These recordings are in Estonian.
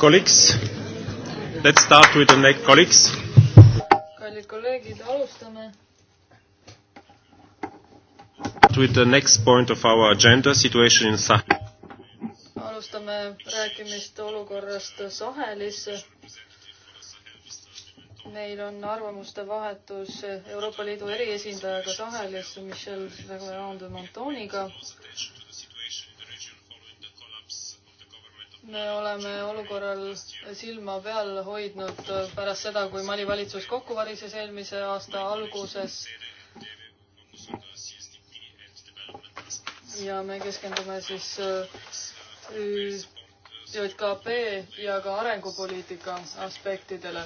colleagues, let's start with the next colleagues. kallid kolleegid, alustame. With the next point of our agenda, situation in Sahel. alustame rääkimist olukorrast Sahelis. meil on arvamuste vahetus Euroopa Liidu eriesindajaga Sahelis, Michel Reguilon de Montoniga me oleme olukorral silma peal hoidnud pärast seda, kui Mali valitsus kokku varises eelmise aasta alguses. ja me keskendume siis äh, JKP ja ka arengupoliitika aspektidele.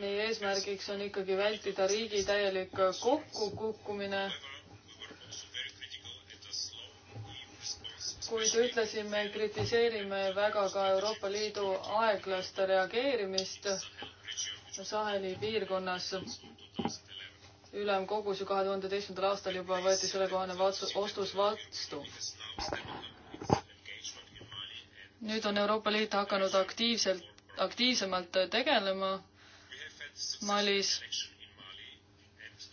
meie eesmärgiks on ikkagi vältida riigi täielik kokkukukkumine kuid ühtlasi me kritiseerime väga ka Euroopa Liidu aeglast reageerimist Saheli piirkonnas. ülemkogus ju kahe tuhande teistkümnendal aastal juba võeti sellekohane otsus vastu. nüüd on Euroopa Liit hakanud aktiivselt, aktiivsemalt tegelema Malis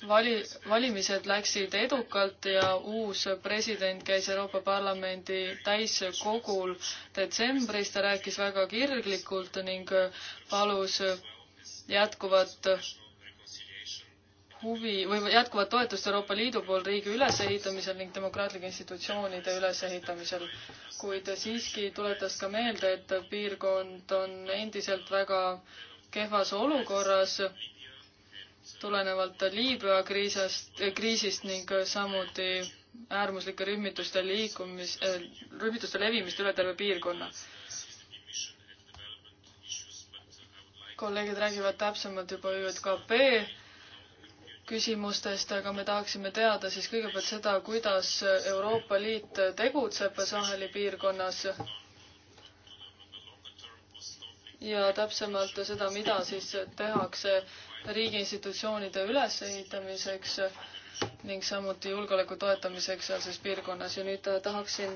vali, valimised läksid edukalt ja uus president käis Euroopa Parlamendi täiskogul detsembris, ta rääkis väga kirglikult ning palus jätkuvat huvi või jätkuvat toetust Euroopa Liidu poolt riigi ülesehitamisel ning demokraatlike institutsioonide ülesehitamisel. kuid siiski tuletas ka meelde, et piirkond on endiselt väga kehvas olukorras tulenevalt Liibüa kriisast, eh, kriisist ning samuti äärmuslike rühmituste liikumis äh,, rühmituste levimist üle terve piirkonna. kolleegid räägivad täpsemalt juba ÜKP küsimustest, aga me tahaksime teada siis kõigepealt seda, kuidas Euroopa Liit tegutseb Saheli piirkonnas ja täpsemalt seda, mida siis tehakse riigi institutsioonide ülesehitamiseks ning samuti julgeoleku toetamiseks sealses piirkonnas ja nüüd äh, tahaksin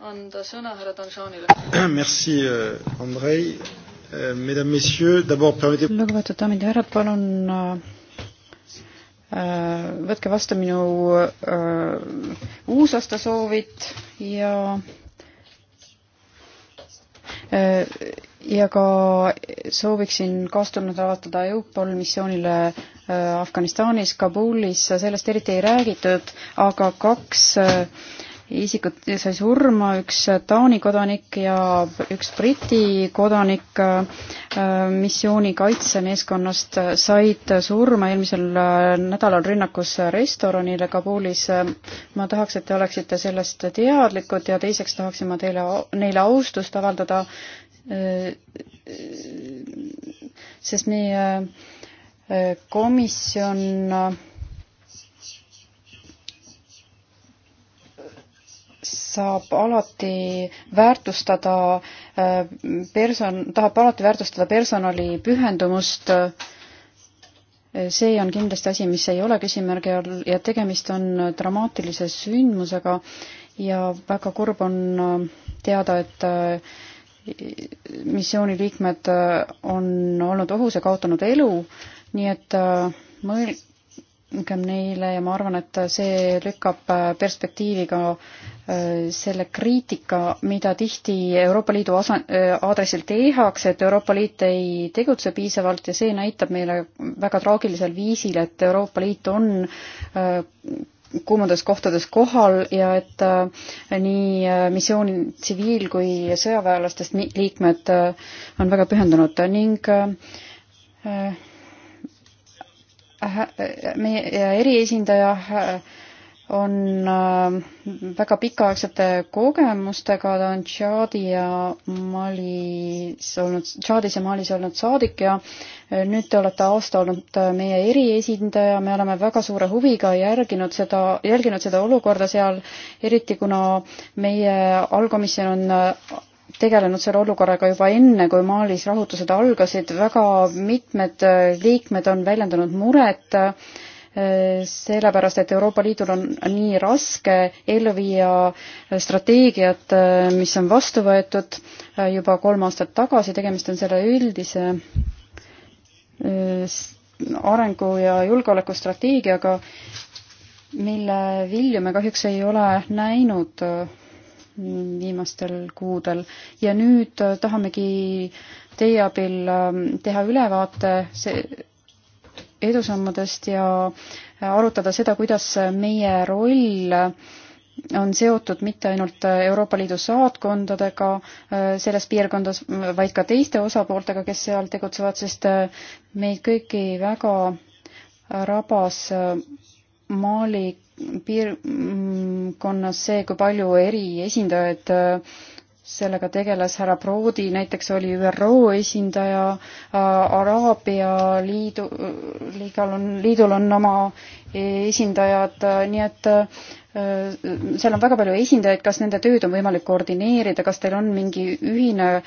anda sõna härra Danšanile. Merci, äh, Andrei. Äh, mesdames, messieurs, d'abord permettez. lugupeetud daamid ja härrad, palun võtke vastu minu äh, uusaastasoovit ja äh, ja ka sooviksin kaastunnet avaldada EUPOL missioonile äh, Afganistanis, Kabulis, sellest eriti ei räägitud, aga kaks äh, isikut sai surma, üks Taani kodanik ja üks Briti kodanik äh, missiooni kaitsemeeskonnast said surma eelmisel nädalal rünnakus restoranile Kabulis. ma tahaks, et te oleksite sellest teadlikud ja teiseks tahaksin ma teile, neile austust avaldada Äh, äh, sest meie äh, komisjon saab alati väärtustada person-, tahab alati väärtustada personali pühendumust. see on kindlasti asi, mis ei ole küsimärgi all ja tegemist on dramaatilise sündmusega ja väga kurb on teada, et missiooni liikmed äh, on olnud ohus ja kaotanud elu, nii et äh, mõelgem neile ja ma arvan, et see lükkab äh, perspektiivi ka selle kriitika, mida tihti Euroopa Liidu asa-, aadressil tehakse, et Euroopa Liit ei tegutse piisavalt ja see näitab meile väga traagilisel viisil, et Euroopa Liit on kuumades kohtades kohal ja et äh, nii äh, missiooni tsiviil- kui sõjaväelastest liikmed äh, on väga pühendunud ning meie eriesindaja on äh, väga pikaaegsete kogemustega, ta on Tšaadi ja Malis olnud, Tšaadis ja Malis olnud saadik ja äh, nüüd te olete aasta olnud äh, meie eriesindaja, me oleme väga suure huviga järginud seda, jälginud seda olukorda seal, eriti kuna meie allkomisjon on tegelenud selle olukorraga juba enne, kui Malis rahutused algasid, väga mitmed liikmed on väljendanud muret äh, Äh, sellepärast, et Euroopa Liidul on nii raske ellu viia strateegiat, äh, mis on vastu võetud äh, juba kolm aastat tagasi, tegemist on selle üldise arengu- ja julgeolekustrateegiaga, mille vilju me kahjuks ei ole näinud viimastel kuudel ja nüüd tahamegi teie abil teha ülevaate see, edusammudest ja arutada seda, kuidas meie roll on seotud mitte ainult Euroopa Liidu saatkondadega äh, selles piirkondas, vaid ka teiste osapooltega, kes seal tegutsevad, sest äh, meid kõiki väga rabas äh, Mali piirkonnas mm, see, kui palju eri esindajaid sellega tegeles härra Broodi, näiteks oli ÜRO esindaja, äh, Araabia liidu, liigal on, liidul on oma esindajad, äh, nii et äh, seal on väga palju esindajaid, kas nende tööd on võimalik koordineerida, kas teil on mingi ühine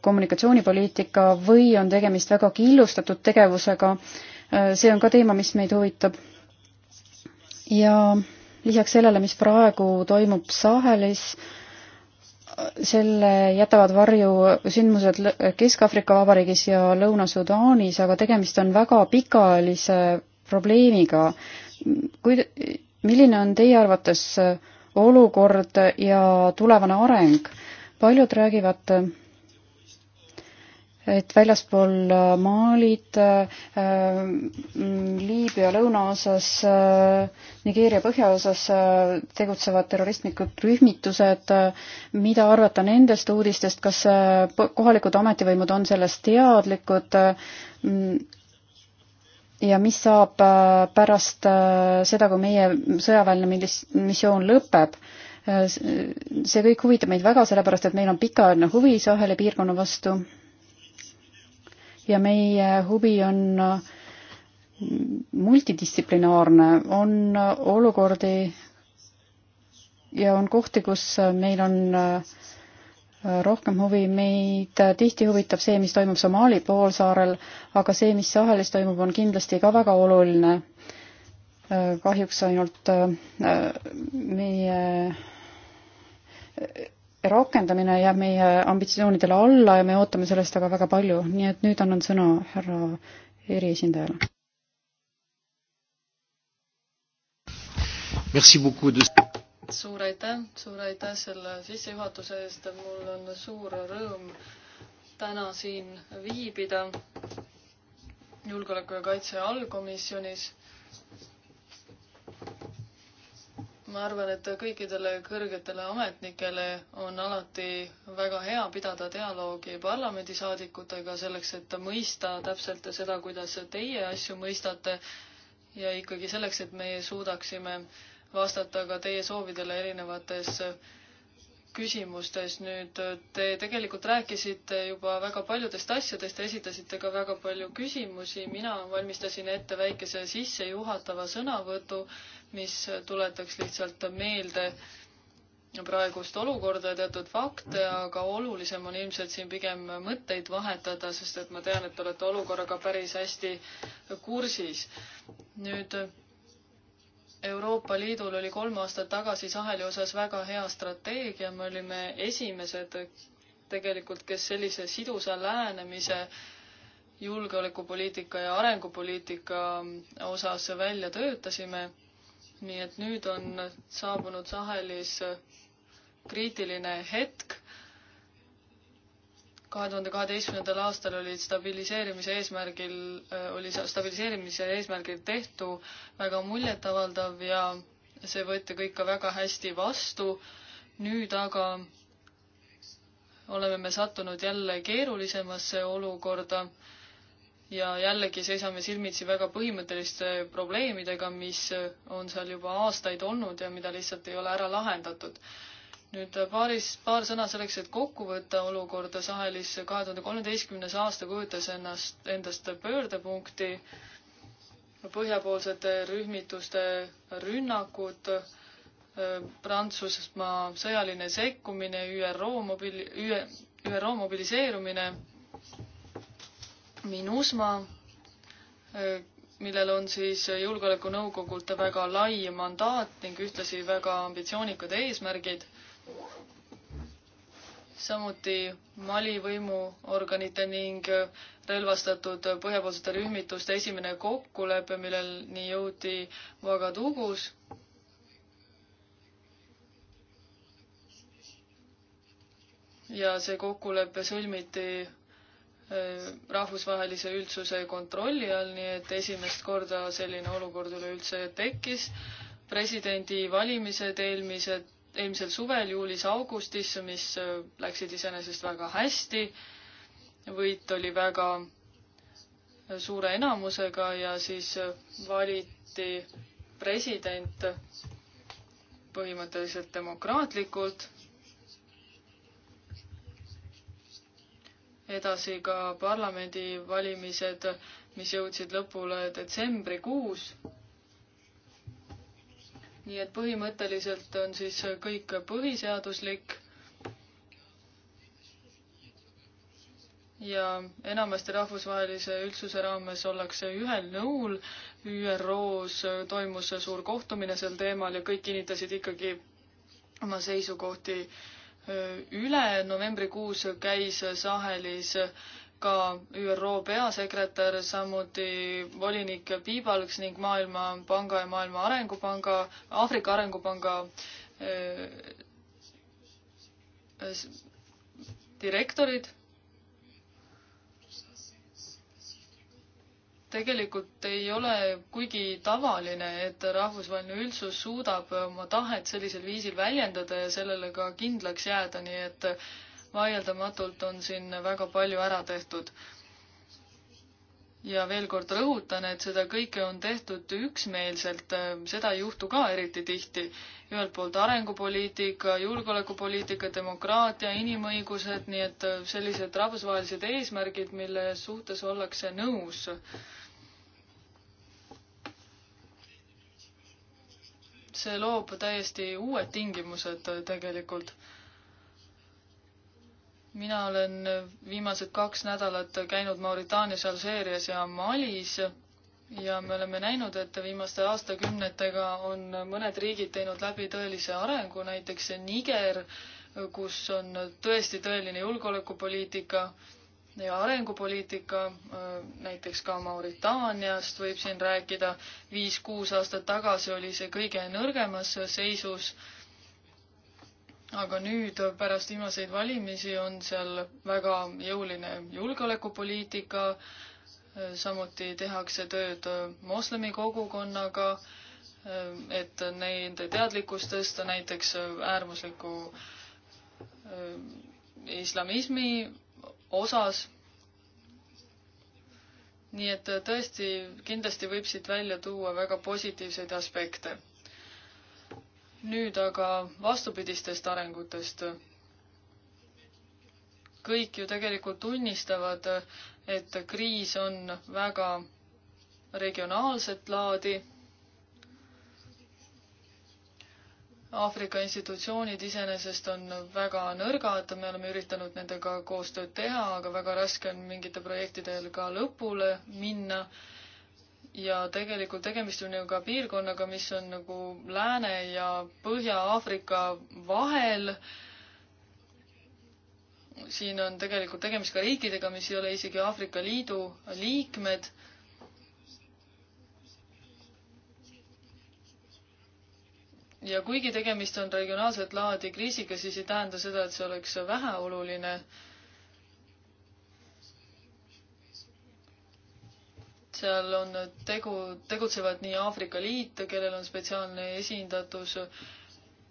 kommunikatsioonipoliitika või on tegemist väga killustatud tegevusega, see on ka teema, mis meid huvitab. ja lisaks sellele, mis praegu toimub Sahelis, selle jätavad varju sündmused Kesk-Aafrika Vabariigis ja Lõuna-Sudaanis, aga tegemist on väga pikaajalise probleemiga. kui, milline on teie arvates olukord ja tulevane areng? paljud räägivad et väljaspool Malit, äh, mm, Liibüa lõunaosas, äh, Nigeeria põhjaosas äh, tegutsevad terroristlikud rühmitused, mida arvata nendest uudistest, kas kohalikud ametivõimud on sellest teadlikud mm. ja mis saab pärast seda, kui meie sõjaväeline missioon lõpeb? see kõik huvitab meid väga, sellepärast et meil on pikaajaline huvi Saheli piirkonna vastu ja meie huvi on multidistsiplinaarne, on olukordi ja on kohti, kus meil on rohkem huvi, meid tihti huvitab see, mis toimub Somaali poolsaarel, aga see, mis Sahelis toimub, on kindlasti ka väga oluline. kahjuks ainult äh, meie rakendamine jääb meie ambitsioonidele alla ja me ootame sellest aga väga palju, nii et nüüd annan sõna härra eriesindajale. suur aitäh, suur aitäh selle sissejuhatuse eest, mul on suur rõõm täna siin viibida julgeoleku ja kaitse allkomisjonis ma arvan, et kõikidele kõrgetele ametnikele on alati väga hea pidada dialoogi parlamendisaadikutega selleks, et mõista täpselt seda, kuidas teie asju mõistate ja ikkagi selleks, et meie suudaksime vastata ka teie soovidele erinevates küsimustes nüüd. Te tegelikult rääkisite juba väga paljudest asjadest ja esitasite ka väga palju küsimusi. mina valmistasin ette väikese sissejuhatava sõnavõtu, mis tuletaks lihtsalt meelde praegust olukorda ja teatud fakte, aga olulisem on ilmselt siin pigem mõtteid vahetada, sest et ma tean, et te olete olukorraga päris hästi kursis. nüüd Euroopa Liidul oli kolm aastat tagasi Saheli osas väga hea strateegia, me olime esimesed tegelikult, kes sellise sidusa lähenemise julgeolekupoliitika ja arengupoliitika osas välja töötasime. nii et nüüd on saabunud Sahelis kriitiline hetk kahe tuhande kaheteistkümnendal aastal oli stabiliseerimise eesmärgil, äh, oli stabiliseerimise eesmärgil tehtu väga muljetavaldav ja see võeti kõik ka väga hästi vastu. nüüd aga oleme me sattunud jälle keerulisemasse olukorda ja jällegi seisame silmitsi väga põhimõtteliste probleemidega, mis on seal juba aastaid olnud ja mida lihtsalt ei ole ära lahendatud nüüd paaris, paar sõna selleks, et kokku võtta olukorda Sahelis. kahe tuhande kolmeteistkümnes aasta kujutas ennast, endast pöördepunkti. põhjapoolsete rühmituste rünnakud, äh, Prantsusmaa sõjaline sekkumine, ÜRO mobil-, ÜRO mobiliseerumine, MINUSMA, äh, millel on siis Julgeolekunõukogult väga lai mandaat ning ühtlasi väga ambitsioonikad eesmärgid samuti Mali võimuorganite ning relvastatud põhjapoolsete rühmituste esimene kokkulepe, milleni jõudi Vagadugus. ja see kokkulepe sõlmiti äh, rahvusvahelise üldsuse kontrolli all, nii et esimest korda selline olukord üleüldse tekkis. presidendivalimised eelmised eelmisel suvel, juulis-augustis, mis äh, läksid iseenesest väga hästi. võit oli väga äh, suure enamusega ja siis äh, valiti president põhimõtteliselt demokraatlikult. edasi ka parlamendivalimised, mis jõudsid lõpule detsembrikuus nii et põhimõtteliselt on siis kõik põhiseaduslik. ja enamasti rahvusvahelise üldsuse raames ollakse ühel nõul. ÜRO-s toimus suur kohtumine sel teemal ja kõik kinnitasid ikkagi oma seisukohti äh, üle. novembrikuus käis Sahelis äh, ka ÜRO peasekretär, samuti volinik Piibalks ning Maailmapanga ja Maailma Arengupanga, Aafrika Arengupanga äh, direktorid. tegelikult ei ole kuigi tavaline, et rahvusvaheline üldsus suudab oma tahet sellisel viisil väljendada ja sellele ka kindlaks jääda, nii et äh, vaieldamatult on siin väga palju ära tehtud. ja veel kord rõhutan, et seda kõike on tehtud üksmeelselt, seda ei juhtu ka eriti tihti. ühelt poolt arengupoliitika, julgeolekupoliitika, demokraatia, inimõigused, nii et sellised rahvusvahelised eesmärgid, mille suhtes ollakse nõus see loob täiesti uued tingimused tegelikult mina olen viimased kaks nädalat käinud Mauritaanias, Alžeerias ja Malis ja me oleme näinud, et viimaste aastakümnetega on mõned riigid teinud läbi tõelise arengu, näiteks Niger, kus on tõesti tõeline julgeolekupoliitika ja arengupoliitika, näiteks ka Mauritaaniast võib siin rääkida, viis-kuus aastat tagasi oli see kõige nõrgemas seisus aga nüüd pärast viimaseid valimisi on seal väga jõuline julgeolekupoliitika, samuti tehakse tööd moslemi kogukonnaga, et nende teadlikkust tõsta näiteks äärmusliku äh, islamismi osas. nii et tõesti, kindlasti võib siit välja tuua väga positiivseid aspekte nüüd aga vastupidistest arengutest. kõik ju tegelikult tunnistavad, et kriis on väga regionaalset laadi. Aafrika institutsioonid iseenesest on väga nõrgad, me oleme üritanud nendega koostööd teha, aga väga raske on mingite projektidel ka lõpule minna ja tegelikult tegemist on ju ka piirkonnaga, mis on nagu Lääne- ja Põhja-Aafrika vahel. siin on tegelikult tegemist ka riikidega, mis ei ole isegi Aafrika Liidu liikmed. ja kuigi tegemist on regionaalset laadi kriisiga, siis ei tähenda seda, et see oleks väheoluline seal on tegu, tegutsevad nii Aafrika Liit, kellel on spetsiaalne esindatus,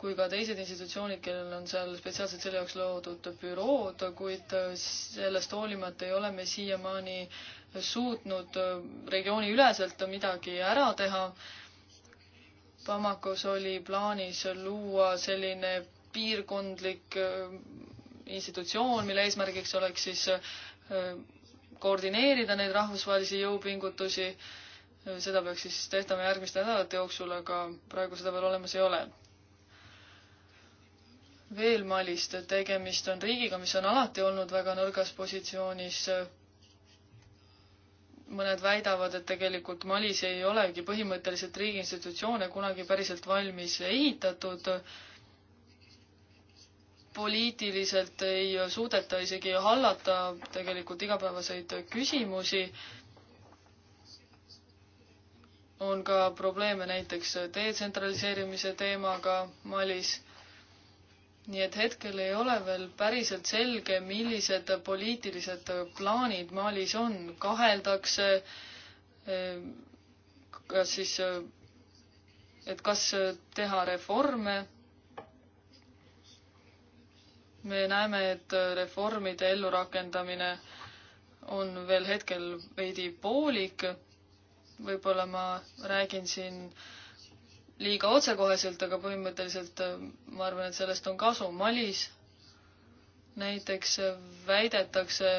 kui ka teised institutsioonid, kellel on seal spetsiaalselt selle jaoks loodud bürood, kuid sellest hoolimata ei ole me siiamaani suutnud regiooniüleselt midagi ära teha. Bamakos oli plaanis luua selline piirkondlik institutsioon, mille eesmärgiks oleks siis koordineerida neid rahvusvahelisi jõupingutusi. seda peaks siis tehtama järgmiste nädalate jooksul, aga praegu seda veel olemas ei ole. veel Malist, tegemist on riigiga, mis on alati olnud väga nõrgas positsioonis. mõned väidavad, et tegelikult Malis ei olegi põhimõtteliselt riigi institutsioone kunagi päriselt valmis ehitatud poliitiliselt ei suudeta isegi hallata tegelikult igapäevaseid küsimusi. on ka probleeme näiteks detsentraliseerimise teemaga Malis. nii et hetkel ei ole veel päriselt selge, millised poliitilised plaanid Malis on, kaheldakse eh, kas siis, eh, et kas teha reforme me näeme, et äh, reformide ellurakendamine on veel hetkel veidi poolik. võib-olla ma räägin siin liiga otsekoheselt, aga põhimõtteliselt äh, ma arvan, et sellest on kasu. Malis näiteks äh, väidetakse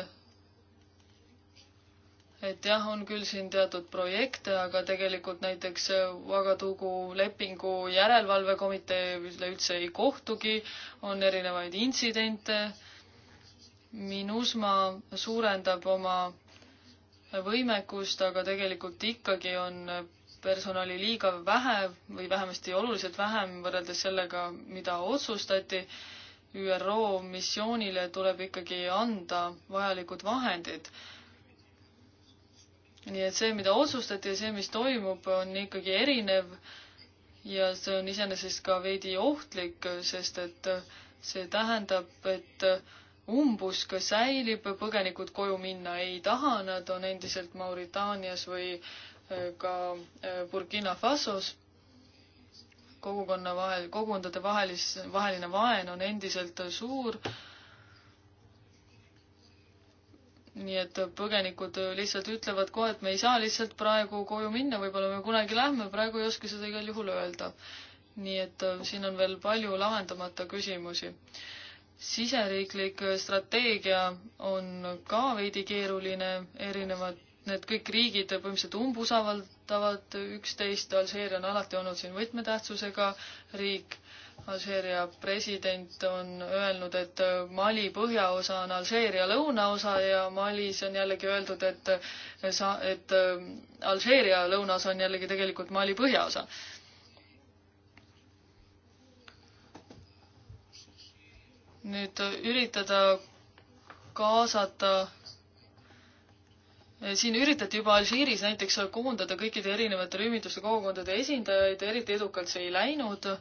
et jah, on küll siin teatud projekte, aga tegelikult näiteks äh, Ouagadougou lepingu järelevalvekomitee üleüldse ei kohtugi, on erinevaid intsidente. Minusma suurendab oma võimekust, aga tegelikult ikkagi on personali liiga vähe või vähemasti oluliselt vähem võrreldes sellega, mida otsustati. ÜRO missioonile tuleb ikkagi anda vajalikud vahendid nii et see, mida otsustati ja see, mis toimub, on ikkagi erinev ja see on iseenesest ka veidi ohtlik, sest et see tähendab, et umbusk säilib, põgenikud koju minna ei taha, nad on endiselt Mauritaanias või äh, ka äh, Burkina Fasos. kogukonna vahel, kogukondade vahelis, vaheline vaen on endiselt suur nii et põgenikud lihtsalt ütlevad kohe, et me ei saa lihtsalt praegu koju minna, võib-olla me kunagi lähme, praegu ei oska seda igal juhul öelda. nii et äh, siin on veel palju lahendamata küsimusi. siseriiklik strateegia on ka veidi keeruline, erinevad, need kõik riigid põhimõtteliselt umbusavaldavad üksteist, Alžeeria on alati olnud siin võtmetähtsusega riik Alžeeria president on öelnud, et Mali põhjaosa on Alžeeria lõunaosa ja Malis on jällegi öeldud, et sa, et ähm, Alžeeria lõunaosa on jällegi tegelikult Mali põhjaosa. nüüd üritada kaasata siin üritati juba Alžiiris näiteks koondada kõikide erinevate rühmituste kogukondade esindajaid, eriti edukalt see ei läinud äh,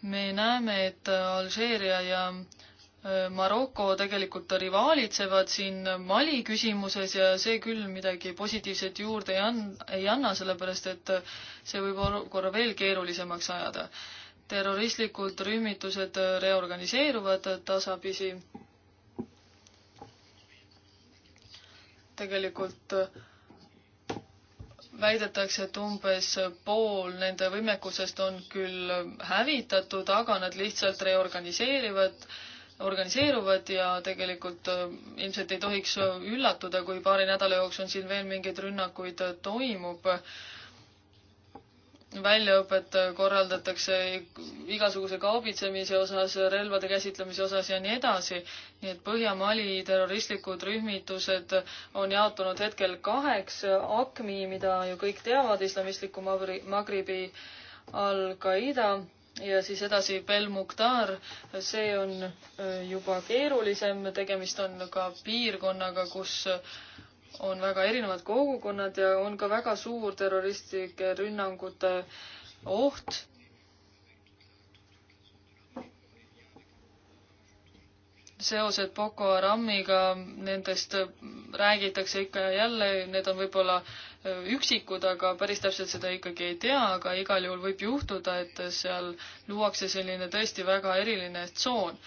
me näeme, et Alžeeria ja äh, Maroko tegelikult rivaalitsevad siin Mali küsimuses ja see küll midagi positiivset juurde ei anna, ei anna, sellepärast et see võib olukorra veel keerulisemaks ajada. terroristlikud rühmitused reorganiseeruvad tasapisi. tegelikult äh, väidetakse, et umbes pool nende võimekusest on küll hävitatud, aga nad lihtsalt reorganiseerivad, organiseeruvad ja tegelikult äh, ilmselt ei tohiks üllatuda, kui paari nädala jooksul siin veel mingeid rünnakuid äh, toimub väljaõpet korraldatakse igasuguse kaubitsemise osas, relvade käsitlemise osas ja nii edasi. nii et Põhja-Mali terroristlikud rühmitused on jaotunud hetkel kaheks, ACMI, mida ju kõik teavad, islamistliku Magri-, Magribi Al-Qaeda ja siis edasi Belmukhtar, see on äh, juba keerulisem, tegemist on ka piirkonnaga, kus äh, on väga erinevad kogukonnad ja on ka väga suur terroristlike rünnangute oht. seosed Boko Haramiga, nendest räägitakse ikka ja jälle, need on võib-olla äh, üksikud, aga päris täpselt seda ikkagi ei tea, aga igal juhul võib juhtuda, et seal luuakse selline tõesti väga eriline tsoon.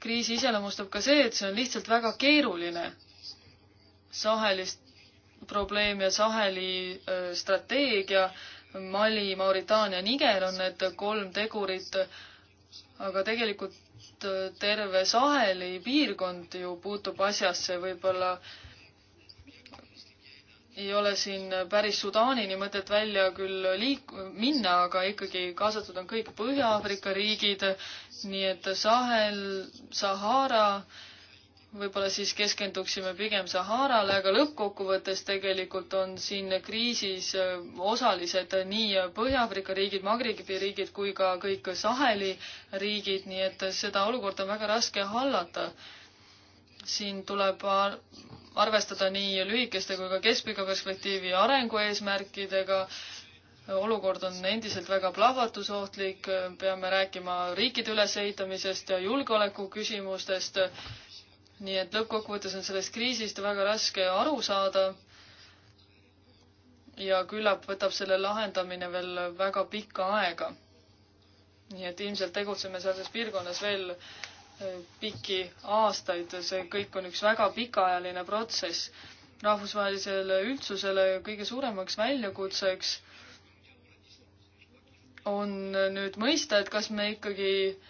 kriis iseloomustab ka see, et see on lihtsalt väga keeruline sahelist probleem ja Saheli strateegia, Mali, Mauritaania, Niger on need kolm tegurit, aga tegelikult terve Saheli piirkond ju puutub asjasse, võib-olla ei ole siin päris Sudaanini mõtet välja küll liik-, minna, aga ikkagi kaasatud on kõik Põhja-Aafrika riigid, nii et Sahel, Sahara äh, võib-olla siis keskenduksime pigem Saharale, aga lõppkokkuvõttes tegelikult on siin kriisis äh, osalised nii Põhja-Aafrika riigid, Magribi riigid kui ka kõik Saheli riigid, nii et seda olukorda on väga raske hallata. siin tuleb arvestada nii lühikeste kui ka keskpika perspektiivi arengueesmärkidega, olukord on endiselt väga plahvatusohtlik, peame rääkima riikide ülesehitamisest ja julgeoleku küsimustest nii et lõppkokkuvõttes on sellest kriisist väga raske aru saada. ja küllap võtab selle lahendamine veel väga pikka aega. nii et ilmselt tegutseme selles piirkonnas veel eh, pikki aastaid, see kõik on üks väga pikaajaline protsess. rahvusvahelisele üldsusele kõige suuremaks väljakutseks on nüüd mõista, et kas me ikkagi äh,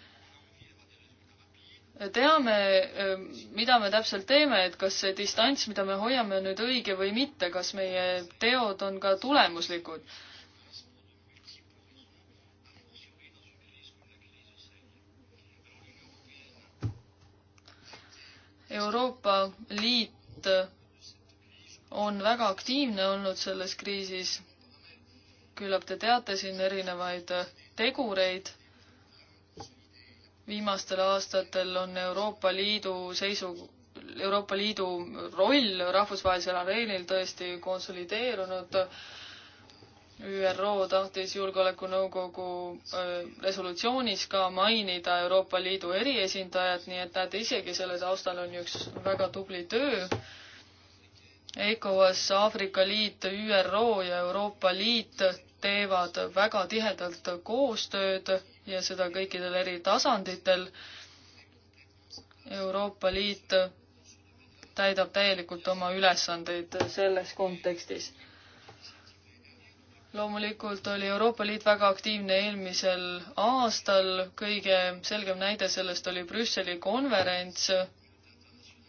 teame, ähm, mida me täpselt teeme, et kas see distants, mida me hoiame, on nüüd õige või mitte, kas meie teod on ka tulemuslikud. Euroopa Liit on väga aktiivne olnud selles kriisis. küllap te teate siin erinevaid tegureid viimastel aastatel on Euroopa Liidu seisu, Euroopa Liidu roll rahvusvahelisel areenil tõesti konsolideerunud. ÜRO tahtis Julgeolekunõukogu resolutsioonis ka mainida Euroopa Liidu eriesindajat, nii et näete isegi selle taustal on üks väga tubli töö. ECOWAS, Aafrika Liit, ÜRO ja Euroopa Liit teevad väga tihedalt koostööd ja seda kõikidel eri tasanditel. Euroopa Liit täidab täielikult oma ülesandeid selles kontekstis. loomulikult oli Euroopa Liit väga aktiivne eelmisel aastal, kõige selgem näide sellest oli Brüsseli konverents,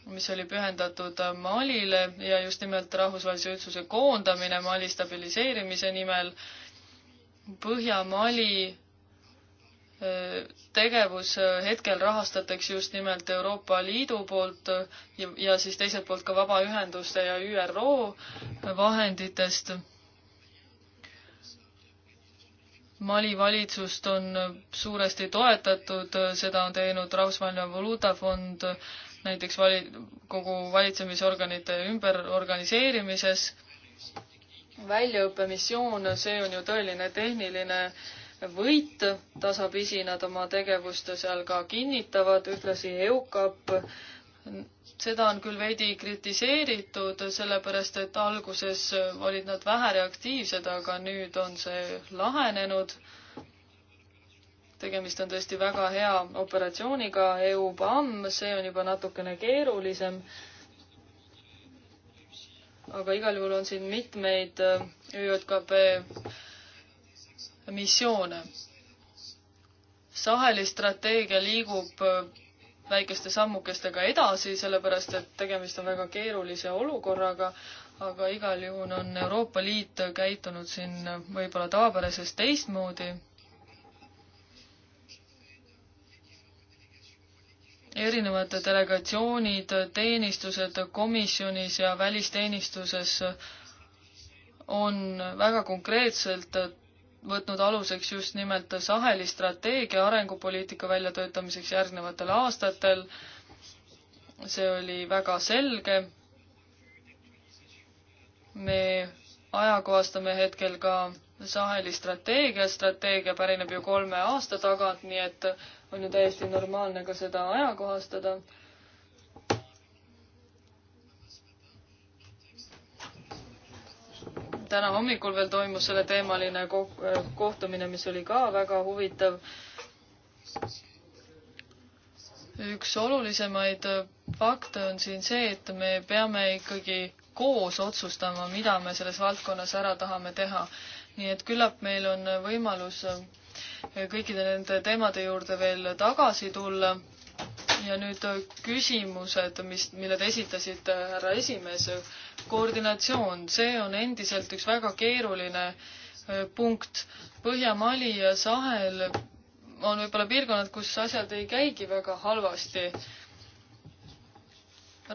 mis oli pühendatud Malile ja just nimelt rahvusvahelise üldsuse koondamine Mali stabiliseerimise nimel. Põhja-Mali tegevus äh, hetkel rahastatakse just nimelt Euroopa Liidu poolt äh, ja, ja siis teiselt poolt ka vabaühenduste ja ÜRO vahenditest. Mali valitsust on äh, suuresti toetatud, seda on teinud Rahvusvaheline Valuutafond näiteks vali-, kogu valitsemisorganite ümberorganiseerimises. väljaõppemissioon, see on ju tõeline tehniline äh, võit tasapisi, nad oma tegevust seal ka kinnitavad, ühtlasi EUCAP. seda on küll veidi kritiseeritud, sellepärast et alguses olid nad vähe reaktiivsed, aga nüüd on see lahenenud. tegemist on tõesti väga hea operatsiooniga, EUBAM, see on juba natukene keerulisem aga igal juhul on siin mitmeid äh, ÜJKP missioone. Saheli strateegia liigub äh, väikeste sammukestega edasi, sellepärast et tegemist on väga keerulise olukorraga, aga igal juhul on Euroopa Liit käitunud siin äh, võib-olla tavapärasest teistmoodi. erinevad delegatsioonid, teenistused komisjonis ja välisteenistuses on väga konkreetselt võtnud aluseks just nimelt Saheli strateegia arengupoliitika väljatöötamiseks järgnevatel aastatel. see oli väga selge. me ajakohastame hetkel ka Saheli strateegia, strateegia pärineb ju kolme aasta tagant, nii et on ju täiesti normaalne ka seda ajakohastada täna hommikul veel toimus selleteemaline kohtumine, mis oli ka väga huvitav. üks olulisemaid fakte on siin see, et me peame ikkagi koos otsustama, mida me selles valdkonnas ära tahame teha. nii et küllap meil on võimalus kõikide nende teemade juurde veel tagasi tulla. ja nüüd küsimused, mis, mille te esitasite, härra esimees koordinatsioon, see on endiselt üks väga keeruline punkt. Põhja-Mali ja Sahel on võib-olla piirkonnad, kus asjad ei käigi väga halvasti.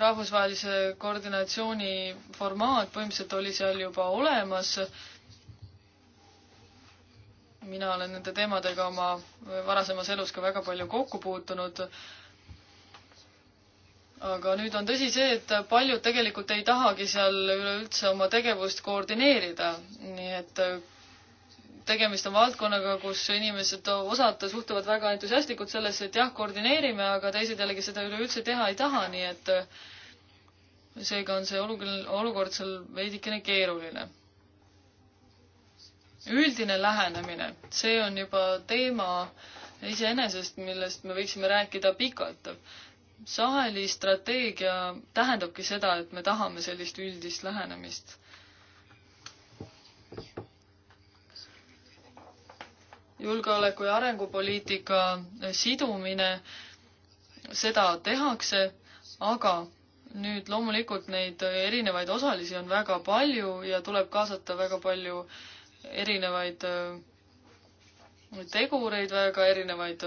rahvusvahelise koordinatsiooni formaat põhimõtteliselt oli seal juba olemas. mina olen nende teemadega oma varasemas elus ka väga palju kokku puutunud aga nüüd on tõsi see, et paljud tegelikult ei tahagi seal üleüldse oma tegevust koordineerida, nii et äh, tegemist on valdkonnaga, kus inimesed, osad suhtuvad väga entusiastlikult sellesse, et jah, koordineerime, aga teised jällegi seda üleüldse teha ei taha, nii et äh, seega on see olukord, olukord seal veidikene keeruline. üldine lähenemine, see on juba teema iseenesest, millest me võiksime rääkida pikalt Saheli strateegia tähendabki seda, et me tahame sellist üldist lähenemist. julgeoleku ja arengupoliitika sidumine, seda tehakse, aga nüüd loomulikult neid erinevaid osalisi on väga palju ja tuleb kaasata väga palju erinevaid tegureid, väga erinevaid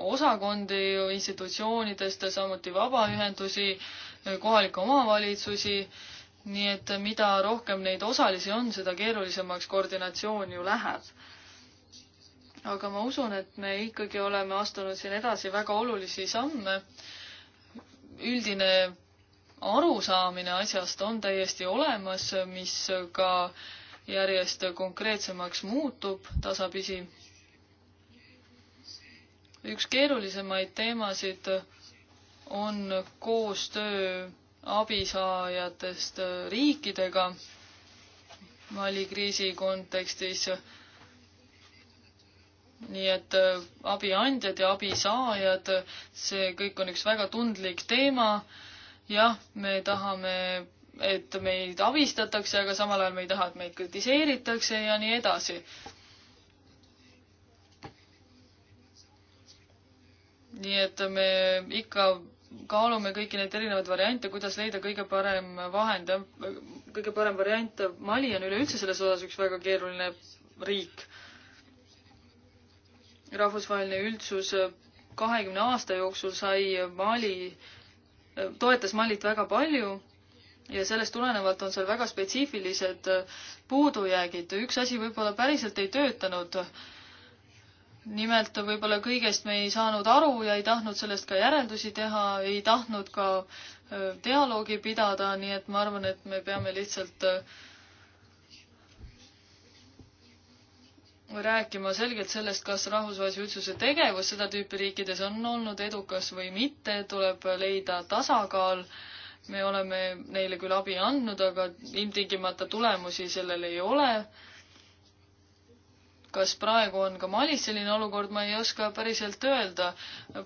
osakondi institutsioonidest, samuti vabaühendusi, kohalikke omavalitsusi, nii et mida rohkem neid osalisi on, seda keerulisemaks koordinatsioon ju läheb. aga ma usun, et me ikkagi oleme astunud siin edasi väga olulisi samme. üldine arusaamine asjast on täiesti olemas, mis ka järjest konkreetsemaks muutub tasapisi üks keerulisemaid teemasid on koostöö abisaajatest riikidega Mali kriisi kontekstis. nii et äh, abiandjad ja abisaajad, see kõik on üks väga tundlik teema. jah, me tahame, et meid abistatakse, aga samal ajal me ei taha, et meid kritiseeritakse ja nii edasi nii et me ikka kaalume kõiki neid erinevaid variante, kuidas leida kõige parem vahend, kõige parem variant. Mali on üleüldse selles osas üks väga keeruline riik. rahvusvaheline üldsus kahekümne aasta jooksul sai Mali, toetas Malit väga palju ja sellest tulenevalt on seal väga spetsiifilised puudujäägid. üks asi võib-olla päriselt ei töötanud nimelt võib-olla kõigest me ei saanud aru ja ei tahtnud sellest ka järeldusi teha, ei tahtnud ka dialoogi pidada, nii et ma arvan, et me peame lihtsalt rääkima selgelt sellest, kas rahvusvahelise üldsuse tegevus seda tüüpi riikides on olnud edukas või mitte, tuleb leida tasakaal. me oleme neile küll abi andnud, aga ilmtingimata tulemusi sellel ei ole kas praegu on ka Malis selline olukord, ma ei oska päriselt öelda.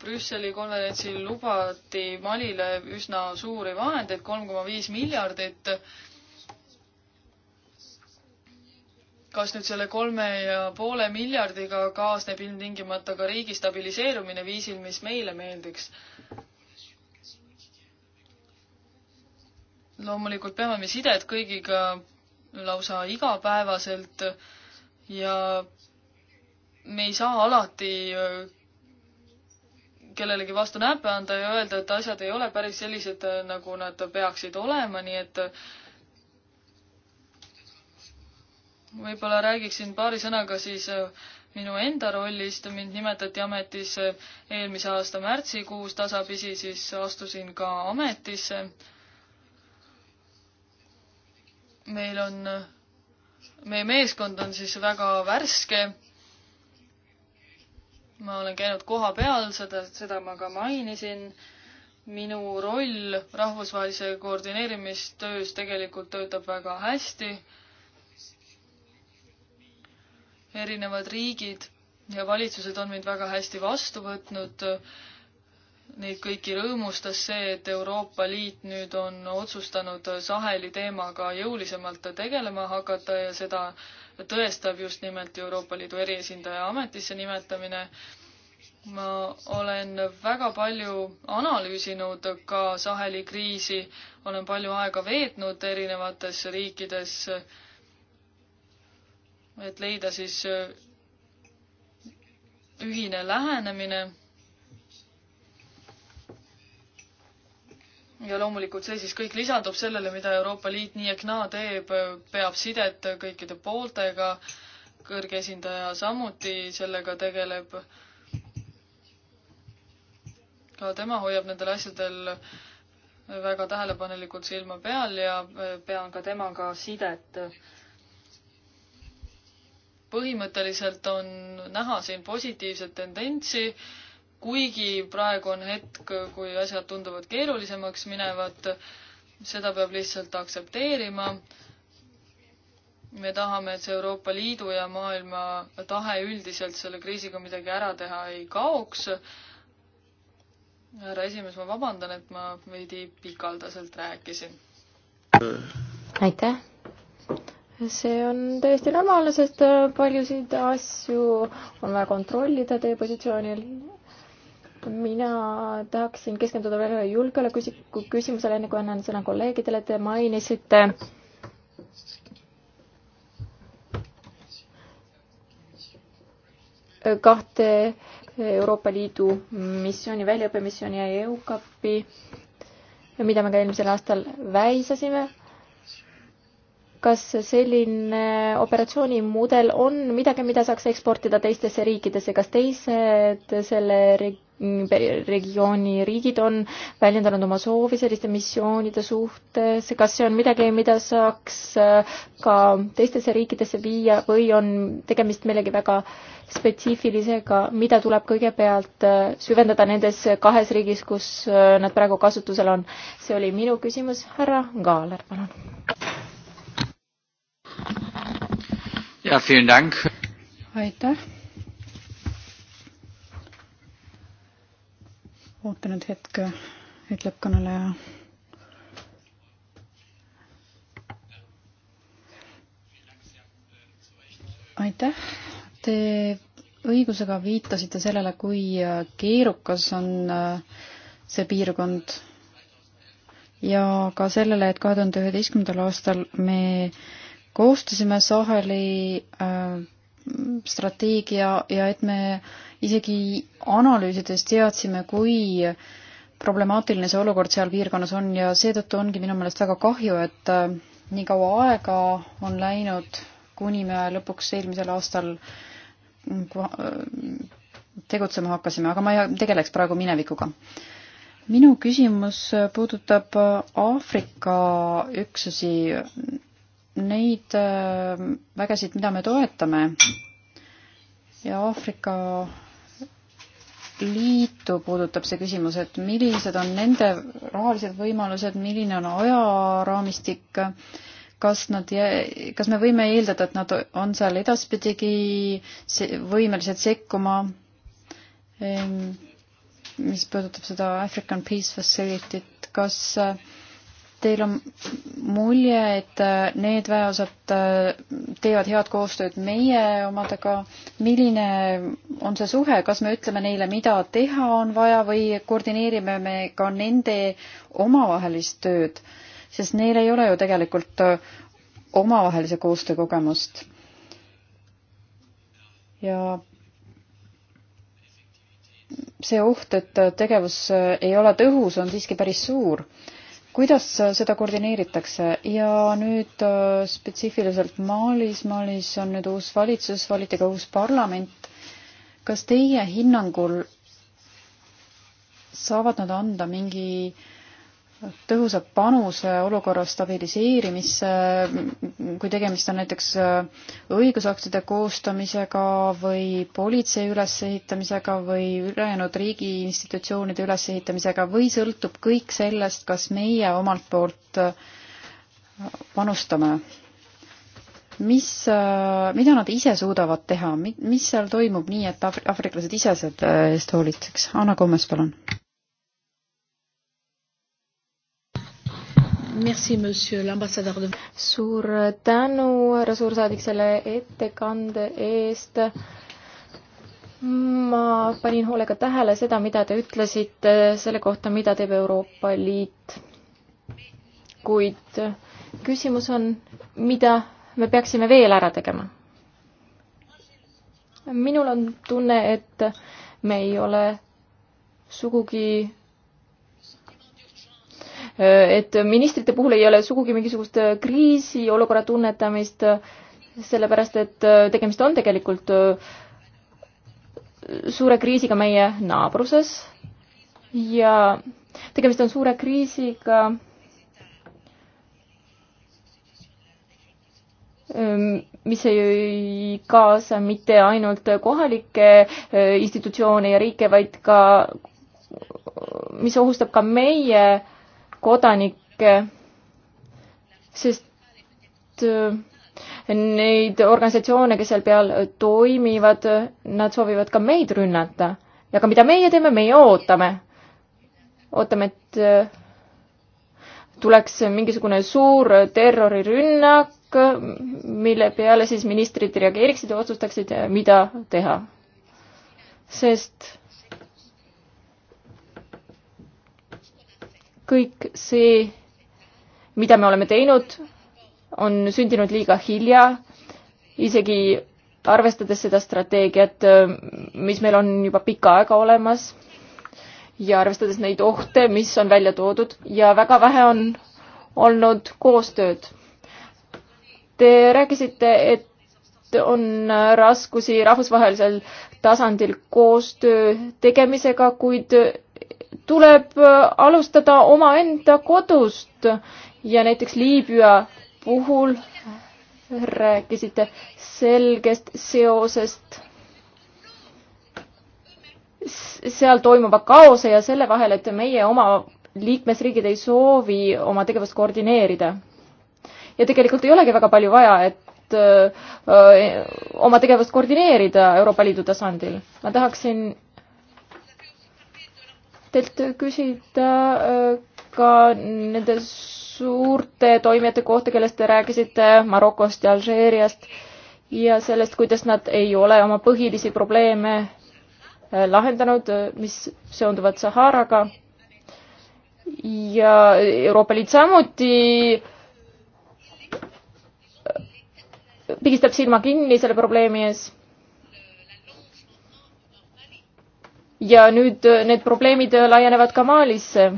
Brüsseli konverentsil lubati Malile üsna suuri vahendeid, kolm koma viis miljardit. kas nüüd selle kolme ja poole miljardiga kaasneb ilmtingimata ka riigi stabiliseerumine viisil, mis meile meeldiks? loomulikult peame me sidet kõigiga lausa igapäevaselt ja me ei saa alati äh, kellelegi vastu näppe anda ja öelda, et asjad ei ole päris sellised, äh, nagu nad peaksid olema, nii et äh, võib-olla räägiksin paari sõnaga siis minu enda rollist, mind nimetati ametisse eelmise aasta märtsikuus, tasapisi siis astusin ka ametisse. meil on meie meeskond on siis väga värske. ma olen käinud koha peal, seda, seda ma ka mainisin. minu roll rahvusvahelise koordineerimistöös tegelikult töötab väga hästi. erinevad riigid ja valitsused on mind väga hästi vastu võtnud Neid kõiki rõõmustas see, et Euroopa Liit nüüd on otsustanud Saheli teemaga jõulisemalt tegelema hakata ja seda tõestab just nimelt Euroopa Liidu eriesindaja ametisse nimetamine. ma olen väga palju analüüsinud ka Saheli kriisi, olen palju aega veetnud erinevates riikides, et leida siis ühine lähenemine ja loomulikult see siis kõik lisandub sellele, mida Euroopa Liit nii ehk naa teeb, peab sidet kõikide pooltega, kõrge esindaja samuti sellega tegeleb. ka tema hoiab nendel asjadel väga tähelepanelikult silma peal ja pean ka temaga sidet. põhimõtteliselt on näha siin positiivset tendentsi kuigi praegu on hetk, kui asjad tunduvad keerulisemaks minevat, seda peab lihtsalt aktsepteerima. me tahame, et see Euroopa Liidu ja maailma tahe üldiselt selle kriisiga midagi ära teha ei kaoks. härra esimees, ma vabandan, et ma veidi pikaldaselt rääkisin. aitäh see on täiesti normaalne, sest paljusid asju on vaja kontrollida teie positsioonil mina tahaksin keskenduda veel ühele julgeoleku küsimusele, enne kui annan sõna kolleegidele, te mainisite kahte Euroopa Liidu missiooni, väljaõppemissiooni ja EUCAP-i, mida me ka eelmisel aastal väisasime. kas selline operatsioonimudel on midagi, mida saaks eksportida teistesse riikidesse, kas teised selle reg-, Mm, regiooni riigid on väljendanud oma soovi selliste missioonide suhtes, kas see on midagi, mida saaks äh, ka teistesse riikidesse viia või on tegemist millegi väga spetsiifilisega, mida tuleb kõigepealt äh, süvendada nendes kahes riigis, kus äh, nad praegu kasutusel on? see oli minu küsimus, härra Kaaler, palun. ja, aitäh oota nüüd hetke, ütleb kõneleja. aitäh, te õigusega viitasite sellele, kui keerukas on äh, see piirkond ja ka sellele, et kahe tuhande üheteistkümnendal aastal me koostasime Saheli äh, strateegia ja et me isegi analüüsides teadsime, kui problemaatiline see olukord seal piirkonnas on ja seetõttu ongi minu meelest väga kahju, et äh, nii kaua aega on läinud, kuni me lõpuks eelmisel aastal mm, äh, tegutsema hakkasime, aga ma ei tegeleks praegu minevikuga. minu küsimus puudutab äh, Aafrika üksusi neid äh, vägesid, mida me toetame ja Aafrika Liitu puudutab see küsimus, et millised on nende rahalised võimalused, milline on ajaraamistik, kas nad, kas me võime eeldada, et nad on seal edaspidigi võimelised sekkuma, ehm, mis puudutab seda African Peace Facility't, kas äh, teil on mulje, et äh, need väeosad äh, teevad head koostööd meie omadega. milline on see suhe, kas me ütleme neile, mida teha on vaja või koordineerime me ka nende omavahelist tööd, sest neil ei ole ju tegelikult äh, omavahelise koostöö kogemust. ja see oht, et tegevus ei ole tõhus, on siiski päris suur kuidas seda koordineeritakse ja nüüd äh, spetsiifiliselt Malis, Malis on nüüd uus valitsus, valiti ka uus parlament. kas teie hinnangul saavad nad anda mingi äh, tõhusa panuse olukorra stabiliseerimisse, kui tegemist on näiteks äh, õigusaktide koostamisega või politsei ülesehitamisega või ülejäänud riigi institutsioonide ülesehitamisega või sõltub kõik sellest, kas meie omalt poolt äh, panustame? mis, äh, mida nad ise suudavad teha, mis seal toimub nii, et aafriklased ise selle eest hoolitseks? Anna Kommes, palun De... suur tänu, härra suursaadik, selle ettekande eest. ma panin hoolega tähele seda, mida te ütlesite selle kohta, mida teeb Euroopa Liit. kuid küsimus on, mida me peaksime veel ära tegema? minul on tunne, et me ei ole sugugi et ministrite puhul ei ole sugugi mingisugust kriisiolukorra tunnetamist, sellepärast et äh, tegemist on tegelikult äh, suure kriisiga meie naabruses ja tegemist on suure kriisiga, ähm, mis ei kaasa mitte ainult kohalikke äh, institutsioone ja riike, vaid ka, mis ohustab ka meie kodanikke, sest äh, neid organisatsioone, kes seal peal äh, toimivad, äh, nad soovivad ka meid rünnata. ja ka mida meie teeme, meie ootame. ootame, et tuleks mingisugune suur terrorirünnak, mille peale siis ministrid reageeriksid ja otsustaksid, mida teha. sest kõik see, mida me oleme teinud, on sündinud liiga hilja, isegi arvestades seda strateegiat, mis meil on juba pikka aega olemas ja arvestades neid ohte, mis on välja toodud ja väga vähe on olnud koostööd. Te rääkisite, et on raskusi rahvusvahelisel tasandil koostöö tegemisega, kuid tuleb äh, alustada omaenda kodust ja näiteks Liibüa puhul rääkisite selgest seosest seal toimuva kaose ja selle vahel, et meie oma liikmesriigid ei soovi oma tegevust koordineerida. ja tegelikult ei olegi väga palju vaja, et öö, äh, oma tegevust koordineerida Euroopa Liidu tasandil. ma tahaksin teilt küsida äh, ka nende suurte toimijate kohta, kellest te rääkisite Marokost ja Alžeeriast ja sellest, kuidas nad ei ole oma põhilisi probleeme äh, lahendanud, äh, mis seonduvad Saharaga. ja Euroopa Liit samuti pigistab silma kinni selle probleemi ees ja nüüd äh, need probleemid äh, laienevad ka Malisse.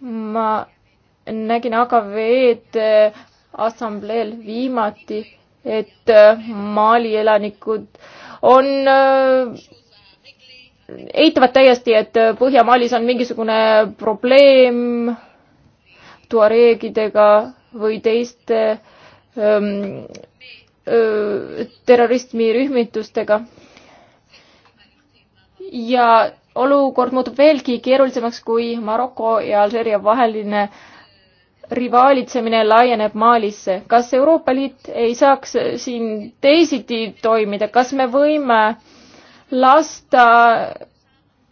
ma nägin AKV-d äh, assambleel viimati, et Mali elanikud on eitavad täiesti, et Põhja-Malis on mingisugune probleem tuareegidega või teiste öö, ähm, öö, terrorismirühmitustega ja olukord muutub veelgi keerulisemaks, kui Maroko ja Alžeeria vaheline rivaalitsemine laieneb Malisse. kas Euroopa Liit ei saaks siin teisiti toimida, kas me võime lasta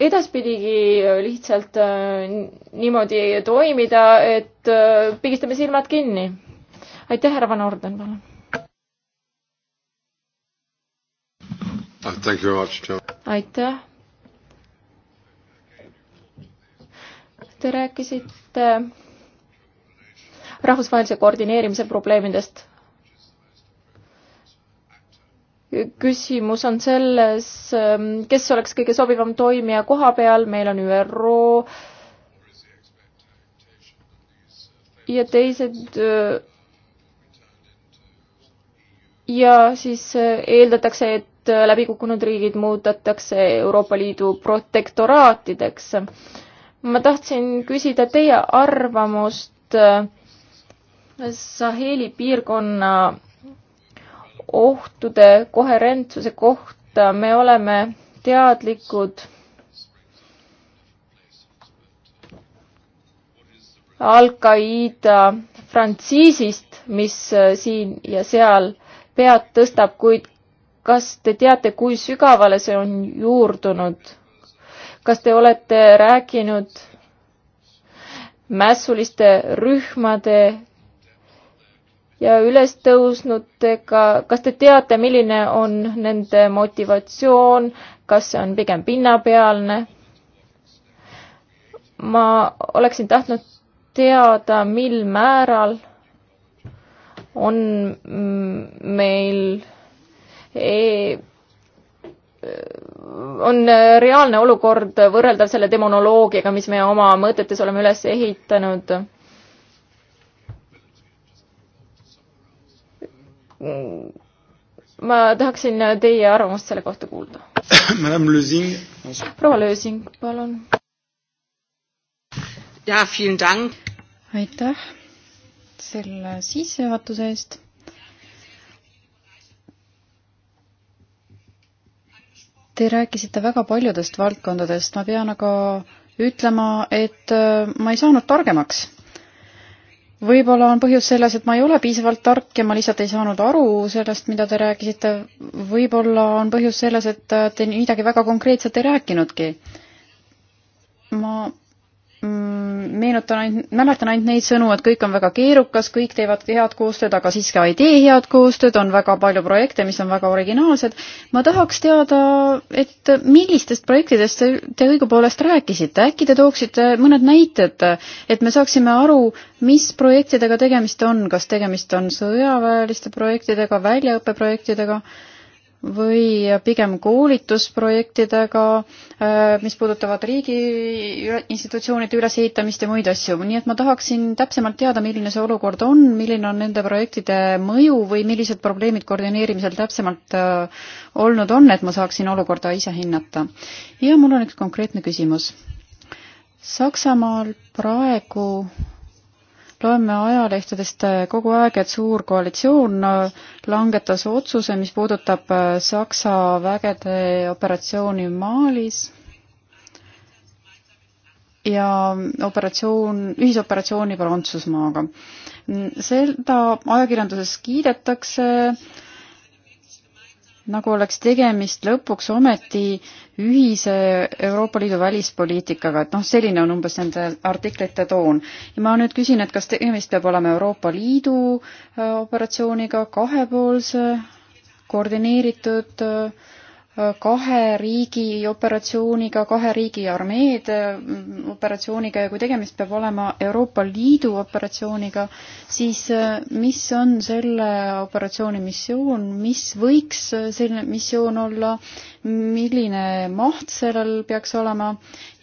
edaspidigi lihtsalt äh, niimoodi toimida, et äh, pigistame silmad kinni? aitäh, härra Van Orden, palun. Uh, aitäh Te rääkisite rahvusvahelise koordineerimise probleemidest. küsimus on selles, kes oleks kõige sobivam toimija koha peal, meil on ÜRO ja teised ja siis eeldatakse, et läbikukkunud riigid muudetakse Euroopa Liidu protektoraatideks ma tahtsin küsida teie arvamust äh, Saheli piirkonna ohtude koherentsuse kohta. me oleme teadlikud Al-Qaeda frantsiisist, mis äh, siin ja seal pead tõstab, kuid kas te teate, kui sügavale see on juurdunud? kas te olete rääkinud mässuliste rühmade ja ülestõusnutega, kas te teate, milline on nende motivatsioon, kas see on pigem pinnapealne? ma oleksin tahtnud teada, mil määral on meil e on äh, reaalne olukord võrreldav selle demonoloogiaga, mis me oma mõtetes oleme üles ehitanud. ma tahaksin teie arvamust selle kohta kuulda. proua Lösing, palun. aitäh selle sissejuhatuse eest Te rääkisite väga paljudest valdkondadest, ma pean aga ütlema, et äh, ma ei saanud targemaks. võib-olla on põhjus selles, et ma ei ole piisavalt tark ja ma lihtsalt ei saanud aru sellest, mida te rääkisite. võib-olla on põhjus selles, et äh, te midagi väga konkreetset ei rääkinudki. ma meenutan ainult, mäletan ainult neid sõnu, et kõik on väga keerukas, kõik teevad head koostööd, aga siis ka ei tee head koostööd, on väga palju projekte, mis on väga originaalsed. ma tahaks teada, et millistest projektidest te, te õigupoolest rääkisite, äkki te tooksite mõned näited, et me saaksime aru, mis projektidega tegemist on, kas tegemist on sõjaväeliste projektidega, väljaõppeprojektidega? või pigem koolitusprojektidega, äh, mis puudutavad riigi institutsioonide ülesehitamist ja muid asju. nii et ma tahaksin täpsemalt teada, milline see olukord on, milline on nende projektide mõju või millised probleemid koordineerimisel täpsemalt äh, olnud on, et ma saaksin olukorda ise hinnata. ja mul on üks konkreetne küsimus. Saksamaal praegu loeme ajalehtedest kogu aeg, et suur koalitsioon äh, langetas otsuse, mis puudutab äh, Saksa vägede operatsiooni Malis ja operatsioon, ühisoperatsiooni Prantsusmaaga. seda ajakirjanduses kiidetakse äh, nagu oleks tegemist lõpuks ometi ühise Euroopa Liidu välispoliitikaga, et noh, selline on umbes nende artiklite toon. ja ma nüüd küsin, et kas tegemist peab olema Euroopa Liidu äh, operatsiooniga, kahepoolse, koordineeritud äh, kahe riigi operatsiooniga, kahe riigi armeede mm, operatsiooniga ja kui tegemist peab olema Euroopa Liidu operatsiooniga, siis äh, mis on selle operatsiooni missioon, mis võiks äh, selline missioon olla, milline maht sellel peaks olema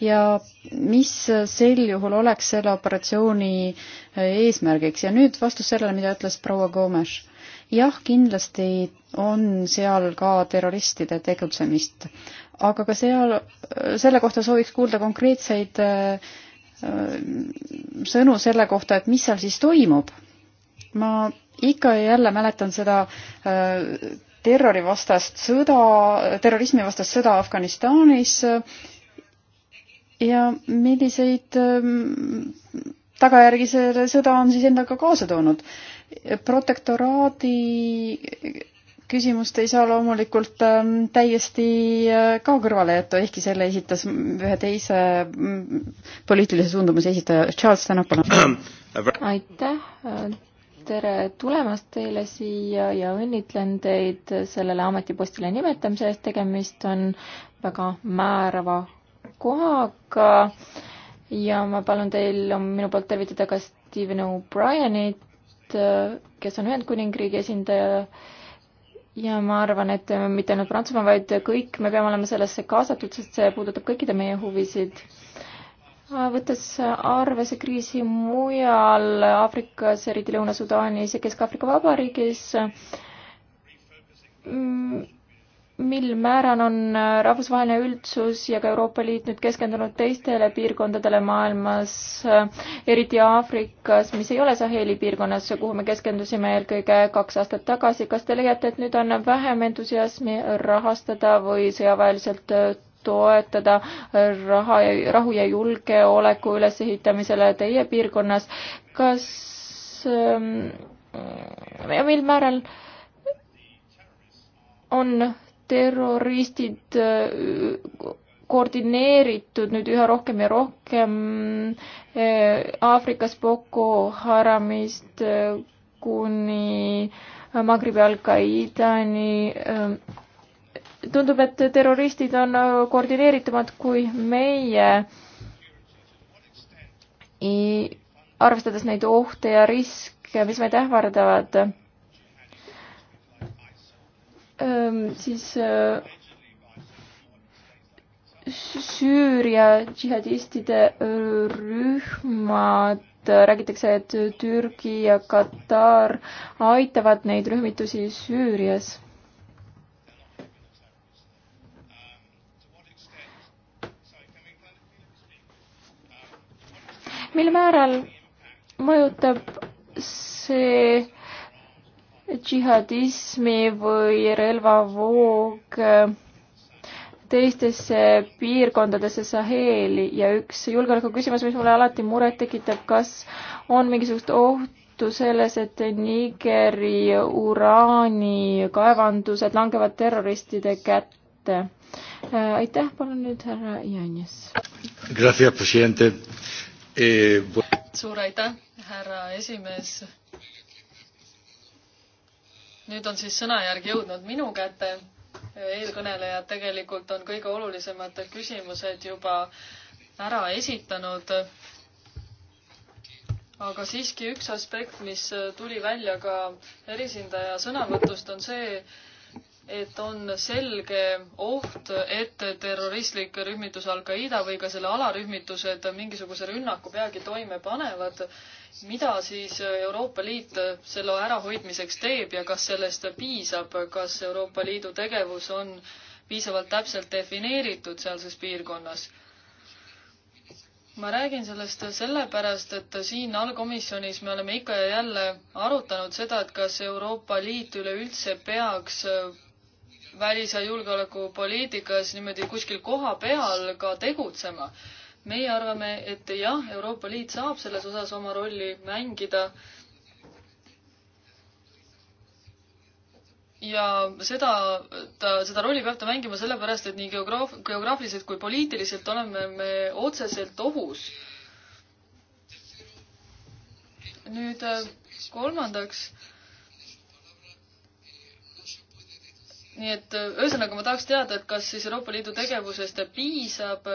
ja mis sel juhul oleks selle operatsiooni äh, eesmärgiks ja nüüd vastus sellele, mida ütles proua Gomes jah, kindlasti on seal ka terroristide tegutsemist, aga ka seal, selle kohta sooviks kuulda konkreetseid äh, sõnu selle kohta, et mis seal siis toimub. ma ikka ja jälle mäletan seda äh, terrorivastast sõda, terrorismivastast sõda Afganistanis äh, ja milliseid tagajärgi see sõda on siis endaga kaasa toonud protektoraadi küsimust ei saa loomulikult ähm, täiesti äh, ka kõrvale jätta, ehkki selle esitas ühe teise mm, poliitilise suundumuse esitaja Charles Tannock, palun. aitäh, äh, tere tulemast teile siia ja õnnitlen teid sellele ametipostile nimetamise eest, tegemist on väga määrava kohaga ja ma palun teil minu poolt tervitada ka Steven O'Brienit, Äh, kes on Ühendkuningriigi esindaja ja ma arvan, et äh, mitte ainult Prantsusmaa, vaid kõik me peame olema sellesse kaasatud, sest see puudutab kõikide meie huvisid. Äh, võttes arvesse kriisi mujal Aafrikas, eriti Lõuna-Sudaanis ja Kesk-Aafrika Vabariigis, mm, mil määral on äh, rahvusvaheline üldsus ja ka Euroopa Liit nüüd keskendunud teistele piirkondadele maailmas, äh, eriti Aafrikas, mis ei ole Saheli piirkonnas, kuhu me keskendusime eelkõige kaks aastat tagasi. kas te leiate, et nüüd on vähem entusiasmi rahastada või sõjaväeliselt äh, toetada raha, rahu ja julgeoleku ülesehitamisele teie piirkonnas? kas ähm, ja mil määral on terroristid äh, koordineeritud nüüd üha rohkem ja rohkem äh, Aafrikas Boko Haramist äh, kuni Magribi al-Qaidani. tundub, et terroristid on koordineeritumad kui meie. arvestades neid ohte ja riske, mis meid ähvardavad siis äh, Süüria džihadistide äh, rühmad räägitakse, et Türgi ja Katar aitavad neid rühmitusi Süürias. mil määral mõjutab see džihadismi või relvavoog teistesse piirkondadesse Saheli ja üks julgeolekuküsimus, mis mulle alati muret tekitab, kas on mingisugust ohtu selles, et Nigeri uraani kaevandused langevad terroristide kätte? aitäh, palun nüüd härra Janis. Eh, suur aitäh, härra esimees nüüd on siis sõnajärg jõudnud minu kätte. eelkõnelejad tegelikult on kõige olulisemad küsimused juba ära esitanud. aga siiski üks aspekt, mis tuli välja ka erisindaja sõnavõtust, on see, et on selge oht, et terroristlik rühmitus Al-Qaeda või ka selle alarühmitused mingisuguse rünnaku peagi toime panevad. mida siis Euroopa Liit selle ärahoidmiseks teeb ja kas sellest piisab, kas Euroopa Liidu tegevus on piisavalt täpselt defineeritud sealses piirkonnas? ma räägin sellest sellepärast, et siin allkomisjonis me oleme ikka ja jälle arutanud seda, et kas Euroopa Liit üleüldse peaks välis- ja julgeolekupoliitikas niimoodi kuskil kohapeal ka tegutsema. meie arvame, et jah, Euroopa Liit saab selles osas oma rolli mängida. ja seda, ta, seda rolli peab ta mängima sellepärast, et nii geograaf-, geograafiliselt kui poliitiliselt oleme me otseselt ohus. nüüd kolmandaks nii et äh, ühesõnaga ma tahaks teada, et kas siis Euroopa Liidu tegevusest piisab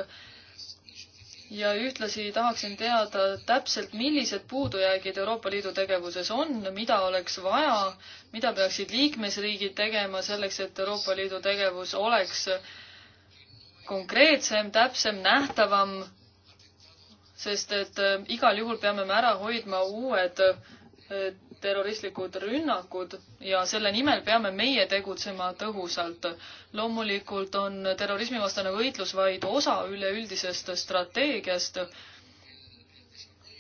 ja ühtlasi tahaksin teada täpselt, millised puudujäägid Euroopa Liidu tegevuses on, mida oleks vaja, mida peaksid liikmesriigid tegema selleks, et Euroopa Liidu tegevus oleks konkreetsem, täpsem, nähtavam, sest et äh, igal juhul peame me ära hoidma uued äh, terroristlikud rünnakud ja selle nimel peame meie tegutsema tõhusalt. loomulikult on terrorismivastane võitlus vaid osa üleüldisest strateegiast.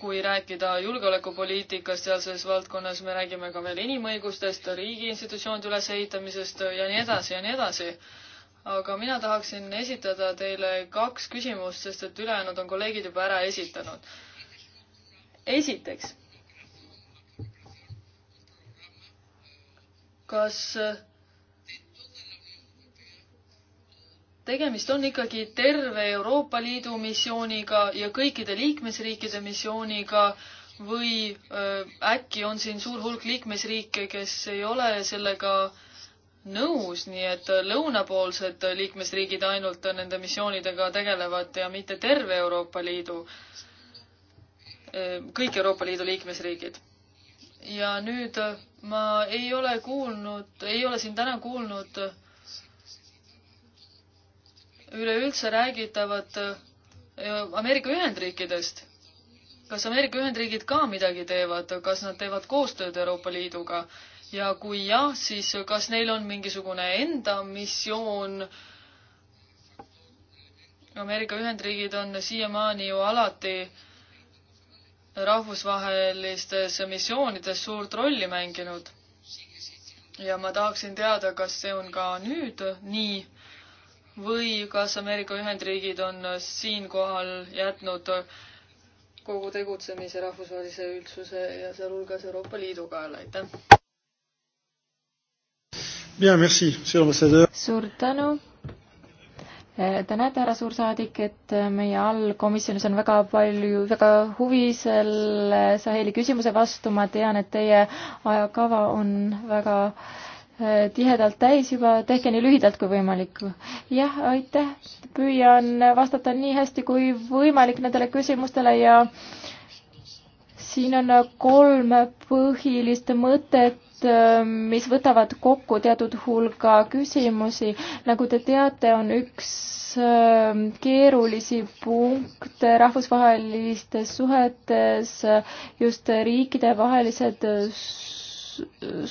kui rääkida julgeolekupoliitikast sealses valdkonnas, me räägime ka veel inimõigustest, riigi institutsioonide ülesehitamisest ja nii edasi ja nii edasi aga mina tahaksin esitada teile kaks küsimust, sest et ülejäänud on kolleegid juba ära esitanud. esiteks kas äh, tegemist on ikkagi terve Euroopa Liidu missiooniga ja kõikide liikmesriikide missiooniga või äh, äkki on siin suur hulk liikmesriike, kes ei ole sellega nõus, nii et lõunapoolsed liikmesriigid ainult nende missioonidega tegelevad ja mitte terve Euroopa Liidu, äh, kõik Euroopa Liidu liikmesriigid ja nüüd äh, ma ei ole kuulnud, ei ole siin täna kuulnud äh, üleüldse räägitavat äh, Ameerika Ühendriikidest. kas Ameerika Ühendriigid ka midagi teevad, kas nad teevad koostööd Euroopa Liiduga ja kui jah, siis kas neil on mingisugune enda missioon? Ameerika Ühendriigid on siiamaani ju alati äh, rahvusvahelistes missioonides suurt rolli mänginud. ja ma tahaksin teada, kas see on ka nüüd nii või kas Ameerika Ühendriigid on siinkohal jätnud kogu tegutsemise rahvusvahelise üldsuse ja sealhulgas Euroopa Liidu kaela, aitäh! suur tänu, Te näete, härra suursaadik, et meie allkomisjonis on väga palju, väga huvi selle Saheli küsimuse vastu, ma tean, et teie ajakava on väga eh, tihedalt täis juba, tehke nii lühidalt kui võimalik. jah, aitäh, püüan vastata nii hästi kui võimalik nendele küsimustele ja siin on kolm põhilist mõtet Äh, mis võtavad kokku teatud hulga küsimusi. nagu te teate, on üks äh, keerulisi punkte rahvusvahelistes suhetes just riikidevahelised äh,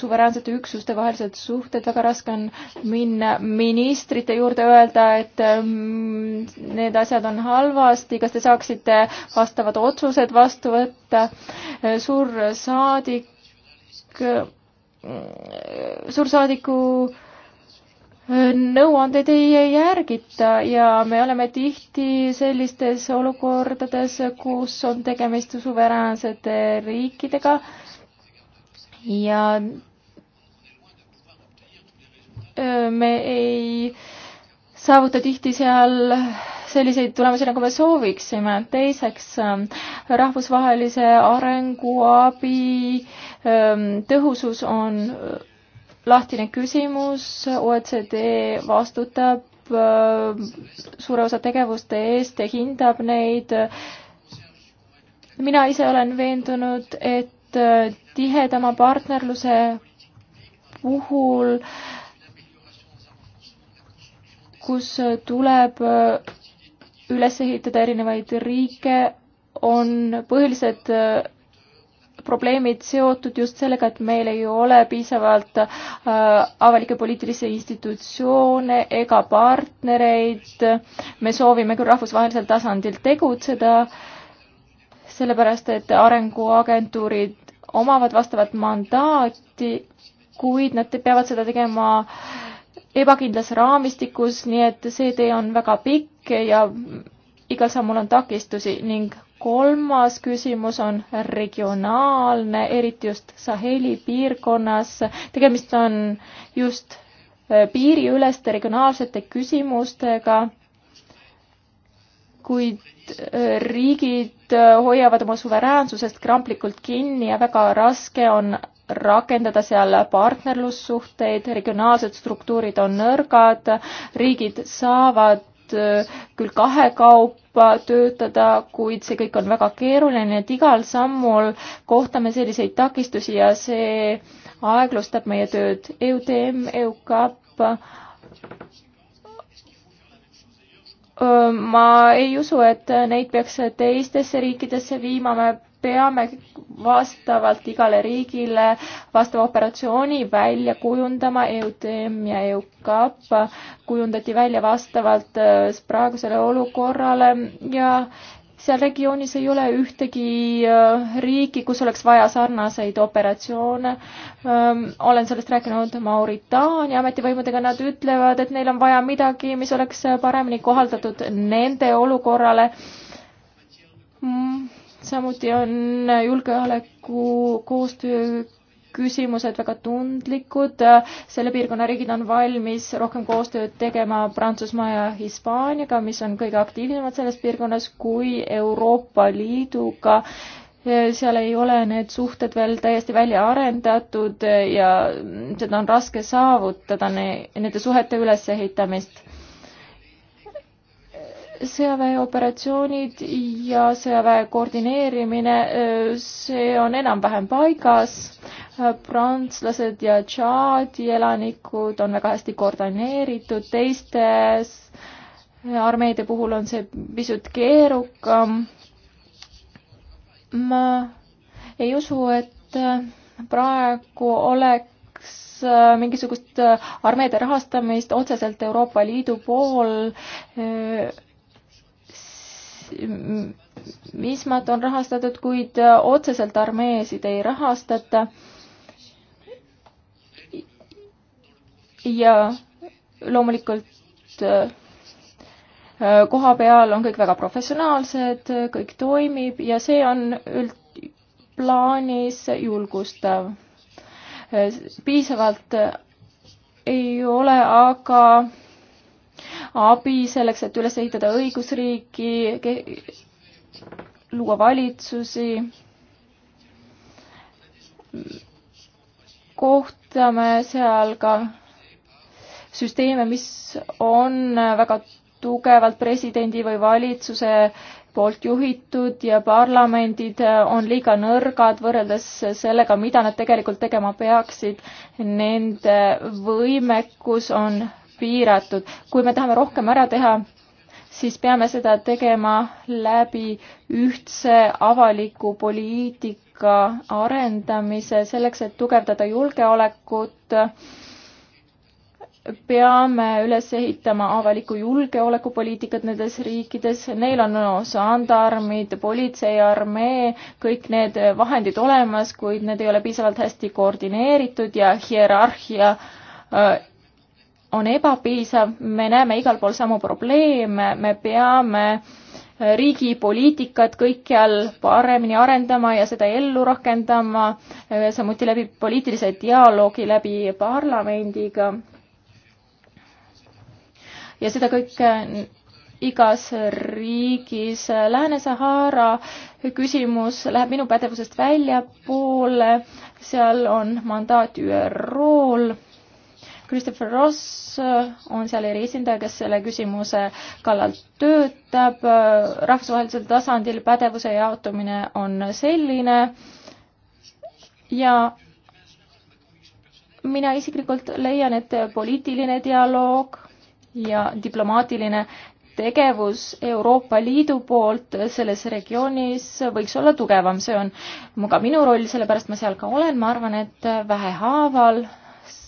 suveräänsete üksuste vahelised suhted, väga raske on minna ministrite juurde, öelda, et ähm, need asjad on halvasti, kas te saaksite vastavad otsused vastu võtta. suur saadik Mm, suursaadiku äh, nõuandeid ei järgita ja me oleme tihti sellistes olukordades, kus on tegemist suveräänsete riikidega ja äh, me ei saavuta tihti seal selliseid tulemusi, nagu me sooviksime. teiseks, ähm, rahvusvahelise arenguabi ähm, tõhusus on äh, lahtine küsimus, OECD vastutab äh, suure osa tegevuste eest ja hindab neid. mina ise olen veendunud, et äh, tihedama partnerluse puhul kus tuleb üles ehitada erinevaid riike, on põhilised äh, probleemid seotud just sellega, et meil ei ole piisavalt äh, avalikke poliitilisi institutsioone ega partnereid. me soovime küll rahvusvahelisel tasandil tegutseda, sellepärast et arenguagentuurid omavad vastavat mandaati, kuid nad peavad seda tegema äh, ebakindlas raamistikus, nii et see tee on väga pikk ja igal sammul on takistusi ning kolmas küsimus on regionaalne, eriti just Saheli piirkonnas. tegemist on just äh, piiriüleste regionaalsete küsimustega, kuid äh, riigid äh, hoiavad oma suveräänsusest kramplikult kinni ja väga raske on rakendada seal partnerlussuhteid, regionaalsed struktuurid on nõrgad, riigid saavad äh, küll kahekaupa töötada, kuid see kõik on väga keeruline, et igal sammul kohtame selliseid takistusi ja see aeglustab meie tööd. EUTM, EUCAP. ma ei usu, et neid peaks teistesse riikidesse viima, me peame vastavalt igale riigile vastava operatsiooni välja kujundama. EUTM ja EUCAP kujundati välja vastavalt äh, praegusele olukorrale ja seal regioonis ei ole ühtegi äh, riiki, kus oleks vaja sarnaseid operatsioone. Ähm, olen sellest rääkinud Mauritaania ametivõimudega, nad ütlevad, et neil on vaja midagi, mis oleks paremini kohaldatud nende olukorrale. Mm samuti on julgeoleku koostöö küsimused väga tundlikud, selle piirkonna riigid on valmis rohkem koostööd tegema Prantsusmaa ja Hispaaniaga, mis on kõige aktiivsemad selles piirkonnas, kui Euroopa Liiduga seal ei ole need suhted veel täiesti välja arendatud ja seda on raske saavutada, nende suhete ülesehitamist sõjaväeoperatsioonid ja sõjaväe koordineerimine, see on enam-vähem paigas. prantslased ja Tšaadi elanikud on väga hästi koordineeritud, teistes armeede puhul on see pisut keerukam. ma ei usu, et praegu oleks mingisugust armeede rahastamist otseselt Euroopa Liidu pool MISMAT on rahastatud, kuid otseselt armeesid ei rahastata. ja loomulikult koha peal on kõik väga professionaalsed, kõik toimib ja see on üldplaanis julgustav. piisavalt ei ole aga abi selleks, et üles ehitada õigusriiki, luua valitsusi. kohtame seal ka süsteeme, mis on väga tugevalt presidendi või valitsuse poolt juhitud ja parlamendid on liiga nõrgad võrreldes sellega, mida nad tegelikult tegema peaksid. Nende võimekus on piiratud. kui me tahame rohkem ära teha, siis peame seda tegema läbi ühtse avaliku poliitika arendamise, selleks et tugevdada julgeolekut. peame üles ehitama avalikku julgeolekupoliitikat nendes riikides, neil on no, sandarmid, politsei, armee, kõik need vahendid olemas, kuid need ei ole piisavalt hästi koordineeritud ja hierarhia äh, on ebapiisav, me näeme igal pool samu probleeme, me peame äh, riigi poliitikat kõikjal paremini arendama ja seda ellu rakendama, äh, samuti läbi poliitilise dialoogi läbi parlamendiga. ja seda kõike äh, igas riigis. Lääne-Sahara küsimus läheb minu pädevusest väljapoole, seal on mandaat ÜRO-l Christopher Ross äh, on seal eriesindaja, kes selle küsimuse kallal töötab. Äh, rahvusvahelisel tasandil pädevuse jaotumine on selline ja mina isiklikult leian, et poliitiline dialoog ja diplomaatiline tegevus Euroopa Liidu poolt selles regioonis võiks olla tugevam, see on ka minu roll, sellepärast ma seal ka olen, ma arvan, et vähehaaval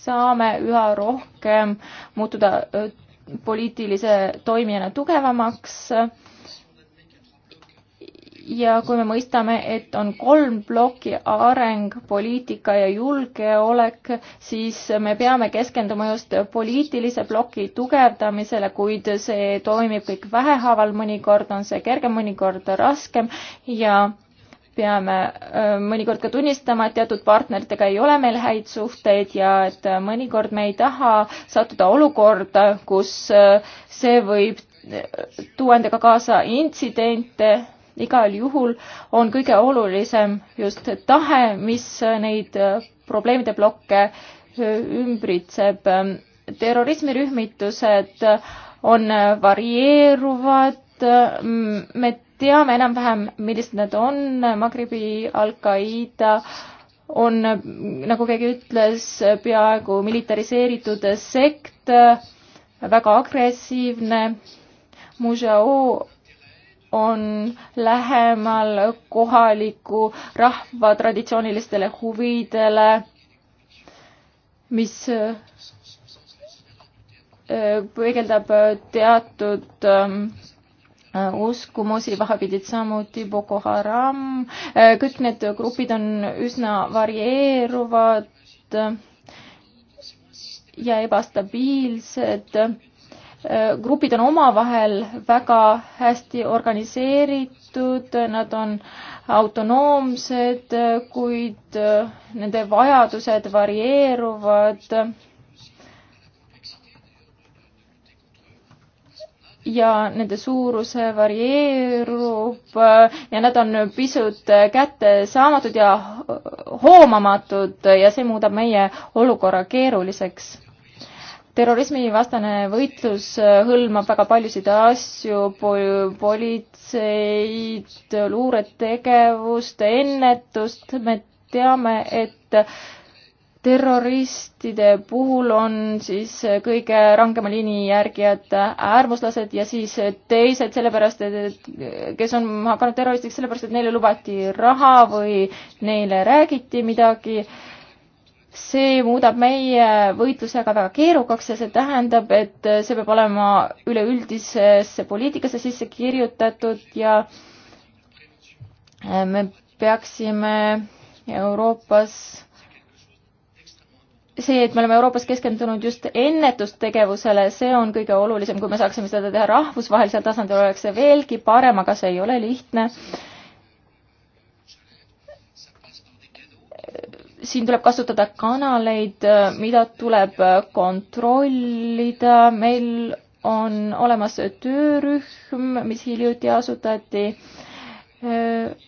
saame üha rohkem muutuda poliitilise toimijana tugevamaks. ja kui me mõistame, et on kolm plokki areng, poliitika ja julgeolek, siis me peame keskenduma just poliitilise ploki tugevdamisele, kuid see toimib kõik vähehaaval, mõnikord on see kergem, mõnikord raskem ja peame mõnikord ka tunnistama, et teatud partneritega ei ole meil häid suhteid ja et mõnikord me ei taha sattuda olukorda, kus see võib tuua endaga kaasa intsidente. igal juhul on kõige olulisem just tahe, mis neid probleemide blokke ümbritseb. terrorismirühmitused on varieeruvad, me teame enam-vähem, millised nad on, Magribi, Al-Qaeda on, nagu keegi ütles, peaaegu militariseeritud sekt, väga agressiivne. Mujao on lähemal kohaliku rahva traditsioonilistele huvidele, mis äh, peegeldab teatud ähm, Äh, uskumusi, vahapidid samuti, Boko Haram, äh, kõik need grupid on üsna varieeruvad ja ebastabiilsed. Äh, grupid on omavahel väga hästi organiseeritud, nad on autonoomsed, kuid nende vajadused varieeruvad ja nende suuruse varieerub ja nad on pisut kättesaamatud ja hoomamatud ja see muudab meie olukorra keeruliseks. terrorismivastane võitlus hõlmab väga paljusid asju pol, politseid, luuretegevust, ennetust, me teame, et terroristide puhul on siis kõige rangema liini järgijad äärmuslased ja siis teised sellepärast, et kes on hakanud terroristiks sellepärast, et neile lubati raha või neile räägiti midagi. see muudab meie võitluse aga väga keerukaks ja see tähendab, et see peab olema üleüldisesse poliitikasse sisse kirjutatud ja eh, me peaksime Euroopas see, et me oleme Euroopas keskendunud just ennetustegevusele, see on kõige olulisem, kui me saaksime seda teha rahvusvahelisel tasandil, oleks see veelgi parem, aga see ei ole lihtne. siin tuleb kasutada kanaleid, mida tuleb kontrollida, meil on olemas töörühm, mis hiljuti asutati äh,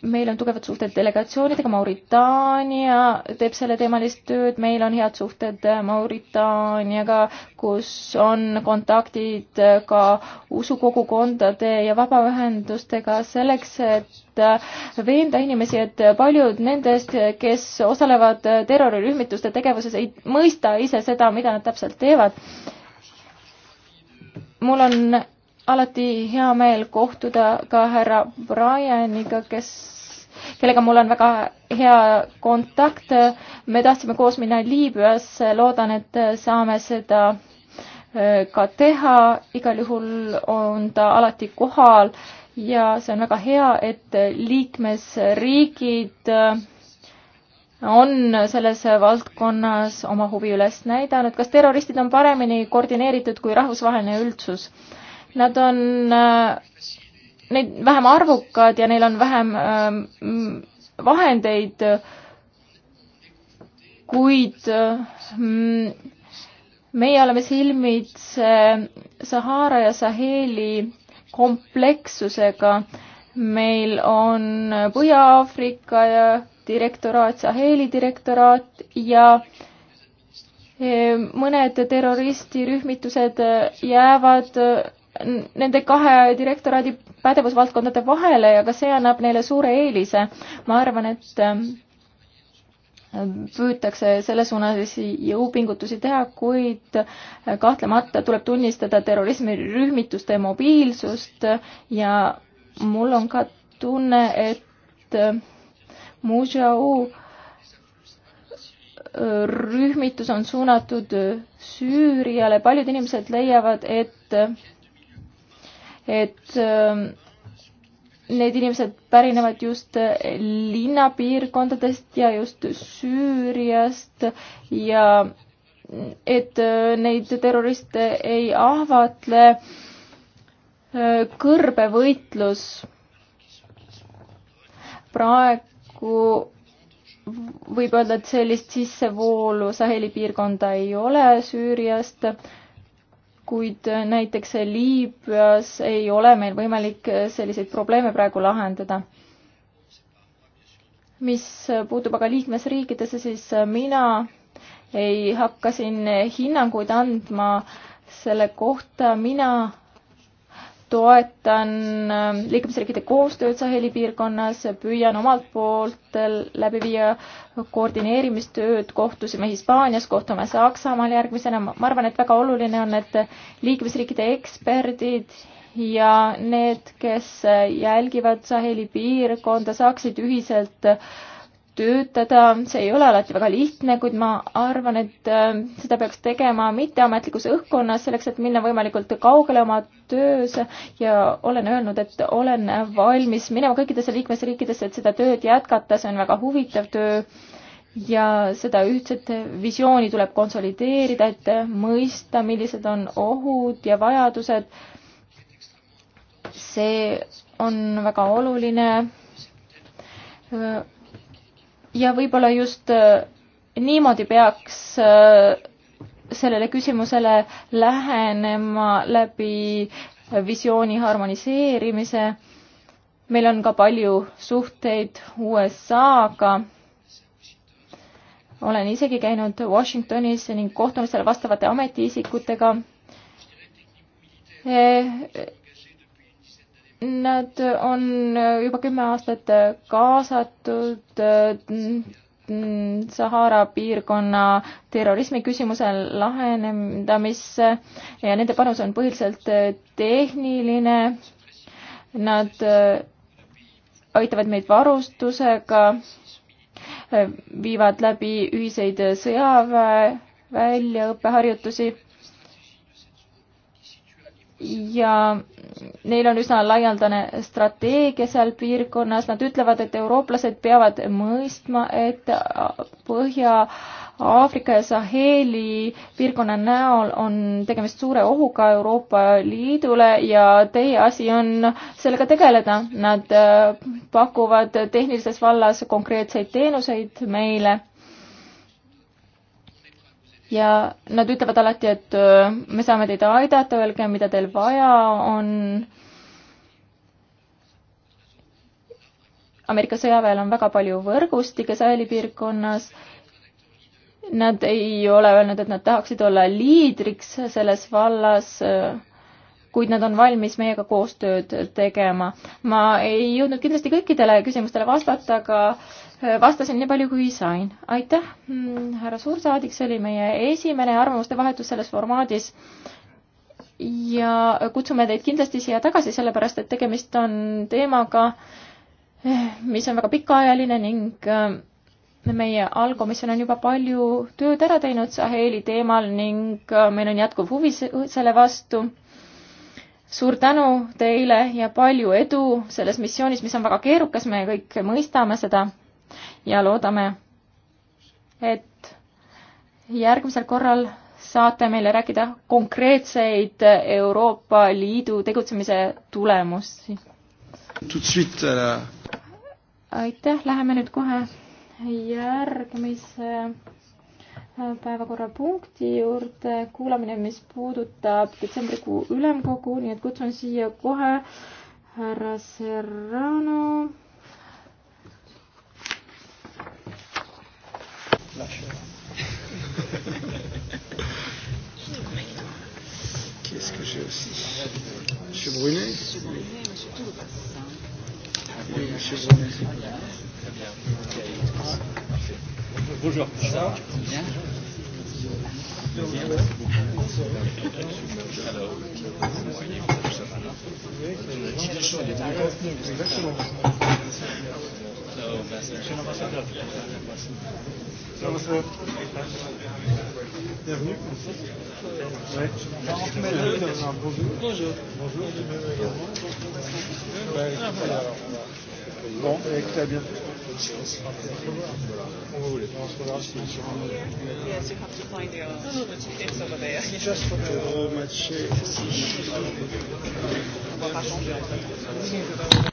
meil on tugevad suhted delegatsioonidega, Mauritaania teeb selleteemalist tööd, meil on head suhted Mauritaaniaga, kus on kontaktid ka usukogukondade ja vabaühendustega selleks, et äh, veenda inimesi, et paljud nendest, kes osalevad terrorirühmituste tegevuses, ei mõista ise seda, mida nad täpselt teevad. mul on alati hea meel kohtuda ka härra Brianiga, kes, kellega mul on väga hea kontakt. me tahtsime koos minna Liibüasse, loodan, et saame seda äh, ka teha. igal juhul on ta alati kohal ja see on väga hea, et liikmesriigid äh, on selles valdkonnas oma huvi üles näidanud. kas terroristid on paremini koordineeritud kui rahvusvaheline üldsus? Nad on, äh, neid vähem arvukad ja neil on vähem äh, vahendeid, kuid äh, meie oleme silmits Sahara ja Saheli komplekssusega. meil on Põhja-Aafrika ja direktoraat, Saheli direktoraat ja mõned terroristirühmitused jäävad nende kahe direktoraadi pädevusvaldkondade vahele ja ka see annab neile suure eelise. ma arvan, et ähm, püütakse sellesuunalisi jõupingutusi teha, kuid äh, kahtlemata tuleb tunnistada terrorismirühmituste mobiilsust ja mul on ka tunne, et äh, Mujau äh, rühmitus on suunatud Süüriale, paljud inimesed leiavad, et et ähm, need inimesed pärinevad just äh, linnapiirkondadest ja just Süüriast ja et äh, neid terroriste ei ahvatle äh, kõrbevõitlus. praegu võib öelda, et sellist sissevoolu Saheli piirkonda ei ole Süüriast kuid näiteks Liibüas ei ole meil võimalik selliseid probleeme praegu lahendada. mis puutub aga liikmesriikidesse, siis mina ei hakka siin hinnanguid andma selle kohta, mina toetan ähm, liikmesriikide koostööd Saheli piirkonnas, püüan omalt poolt läbi viia koordineerimistööd, kohtusime Hispaanias, kohtume Saksamaal järgmisena, ma arvan, et väga oluline on, et liikmesriikide eksperdid ja need, kes jälgivad Saheli piirkonda, saaksid ühiselt töötada, see ei ole alati väga lihtne, kuid ma arvan, et äh, seda peaks tegema mitteametlikus õhkkonnas, selleks et minna võimalikult kaugele oma töös ja olen öelnud, et olen valmis minema kõikidesse liikmesriikidesse, et seda tööd jätkata, see on väga huvitav töö ja seda ühtset visiooni tuleb konsolideerida, et mõista, millised on ohud ja vajadused. see on väga oluline äh, ja võib-olla just äh, niimoodi peaks äh, sellele küsimusele lähenema läbi visiooni harmoniseerimise. meil on ka palju suhteid USA-ga. olen isegi käinud Washingtonis ning kohtunud seal vastavate ametiisikutega eh, Nad on juba kümme aastat kaasatud Sahara piirkonna terrorismi küsimuse lahendamisse ja nende panus on põhiliselt tehniline. Nad aitavad meid varustusega, viivad läbi ühiseid sõjaväe väljaõppeharjutusi ja neil on üsna laialdane strateegia seal piirkonnas, nad ütlevad, et eurooplased peavad mõistma, et Põhja-Aafrika ja Saheli piirkonna näol on tegemist suure ohuga Euroopa Liidule ja teie asi on sellega tegeleda. Nad pakuvad tehnilises vallas konkreetseid teenuseid meile ja nad ütlevad alati, et äh, me saame teid aidata, öelge, mida teil vaja on. Ameerika sõjaväel on väga palju võrgustikke Saheli piirkonnas. Nad ei ole öelnud, et nad tahaksid olla liidriks selles vallas kuid nad on valmis meiega koostööd tegema. ma ei jõudnud kindlasti kõikidele küsimustele vastata, aga vastasin nii palju, kui sain. aitäh, mm, härra suursaadik, see oli meie esimene arvamuste vahetus selles formaadis ja kutsume teid kindlasti siia tagasi, sellepärast et tegemist on teemaga, eh, mis on väga pikaajaline ning eh, meie allkomisjon on juba palju tööd ära teinud Saheli teemal ning eh, meil on jätkuv huvi selle vastu. suur tänu teile ja palju edu selles missioonis, mis on väga keerukas, me kõik mõistame seda ja loodame, et järgmisel korral saate meile rääkida konkreetseid Euroopa Liidu tegutsemise tulemusi. Euh, aitäh, läheme nüüd kohe järgmise äh, päevakorrapunkti juurde, kuulamine, mis puudutab detsembrikuu ülemkogu, nii et kutsun siia kohe härra Serrano Lascerà. Qu'est-ce que j'ai aussi Monsieur Brunet Monsieur Brunet, Monsieur Toulouse. Oui, Monsieur Brunet. Très bien. Bonjour. Ça Bien. Hello, Ambassador. Bienvenue. Ouais. Bonjour. Bonjour. Bonjour. Ben, alors, bon, écoutez, à bientôt. Om hoe dit. Yes, you have to find your. No, no, but it's over there. Just for the match. Ça va pas changer en fait.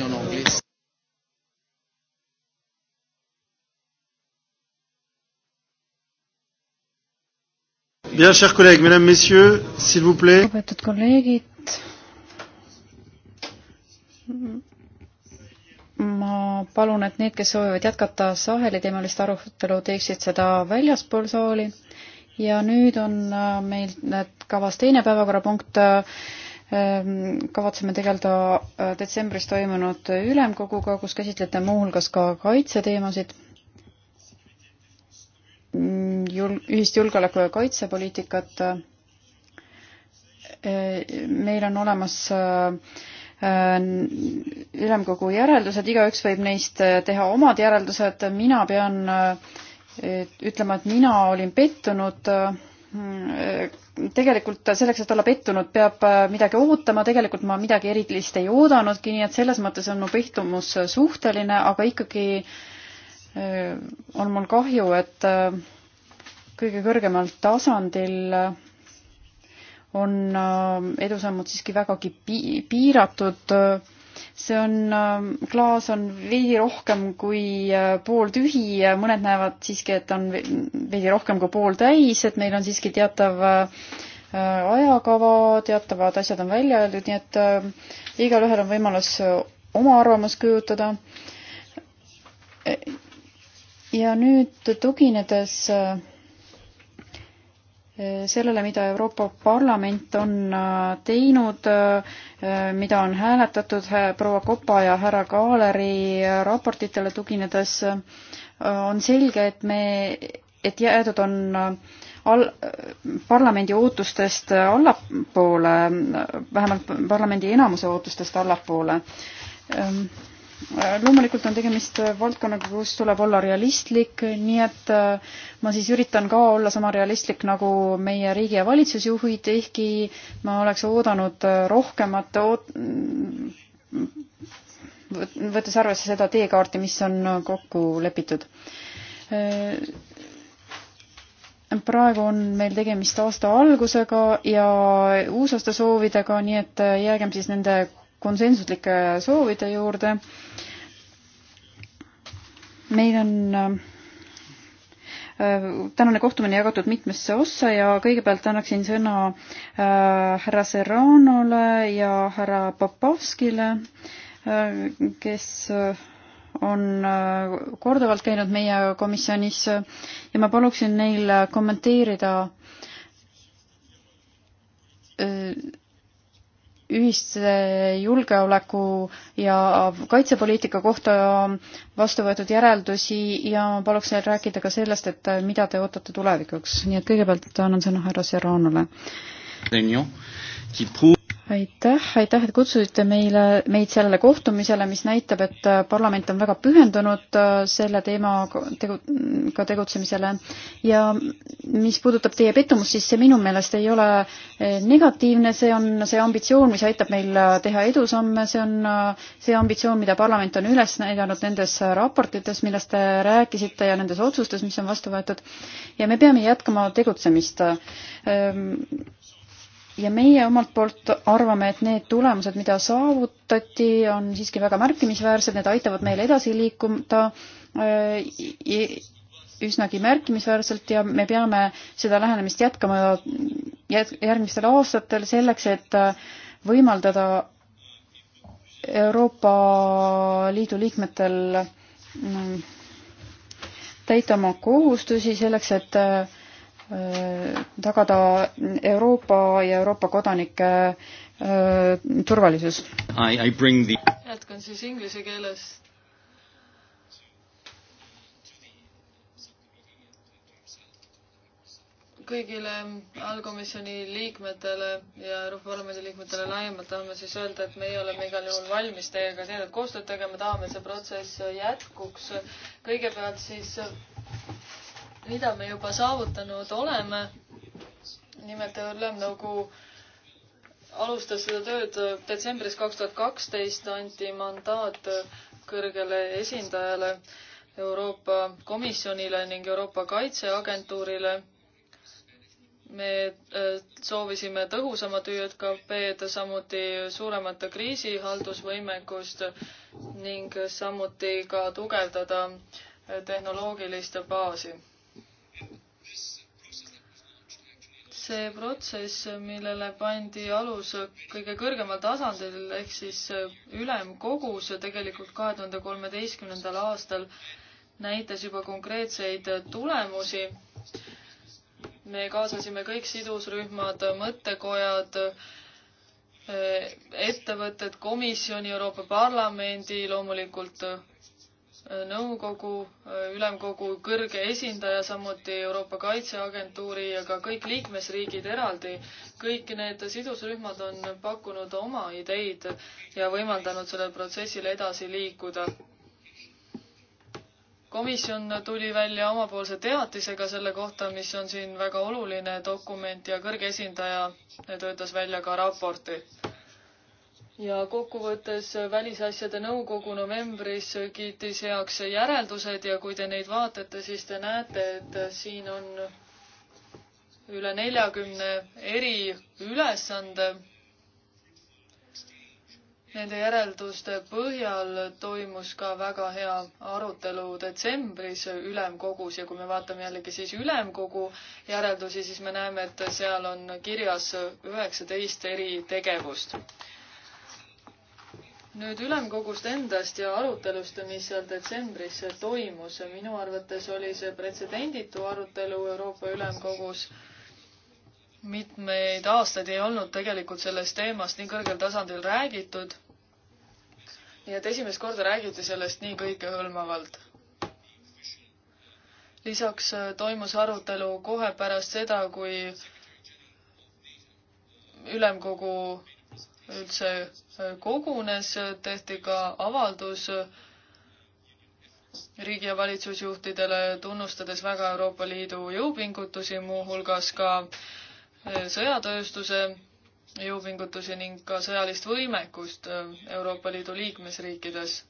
parler en anglais. Bien, chers collègues, mesdames, messieurs, s'il vous plaît. Lugupeetud kolleegid, ma palun, et need, kes soovivad jätkata Saheli teemalist arutelu, teeksid seda väljaspool saali. ja nüüd on meil kavas teine päevakorrapunkt äh, Ehm, kavatseme tegeleda äh, detsembris toimunud ülemkoguga, kus käsitlete muuhulgas ka kaitseteemasid, mm, jul-, ühist julgeoleku- ja kaitsepoliitikat. Äh, meil on olemas äh, ülemkogu järeldused, igaüks võib neist teha omad järeldused, mina pean ütlema, et mina olin pettunud tegelikult selleks, et olla pettunud, peab äh, midagi ootama, tegelikult ma midagi erilist ei oodanudki, nii et selles mõttes on mu pehtumus suhteline, aga ikkagi äh, on mul kahju, et äh, kõige kõrgemal tasandil on edusammud siiski vägagi piiratud see on, ähm, klaas on veidi rohkem kui äh, pooltühi, mõned näevad siiski, et on veidi rohkem kui pooltäis, et meil on siiski teatav äh, ajakava, teatavad asjad on välja öeldud, nii et äh, igalühel on võimalus oma arvamust kujutada. ja nüüd tuginedes Äh, sellele, mida Euroopa Parlament on äh, teinud, äh, mida on hääletatud proua Kopa ja härra Kaaleri raportitele tuginedes, on selge, et me, et jäädud on all, parlamendi ootustest allapoole, vähemalt parlamendi enamuse ootustest allapoole ähm, Äh, loomulikult on tegemist äh, valdkonnaga, kus tuleb olla realistlik, nii et äh, ma siis üritan ka olla sama realistlik nagu meie riigi ja valitsusjuhid, ehkki ma oleks oodanud rohkemat oot-, võttes arvesse seda teekaarti, mis on kokku lepitud. praegu on meil tegemist aasta algusega ja uusaasta soovidega, nii et jäägem siis nende konsensuslike soovide juurde meil on äh, äh, tänane kohtumine jagatud mitmesse ossa ja kõigepealt annaksin sõna äh, härra Serranole ja härra Popovskile, kes on korduvalt käinud meie komisjonis ja ma paluksin neil kommenteerida ühiste julgeoleku ja kaitsepoliitika kohta vastu võetud järeldusi ja ma paluks teil rääkida ka sellest, et mida te ootate tulevikuks, nii et kõigepealt annan sõna härra Serranole aitäh, aitäh, et kutsusite meile, meid sellele kohtumisele, mis näitab, et äh, parlament on väga pühendunud äh, selle teemaga tegu, ka tegutsemisele. ja mis puudutab teie pettumust, siis see minu meelest ei ole äh, negatiivne, see on see ambitsioon, mis aitab meil teha edusamme, see on see ambitsioon, mida parlament on üles näidanud nendes raportites, millest te rääkisite ja nendes otsustes, mis on vastu võetud. ja me peame jätkama tegutsemist ja meie omalt poolt arvame, et need tulemused, mida saavutati, on siiski väga märkimisväärsed, need aitavad meil edasi liikuda äh, üsnagi märkimisväärselt ja me peame seda lähenemist jätkama järgmistel aastatel selleks, et äh, võimaldada Euroopa Liidu liikmetel mm, täita oma kohustusi selleks, et äh, tagada Euroopa ja Euroopa kodanike äh, turvalisus. The... jätkan siis inglise keeles kõigile allkomisjoni liikmetele ja Euroopa-Parlamendi liikmetele laiemalt tahame siis öelda, et meie oleme igal juhul valmis teiega tihedat koostööd tegema, tahame, et see protsess jätkuks. kõigepealt siis mida me juba saavutanud oleme. nimelt Ülemnõukogu alustas seda tööd detsembris kaks tuhat kaksteist, anti mandaat kõrgele esindajale Euroopa Komisjonile ning Euroopa Kaitseagentuurile. me äh, soovisime tõhusamat ÜJKP-d, samuti suuremat kriisihaldusvõimekust ning samuti ka tugevdada äh, tehnoloogilist baasi see protsess, millele pandi alus kõige kõrgemal tasandil ehk siis äh, ülemkogus ja tegelikult kahe tuhande kolmeteistkümnendal aastal näitas juba konkreetseid äh, tulemusi. me kaasasime kõik sidusrühmad, mõttekojad, äh, ettevõtted, komisjoni, Euroopa Parlamendi, loomulikult nõukogu, ülemkogu kõrge esindaja, samuti Euroopa Kaitseagentuuri ja ka kõik liikmesriigid eraldi. kõik need sidusrühmad on pakkunud oma ideid ja võimaldanud sellel protsessil edasi liikuda. komisjon tuli välja omapoolse teatisega selle kohta, mis on siin väga oluline dokument ja kõrge esindaja töötas välja ka raporti ja kokkuvõttes Välisasjade Nõukogu novembris kiitis heaks järeldused ja kui te neid vaatate, siis te näete, et siin on üle neljakümne eri ülesande. Nende järelduste põhjal toimus ka väga hea arutelu detsembris ülemkogus ja kui me vaatame jällegi siis ülemkogu järeldusi, siis me näeme, et seal on kirjas üheksateist eri tegevust nüüd ülemkogust endast ja arutelust, mis seal detsembris toimus, minu arvates oli see pretsedenditu arutelu Euroopa Ülemkogus. mitmeid aastaid ei olnud tegelikult sellest teemast nii kõrgel tasandil räägitud. nii et esimest korda räägiti sellest nii kõikehõlmavalt. lisaks toimus arutelu kohe pärast seda, kui ülemkogu üldse äh, kogunes, tehti ka avaldus riigi- ja valitsusjuhtidele, tunnustades väga Euroopa Liidu jõupingutusi, muuhulgas ka äh, sõjatööstuse jõupingutusi ning ka sõjalist võimekust äh, Euroopa Liidu liikmesriikides.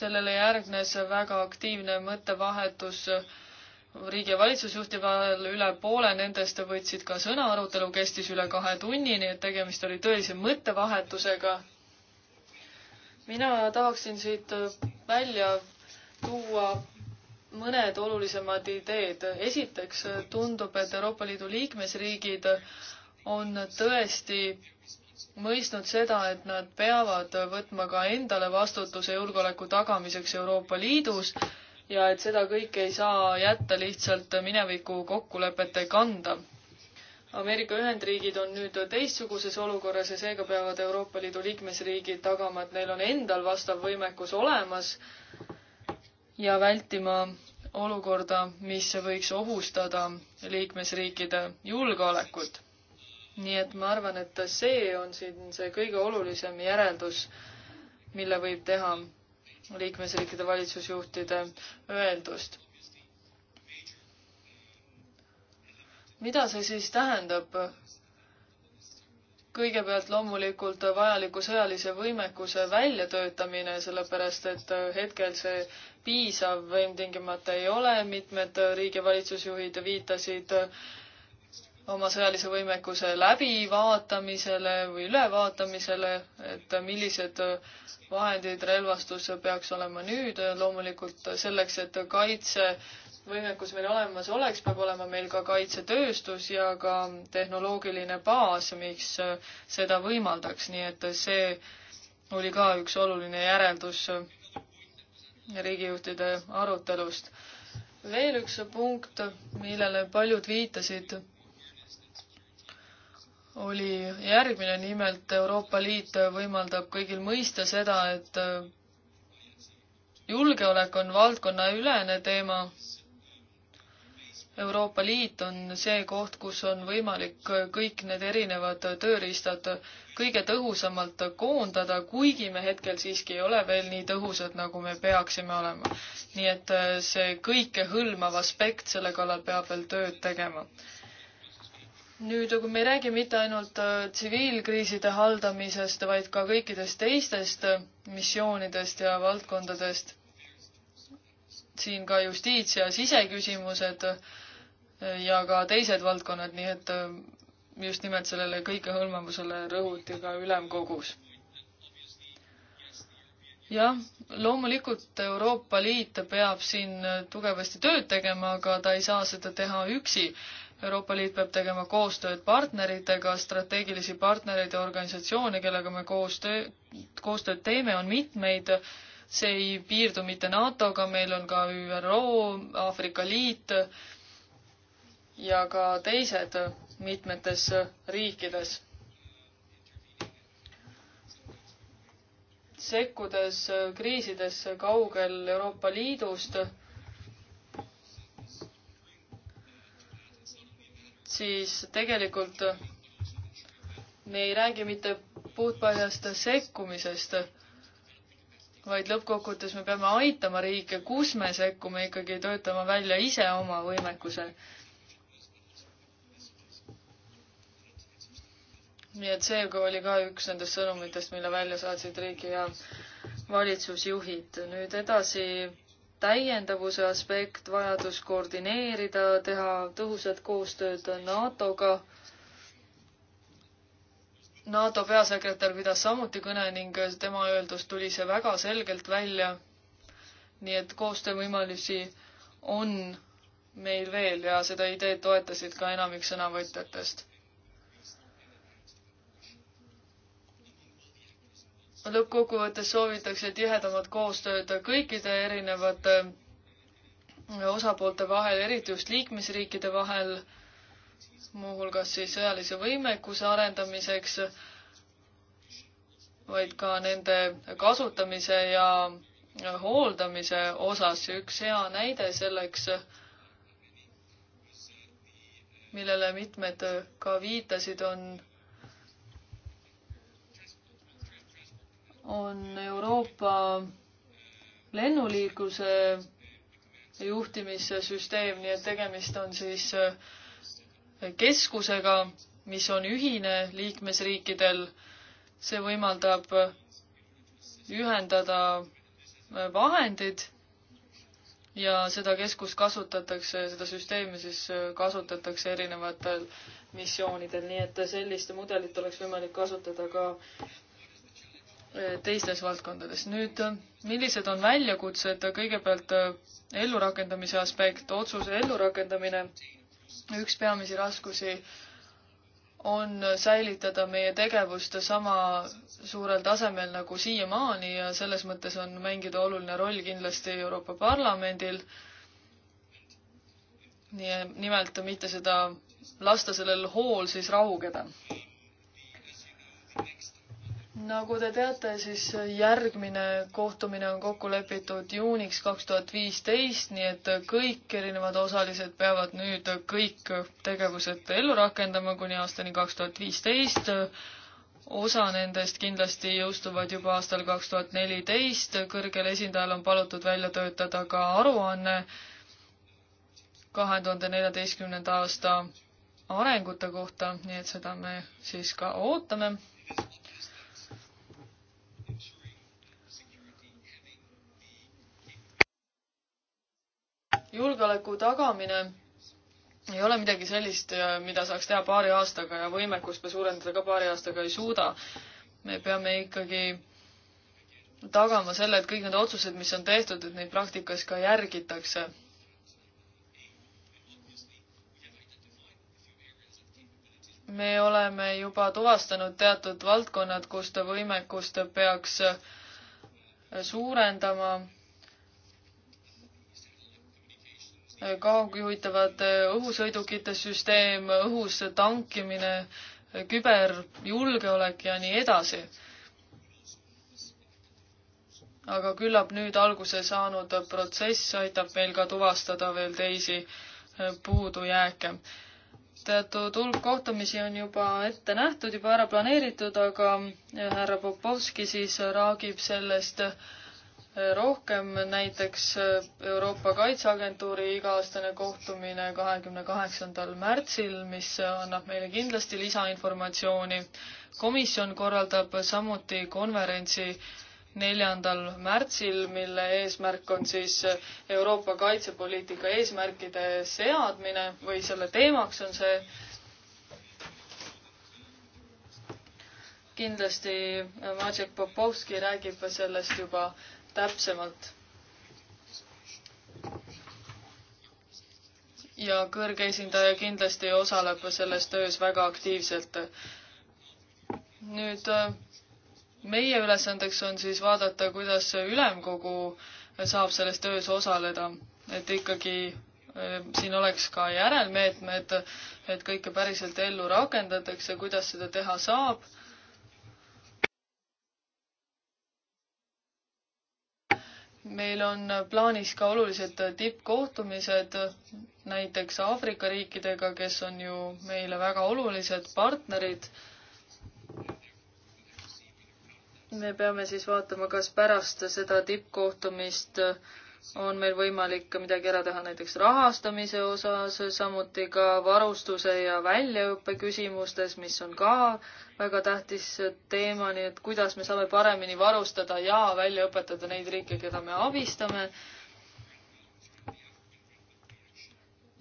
sellele järgnes väga aktiivne mõttevahetus riigi- ja valitsusjuhti vahel üle poole nendest võtsid ka sõna, arutelu kestis üle kahe tunni, nii et tegemist oli tõelise mõttevahetusega. mina tahaksin siit välja tuua mõned olulisemad ideed. esiteks tundub, et Euroopa Liidu liikmesriigid on tõesti mõistnud seda, et nad peavad võtma ka endale vastutuse julgeoleku tagamiseks Euroopa Liidus ja et seda kõike ei saa jätta lihtsalt mineviku kokkulepete kanda. Ameerika Ühendriigid on nüüd teistsuguses olukorras ja seega peavad Euroopa Liidu liikmesriigid tagama, et neil on endal vastav võimekus olemas ja vältima olukorda, mis võiks ohustada liikmesriikide julgeolekut. nii et ma arvan, et see on siin see kõige olulisem järeldus, mille võib teha liikmesriikide valitsusjuhtide öeldust. mida see siis tähendab? kõigepealt loomulikult vajaliku sõjalise võimekuse väljatöötamine, sellepärast et hetkel see piisav võim tingimata ei ole, mitmed riigi valitsusjuhid viitasid äh, oma sõjalise võimekuse läbivaatamisele või ülevaatamisele, et millised vahendid, relvastus peaks olema nüüd, loomulikult selleks, et kaitsevõimekus meil olemas oleks, peab olema meil ka kaitsetööstus ja ka tehnoloogiline baas, mis seda võimaldaks, nii et see oli ka üks oluline järeldus riigijuhtide arutelust. veel üks punkt, millele paljud viitasid oli järgmine, nimelt Euroopa Liit võimaldab kõigil mõista seda, et äh, julgeolek on valdkonnaülene teema. Euroopa Liit on see koht, kus on võimalik kõik need erinevad tööriistad kõige tõhusamalt koondada, kuigi me hetkel siiski ei ole veel nii tõhusad, nagu me peaksime olema. nii et äh, see kõikehõlmav aspekt, selle kallal peab veel tööd tegema nüüd, kui me ei räägi mitte ainult äh, tsiviilkriiside haldamisest, vaid ka kõikidest teistest äh, missioonidest ja valdkondadest, siin ka justiits- ja siseküsimused äh, ja ka teised valdkonnad, nii et just nimelt sellele kõikehõlmavusele rõhuti ka ülemkogus. jah, loomulikult Euroopa Liit peab siin tugevasti tööd tegema, aga ta ei saa seda teha üksi Euroopa Liit peab tegema koostööd partneritega, strateegilisi partnereid ja organisatsioone, kellega me koostöö, koostööd teeme, on mitmeid. see ei piirdu mitte NATO-ga, meil on ka ÜRO, Aafrika Liit ja ka teised mitmetes riikides. sekkudes kriisidesse kaugel Euroopa Liidust siis tegelikult me ei räägi mitte puhtpaljast sekkumisest, vaid lõppkokkuvõttes me peame aitama riike, kus me sekkume ikkagi töötama välja ise oma võimekuse. nii et see oli ka üks nendest sõnumitest, mille välja saatsid riigi ja valitsusjuhid. nüüd edasi täiendavuse aspekt, vajadus koordineerida, teha tõhusat koostööd NATO-ga. NATO peasekretär pidas samuti kõne ning tema öeldust tuli see väga selgelt välja. nii et koostöövõimalusi on meil veel ja seda ideed toetasid ka enamik sõnavõtjatest lõppkokkuvõttes soovitakse tihedamat koostööd kõikide erinevate äh, osapoolte vahel, eriti just liikmesriikide vahel, muuhulgas siis sõjalise võimekuse arendamiseks, vaid ka nende kasutamise ja äh, hooldamise osas üks hea näide selleks, millele mitmed ka viitasid, on on Euroopa lennuliikluse juhtimissüsteem, nii et tegemist on siis äh, keskusega, mis on ühine liikmesriikidel. see võimaldab ühendada äh, vahendid ja seda keskust kasutatakse, seda süsteemi siis äh, kasutatakse erinevatel missioonidel, nii et sellist mudelit oleks võimalik kasutada ka teistes valdkondades. nüüd, millised on väljakutsed, kõigepealt eh, ellurakendamise aspekt, otsuse ellurakendamine. üks peamisi raskusi on säilitada meie tegevust sama suurel tasemel nagu siiamaani ja selles mõttes on mängida oluline roll kindlasti Euroopa Parlamendil. nii, nimelt mitte seda, lasta sellel hool siis raugeda nagu te teate, siis järgmine kohtumine on kokku lepitud juuniks kaks tuhat viisteist, nii et kõik erinevad osalised peavad nüüd kõik tegevused ellu rakendama kuni aastani kaks tuhat viisteist. osa nendest kindlasti jõustuvad juba aastal kaks tuhat neliteist, kõrgel esindajal on palutud välja töötada ka aruanne kahe tuhande neljateistkümnenda aasta arengute kohta, nii et seda me siis ka ootame julgeoleku tagamine ei ole midagi sellist, mida saaks teha paari aastaga ja võimekust me suurendada ka paari aastaga ei suuda. me peame ikkagi tagama selle, et kõik need otsused, mis on tehtud, et neid praktikas ka järgitakse. me oleme juba tuvastanud teatud valdkonnad, kus ta võimekust peaks suurendama kaugjuhitavad eh, õhusõidukite süsteem, õhus tankimine, eh, küberjulgeolek ja nii edasi. aga küllap nüüd alguse saanud protsess aitab meil ka tuvastada veel teisi eh, puudujääke. teatud hulk kohtumisi on juba ette nähtud, juba ära planeeritud, aga härra Popovski siis raagib sellest äh, rohkem, näiteks äh, Euroopa Kaitseagentuuri iga-aastane kohtumine kahekümne kaheksandal märtsil, mis annab meile kindlasti lisainformatsiooni. komisjon korraldab samuti konverentsi neljandal märtsil, mille eesmärk on siis Euroopa kaitsepoliitika eesmärkide seadmine või selle teemaks on see. kindlasti Maciek Popovski räägib sellest juba täpsemalt. ja kõrge esindaja kindlasti osaleb selles töös väga aktiivselt. nüüd meie ülesandeks on siis vaadata, kuidas ülemkogu saab selles töös osaleda, et ikkagi eh, siin oleks ka järelmeetmed, et kõike päriselt ellu rakendatakse, kuidas seda teha saab meil on plaanis ka olulised tippkohtumised näiteks Aafrika riikidega, kes on ju meile väga olulised partnerid. me peame siis vaatama, kas pärast seda tippkohtumist on meil võimalik ka midagi ära teha näiteks rahastamise osas, samuti ka varustuse ja väljaõppe küsimustes, mis on ka väga tähtis teema, nii et kuidas me saame paremini varustada ja välja õpetada neid riike, keda me abistame.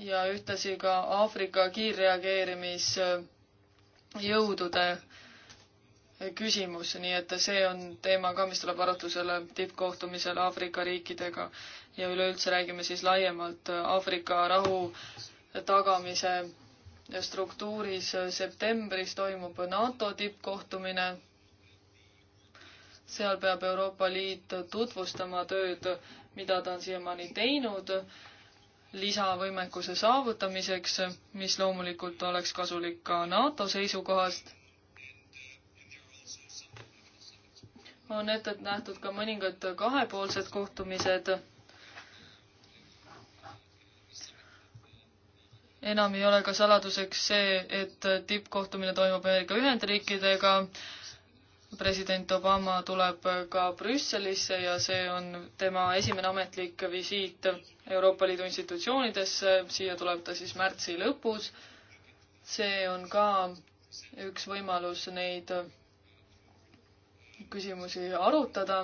ja ühtlasi ka Aafrika kiirreageerimisjõudude küsimus, nii et see on teema ka, mis tuleb arutlusele tippkohtumisel Aafrika riikidega ja üleüldse räägime siis laiemalt Aafrika rahu tagamise struktuuris äh, septembris toimub NATO tippkohtumine. seal peab Euroopa Liit tutvustama tööd, mida ta on siiamaani teinud lisavõimekuse saavutamiseks, mis loomulikult oleks kasulik ka NATO seisukohast. on ette nähtud ka mõningad kahepoolsed kohtumised enam ei ole ka saladuseks see, et tippkohtumine toimub Ameerika Ühendriikidega. president Obama tuleb ka Brüsselisse ja see on tema esimene ametlik visiit Euroopa Liidu institutsioonidesse, siia tuleb ta siis märtsi lõpus. see on ka üks võimalus neid küsimusi arutada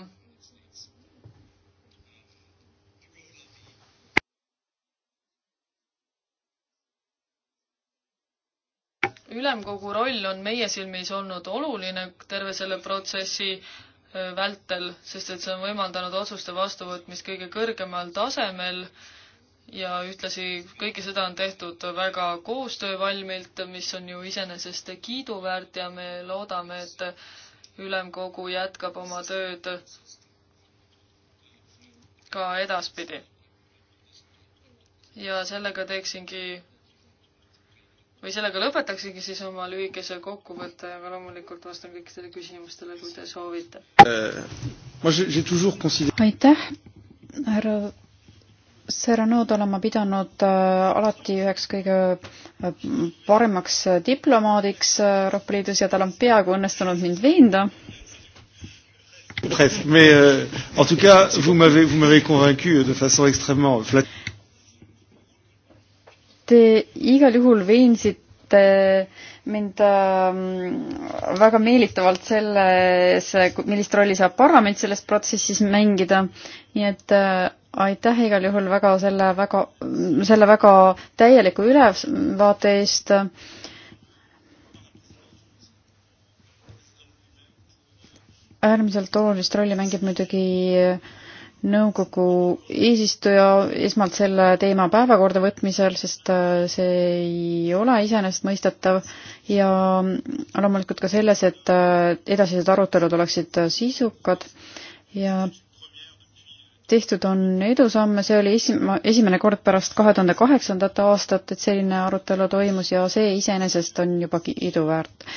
ülemkogu roll on meie silmis olnud oluline terve selle protsessi äh, vältel, sest et see on võimaldanud otsuste vastuvõtmist kõige kõrgemal tasemel ja ühtlasi kõike seda on tehtud väga koostöövalmilt, mis on ju iseenesest kiiduväärt ja me loodame, et ülemkogu jätkab oma tööd ka edaspidi. ja sellega teeksingi või sellega lõpetaksingi siis oma lühikese kokkuvõtte, aga loomulikult vastan kõikidele küsimustele, kui te soovite. Euh, aitäh, härra Serenood olen ma pidanud äh, alati üheks kõige äh, paremaks äh, diplomaadiks Euroopa Liidus ja tal on peaaegu õnnestunud mind veenda Bref, mais euh, en tout cas, vous m'avez vous m'avez convaincu de façon extrêmement flattante. Te igal juhul veensite mind ähm, väga meelitavalt selles, millist rolli saab parlament selles protsessis mängida, nii et äh, aitäh igal juhul väga selle väga, selle väga täieliku ülevaate eest. äärmiselt olulist rolli mängib muidugi äh, nõukogu eesistuja esmalt selle teema päevakorda võtmisel, sest äh, see ei ole iseenesestmõistetav ja loomulikult ka selles, et äh, edasised arutelud oleksid äh, sisukad ja tehtud on edusamme, see oli esima-, esimene kord pärast kahe tuhande kaheksandat aastat, et selline arutelu toimus ja see iseenesest on juba kiiduväärt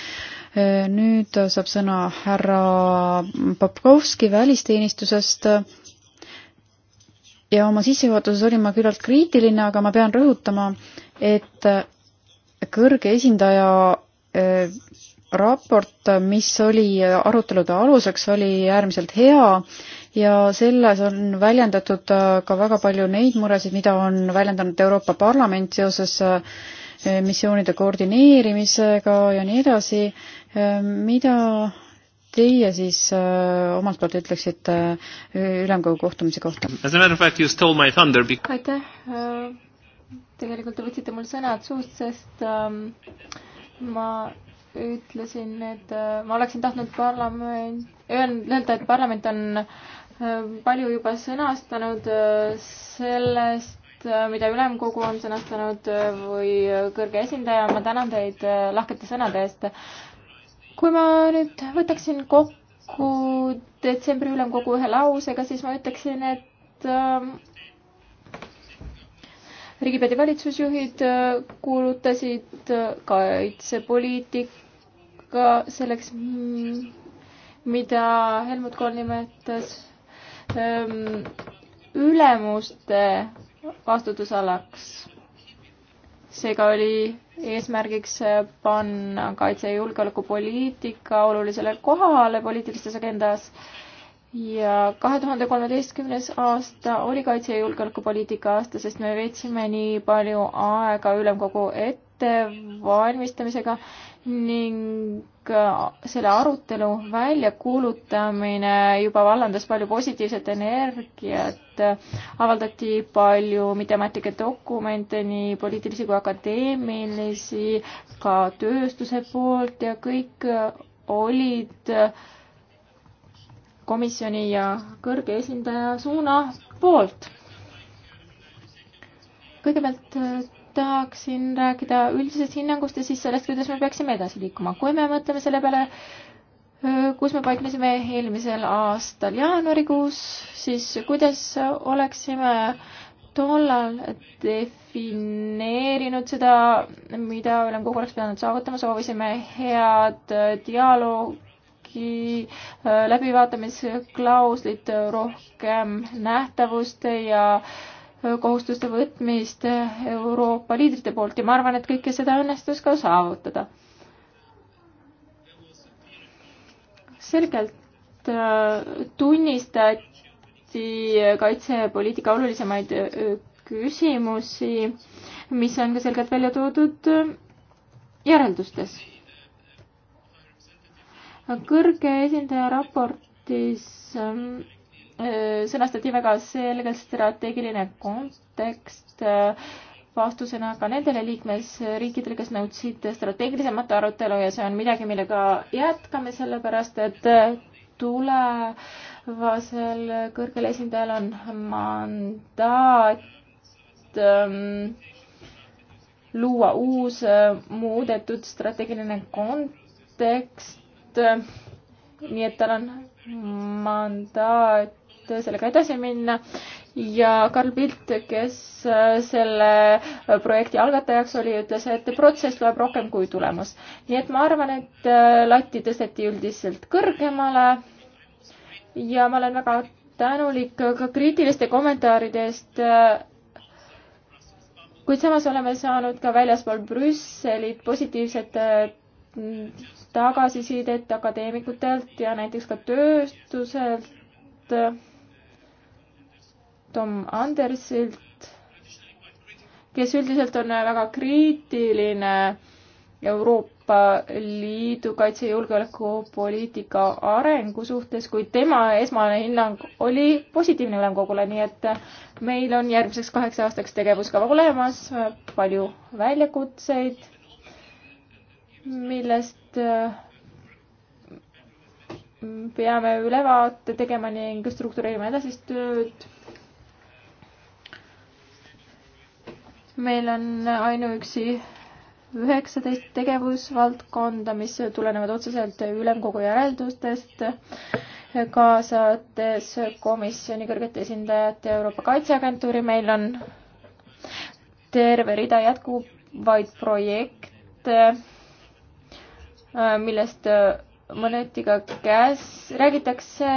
nüüd saab sõna härra Popkovski välisteenistusest, ja oma sissejuhatuses olin ma küllalt kriitiline, aga ma pean rõhutama, et äh, kõrge esindaja äh, raport, mis oli arutelude aluseks, oli äärmiselt hea ja selles on väljendatud äh, ka väga palju neid muresid, mida on väljendanud Euroopa Parlament seoses missioonide koordineerimisega ja nii edasi, mida teie siis äh, omalt poolt ütleksite äh, ülemkogu kohtumise kohta? aitäh äh,, tegelikult te võtsite mul sõnad suust, sest äh, ma ütlesin, et äh, ma oleksin tahtnud parlament, öelda, et parlament on äh, palju juba sõnastanud äh, sellest, äh, mida ülemkogu on sõnastanud äh, või äh, kõrge esindaja, ma tänan teid lahkete sõnade eest kui ma nüüd võtaksin kokku detsembri ülemkogu ühe lausega, siis ma ütleksin, et ähm, riigipead ja valitsusjuhid äh, kuulutasid äh, kaitsepoliitika selleks, mm, mida Helmut Kohl nimetas ähm, ülemuste vastutusalaks seega oli eesmärgiks panna kaitse- ja julgeolekupoliitika olulisele kohale poliitilistes agendas ja kahe tuhande kolmeteistkümnes aasta oli kaitse- ja julgeolekupoliitika aasta, sest me veetsime nii palju aega ülemkogu ettevalmistamisega ning äh, selle arutelu väljakuulutamine juba vallandas palju positiivset energiat, avaldati palju mitteametlikke dokumente, nii poliitilisi kui akadeemilisi, ka tööstuse poolt ja kõik äh, olid äh, komisjoni ja kõrge esindaja suuna poolt. kõigepealt tahaksin rääkida üldisest hinnangust ja siis sellest, kuidas me peaksime edasi liikuma. kui me mõtleme selle peale, kus me paiknesime eelmisel aastal jaanuarikuus, siis kuidas oleksime tollal defineerinud seda, mida ülemkogu oleks pidanud saavutama, soovisime head dialoogi, läbivaatamisklauslit, rohkem nähtavust ja äh, kohustuste võtmist Euroopa liidrite poolt ja ma arvan, et kõike seda õnnestus ka saavutada. selgelt äh, tunnistati kaitsepoliitika olulisemaid äh, küsimusi, mis on ka selgelt välja toodud äh, järeldustes. kõrge esindaja raportis Äh, sõnastati väga selgelt strateegiline kontekst äh, vastusena ka nendele liikmesriikidele, kes nõudsid strateegilisemat arutelu ja see on midagi, millega jätkame, sellepärast et äh, tulevasel kõrgel esindajal on mandaat ähm, luua uus muudetud strateegiline kontekst, nii et tal on mandaat et sellega edasi minna ja Karl Pilt, kes äh, selle äh, projekti algatajaks oli, ütles, et protsess loeb rohkem kui tulemus. nii et ma arvan, et äh, latti tõsteti üldiselt kõrgemale ja ma olen väga tänulik ka kriitiliste kommentaaride eest kuid samas oleme saanud ka väljaspool Brüsselit positiivset tagasisidet akadeemikutelt ja näiteks ka tööstuselt. Tom Andersilt, kes üldiselt on väga kriitiline Euroopa Liidu kaitse- ja julgeolekupoliitika arengu suhtes, kuid tema esmane hinnang oli positiivne ülemkogule, nii et meil on järgmiseks kaheks aastaks tegevuskava olemas, palju väljakutseid, millest mm, peame ülevaate tegema ning struktureerima edasist tööd meil on ainuüksi üheksateist tegevusvaldkonda, mis tulenevad otseselt ülemkogu järeldustest, kaasates komisjoni kõrget esindajat Euroopa Kaitseagentuuri, meil on terve rida jätkuvaid projekte, millest mõneti ka käs-, räägitakse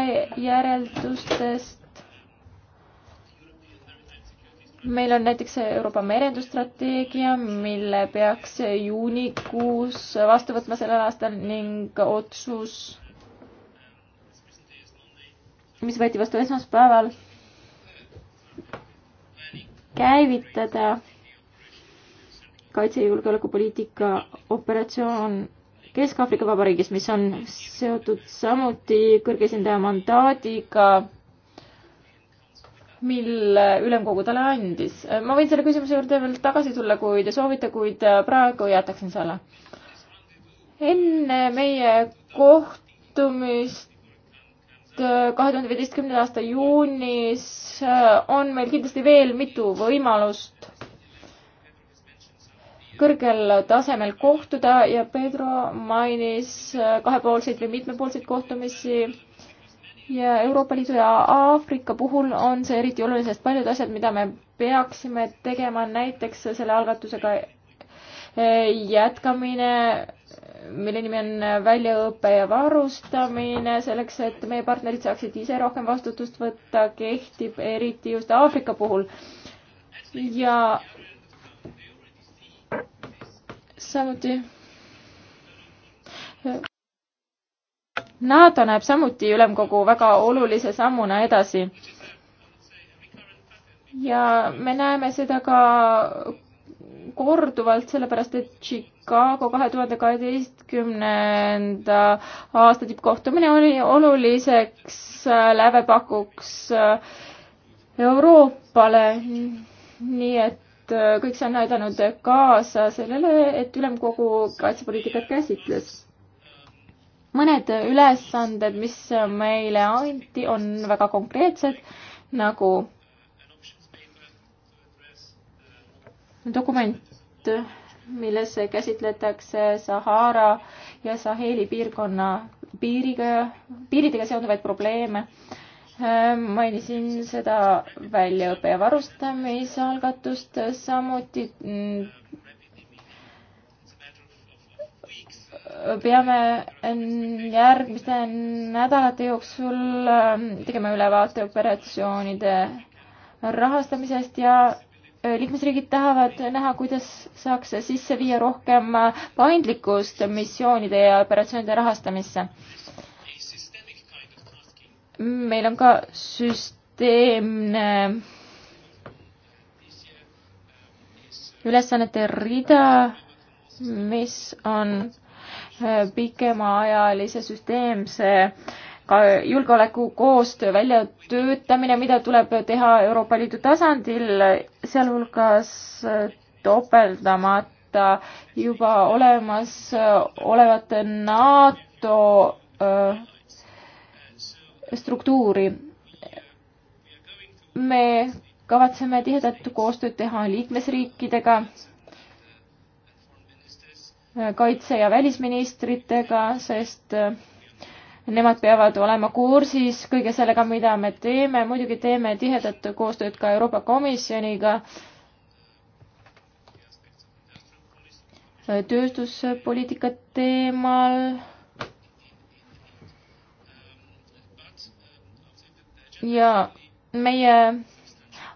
järeldustest, meil on näiteks Euroopa merendusstrateegia, mille peaks juunikuus vastu võtma sellel aastal ning otsus, mis võeti vastu esmaspäeval, käivitada kaitse- ja julgeolekupoliitika operatsioon Kesk-Aafrika Vabariigis, mis on seotud samuti kõrge esindaja mandaadiga mille ülemkogu talle andis. ma võin selle küsimuse juurde veel tagasi tulla, kui te soovite, kuid äh, praegu jätaksin selle. enne meie kohtumist äh, kahe tuhande viieteistkümnenda aasta juunis äh, on meil kindlasti veel mitu võimalust kõrgel tasemel kohtuda ja Pedro mainis kahepoolseid või mitmepoolseid kohtumisi ja Euroopa Liidu ja Aafrika puhul on see eriti oluline, sest paljud asjad, mida me peaksime tegema, näiteks selle algatusega e, jätkamine, mille nimi on väljaõpe ja varustamine, selleks et meie partnerid saaksid ise rohkem vastutust võtta, kehtib eriti just Aafrika puhul. ja samuti NATO näeb samuti ülemkogu väga olulise sammuna edasi. ja me näeme seda ka korduvalt, sellepärast et Chicago kahe tuhande kaheteistkümnenda aasta tippkohtumine oli oluliseks äh, lävepakuks äh, Euroopale. nii et äh, kõik see on aidanud kaasa sellele, et ülemkogu kaitsepoliitikat käsitles mõned ülesanded, mis meile anti, on väga konkreetsed, nagu dokument, milles käsitletakse Sahara ja Saheli piirkonna piiriga, piiridega seonduvaid probleeme. mainisin seda väljaõppe ja varustamisalgatust, samuti peame järgmiste nädalate jooksul ähm, tegema ülevaate operatsioonide rahastamisest ja äh, liikmesriigid tahavad näha, kuidas saaks sisse viia rohkem paindlikkust missioonide ja operatsioonide rahastamisse. meil on ka süsteemne ülesannete rida, mis on pikemaajalise süsteemse ka julgeolekukoostöö väljatöötamine, mida tuleb teha Euroopa Liidu tasandil, sealhulgas topeldamata juba olemas olevate NATO äh, struktuuri. me kavatseme tihedat koostööd teha liikmesriikidega kaitse- ja välisministritega, sest äh, nemad peavad olema kursis kõige sellega, mida me teeme. muidugi teeme tihedat koostööd ka Euroopa Komisjoniga. Äh, tööstuspoliitika teemal. ja meie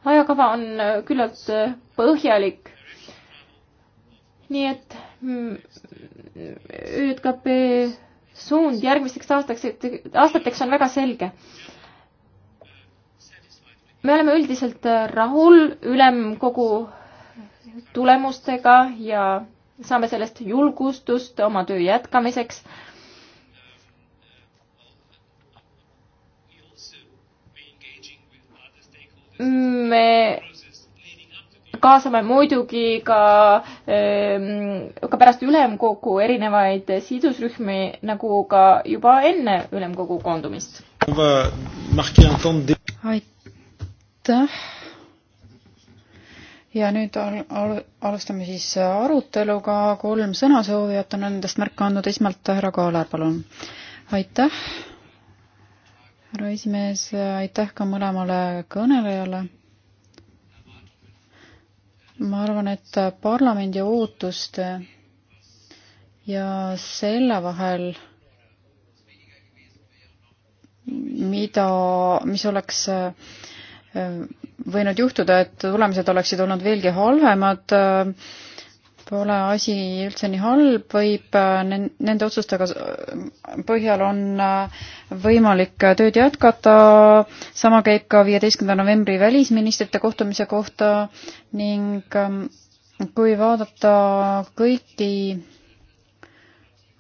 ajakava on äh, küllalt põhjalik. nii et ÜKP suund järgmisteks aastaks, aastateks on väga selge. me oleme üldiselt rahul ülemkogu tulemustega ja saame sellest julgustust oma töö jätkamiseks. me kaasame muidugi ka, ehm, ka pärast ülemkogu erinevaid sidusrühmi, nagu ka juba enne ülemkogu koondumist. aitäh. ja nüüd al al alustame siis aruteluga, kolm sõnasoovijat on endast märku andnud, esmalt härra Kaalar, palun. aitäh härra esimees, aitäh ka mõlemale kõnelejale ma arvan, et parlamendi ootuste ja selle vahel, mida, mis oleks äh, võinud juhtuda, et tulemused oleksid olnud veelgi halvemad, pole asi üldse nii halb, võib äh, nende otsustega põhjal on äh, võimalik äh, tööd jätkata, sama käib ka viieteistkümnenda novembri välisministrite kohtumise kohta ning ähm, kui vaadata kõiki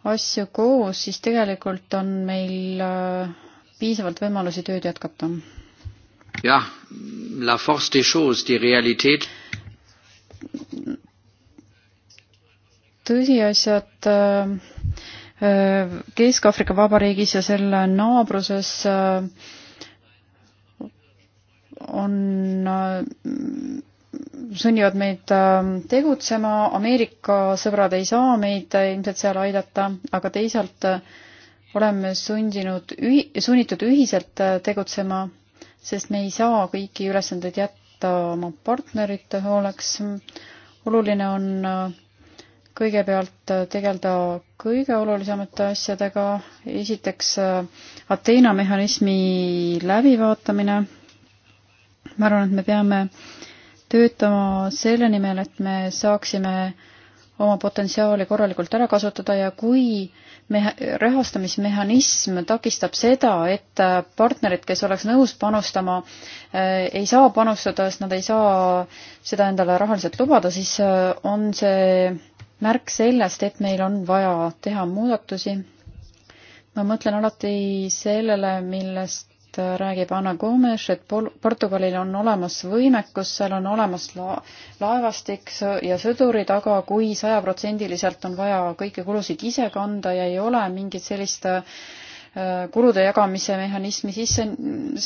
asju koos, siis tegelikult on meil piisavalt võimalusi tööd jätkata. jah, la force des choses, die realität tõsiasjad äh, äh, Kesk-Aafrika Vabariigis ja selle naabruses äh, on, sunnivad meid tegutsema, Ameerika sõbrad ei saa meid ilmselt seal aidata, aga teisalt oleme sundinud ühi-, sunnitud ühiselt tegutsema, sest me ei saa kõiki ülesandeid jätta oma partnerite hooleks. oluline on kõigepealt äh, tegeleda kõige olulisemate asjadega, esiteks äh, Ateena mehhanismi läbivaatamine. ma arvan, et me peame töötama selle nimel, et me saaksime oma potentsiaali korralikult ära kasutada ja kui meha-, rahastamismehhanism takistab seda, et äh, partnerid, kes oleks nõus panustama, ei saa panustada, sest nad ei saa seda endale rahaliselt lubada, siis on see märk sellest, et meil on vaja teha muudatusi. ma mõtlen alati sellele, millest räägib Anna Gomes, et Pol-, Portugalil on olemas võimekus, seal on olemas la-, laevastik ja sõdurid, aga kui sajaprotsendiliselt on vaja kõiki kulusid ise kanda ja ei ole mingit sellist äh, kulude jagamise mehhanismi sisse,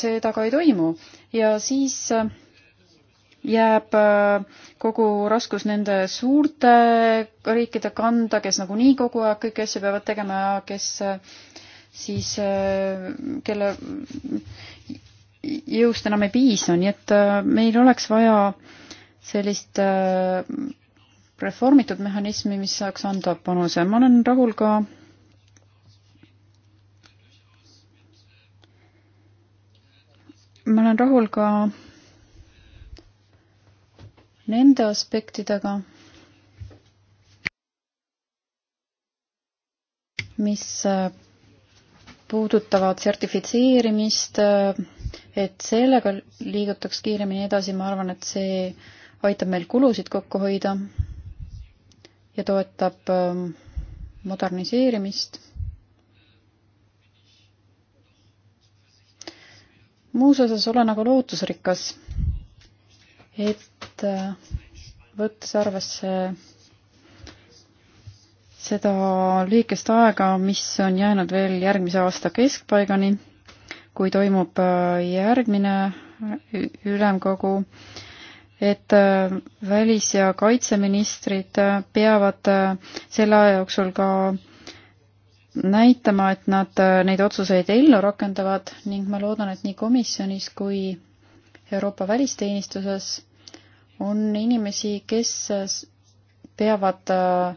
see taga ei toimu. ja siis äh, jääb äh, kogu raskus nende suurte riikide kanda, kes nagunii kogu aeg kõiki asju peavad tegema ja kes äh, siis, äh, kelle jõust enam ei piisa, nii et meil oleks vaja sellist reformitud mehhanismi, mis saaks anda panuse. ma olen rahul ka ma olen rahul ka nende aspektidega, mis äh, puudutavad sertifitseerimist, äh, et sellega liigutaks kiiremini edasi, ma arvan, et see aitab meil kulusid kokku hoida ja toetab ähm, moderniseerimist. muus osas olen aga lootusrikas et äh, võttes arvesse seda lühikest aega, mis on jäänud veel järgmise aasta keskpaigani, kui toimub äh, järgmine ülemkogu, et äh, välis- ja kaitseministrid peavad selle aja jooksul ka näitama, et nad neid otsuseid ellu rakendavad ning ma loodan, et nii komisjonis kui Euroopa välisteenistuses on inimesi, kes peavad äh,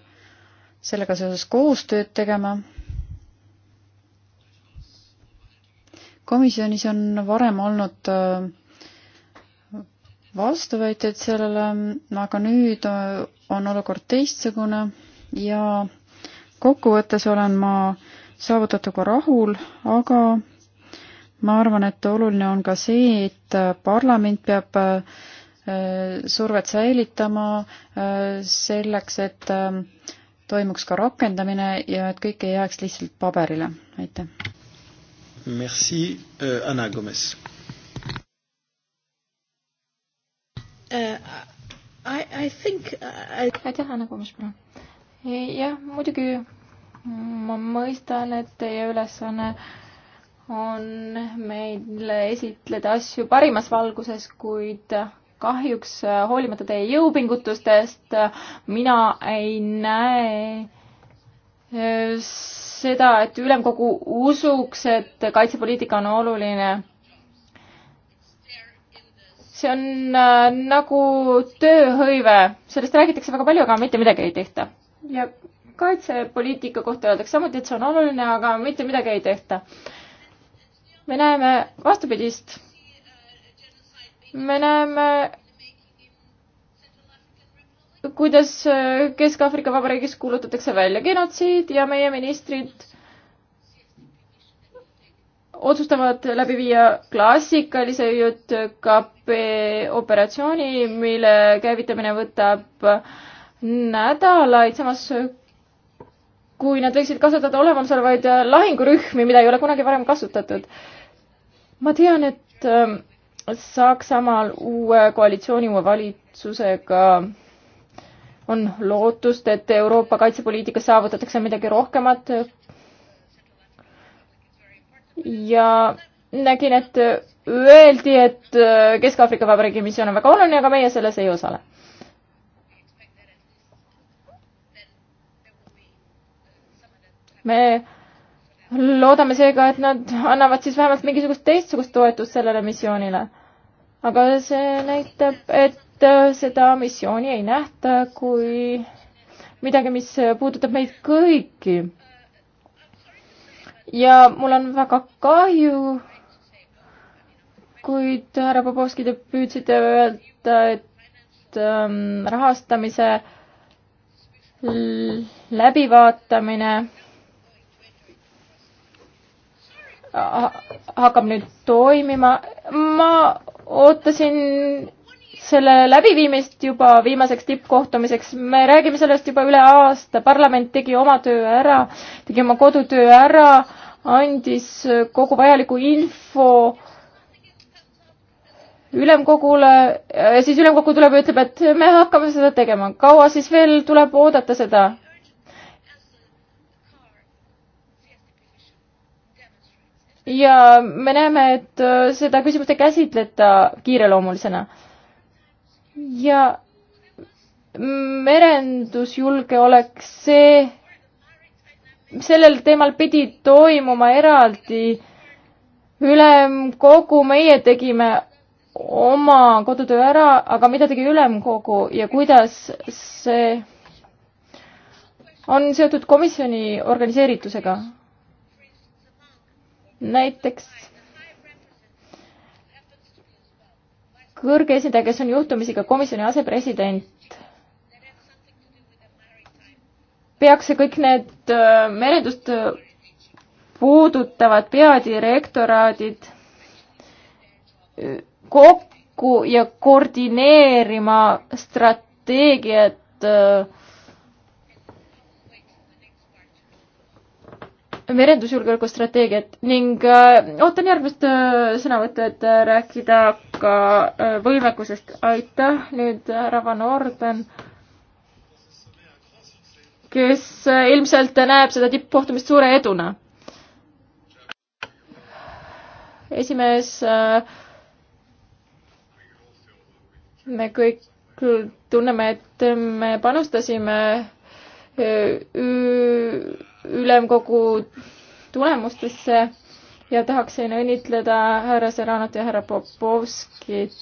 sellega seoses koostööd tegema. komisjonis on varem olnud äh, vastuväiteid sellele, aga nüüd äh, on olukord teistsugune ja kokkuvõttes olen ma saavutatuga rahul, aga ma arvan, et oluline on ka see, et parlament peab survet säilitama äh, selleks, et ähm, toimuks ka rakendamine ja et kõik ei jääks lihtsalt paberile, aitäh. Merci, äh, Anna Gomes uh,. I, I think I... aitäh, Anna Gomes, palun. jah, muidugi ma mõistan, et teie ülesanne on meil esitleda asju parimas valguses, kuid ta kahjuks äh, hoolimata teie jõupingutustest äh, mina ei näe äh, seda, et ülemkogu usuks, et kaitsepoliitika on oluline. see on nagu tööhõive, sellest räägitakse väga palju, aga mitte midagi ei tehta. ja kaitsepoliitika kohta öeldakse samuti, et see on oluline, aga mitte midagi ei tehta. me näeme vastupidist me näeme, kuidas äh, Kesk-Aafrika Vabariigis kuulutatakse välja genotsiid ja meie ministrid otsustavad läbi viia klassikalise JKP operatsiooni, mille käivitamine võtab nädalaid, samas kui nad võiksid kasutada olemasolevaid lahingurühmi, mida ei ole kunagi varem kasutatud. ma tean, et ähm, Saksamaal uue koalitsiooni, uue valitsusega on lootust, et Euroopa kaitsepoliitikas saavutatakse midagi rohkemat. ja nägin, et öeldi, et Kesk-Aafrika Vabariigi missioon on väga oluline, aga meie selles ei osale. me loodame seega, et nad annavad siis vähemalt mingisugust teistsugust toetust sellele missioonile. aga see näitab, et äh, seda missiooni ei nähta kui midagi, mis puudutab meid kõiki. ja mul on väga kahju, kuid härra Popovski, te püüdsite öelda, et ähm, rahastamise läbivaatamine hakkab nüüd toimima. ma ootasin selle läbiviimist juba viimaseks tippkohtumiseks, me räägime sellest juba üle aasta, parlament tegi oma töö ära, tegi oma kodutöö ära, andis kogu vajaliku info ülemkogule, siis ülemkogu tuleb ja ütleb, et me hakkame seda tegema, kaua siis veel tuleb oodata seda? ja me näeme, et äh, seda küsimust ei käsitleta kiireloomulisena. ja merendusjulgeolek, see, sellel teemal pidi toimuma eraldi ülemkogu, meie tegime oma kodutöö ära, aga mida tegi ülemkogu ja kuidas see on seotud komisjoni organiseeritusega? näiteks kõrge esindaja, kes on juhtumisi ka komisjoni asepresident, peaks see kõik need äh, merendust äh, puudutavad peadirektoraadid äh, kokku ja koordineerima strateegiat äh, merendusjulgeoleku strateegiat ning äh, ootan järgmist äh, sõnavõttu, et äh, rääkida ka võimekusest. aitäh nüüd härra Van Orden, kes ilmselt näeb seda tippkohtumist suure eduna. esimees, me kõik tunneme, et me panustasime ülemkogu tulemustesse ja tahaksin õnnitleda härra Serranot ja härra Popovskit,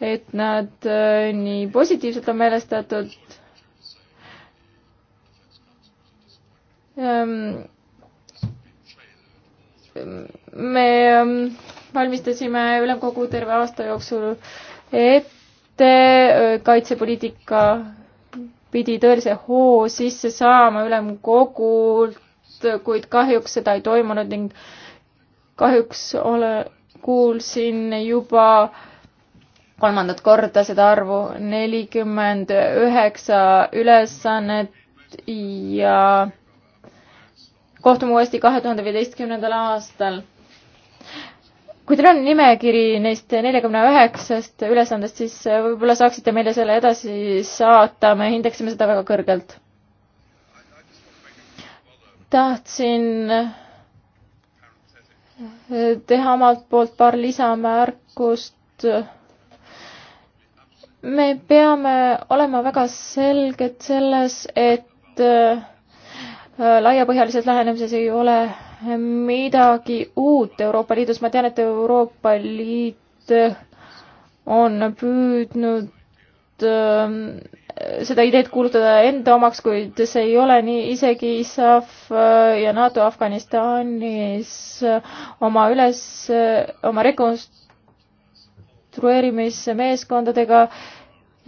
et nad äh, nii positiivselt on meelestatud ähm, me ähm, valmistasime ülemkogu terve aasta jooksul ette äh, kaitsepoliitika pidi tõelise hoo sisse saama ülemkogult, kuid kahjuks seda ei toimunud ning kahjuks ole, kuulsin juba kolmandat korda seda arvu nelikümmend üheksa ülesannet ja kohtume uuesti kahe tuhande viieteistkümnendal aastal kui teil on nimekiri neist neljakümne üheksast ülesandest, siis võib-olla saaksite meile selle edasi saata, me hindaksime seda väga kõrgelt. tahtsin teha omalt poolt paar lisamärkust. me peame olema väga selged selles, et äh, laiapõhjalises lähenemises ei ole midagi uut Euroopa Liidus, ma tean, et Euroopa Liit äh, on püüdnud ähm, seda ideed kuulutada enda omaks, kuid see ei ole nii, isegi ISAF äh, ja NATO Afganistanis äh, oma üles, oma rekonstrueerimismeeskondadega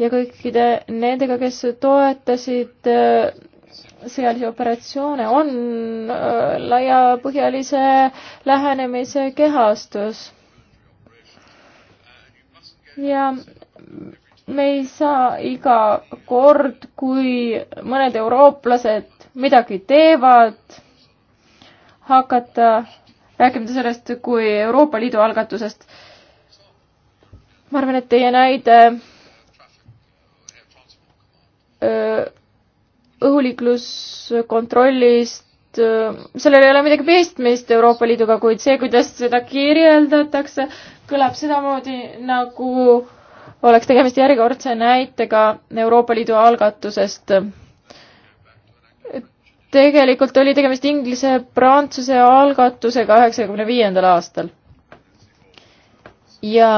ja kõikide nendega, kes toetasid sõjalisi operatsioone on äh, laiapõhjalise lähenemise kehastus. ja me ei saa iga kord, kui mõned eurooplased midagi teevad, hakata rääkima sellest kui Euroopa Liidu algatusest. ma arvan, et teie näide öö, äh, õhuliikluskontrollist, äh, sellel ei ole midagi pistmist Euroopa Liiduga, kuid see, kuidas seda kirjeldatakse, kõlab sedamoodi nagu oleks tegemist järjekordse näitega Euroopa Liidu algatusest. tegelikult oli tegemist Inglise-Prantsuse algatusega üheksakümne viiendal aastal. ja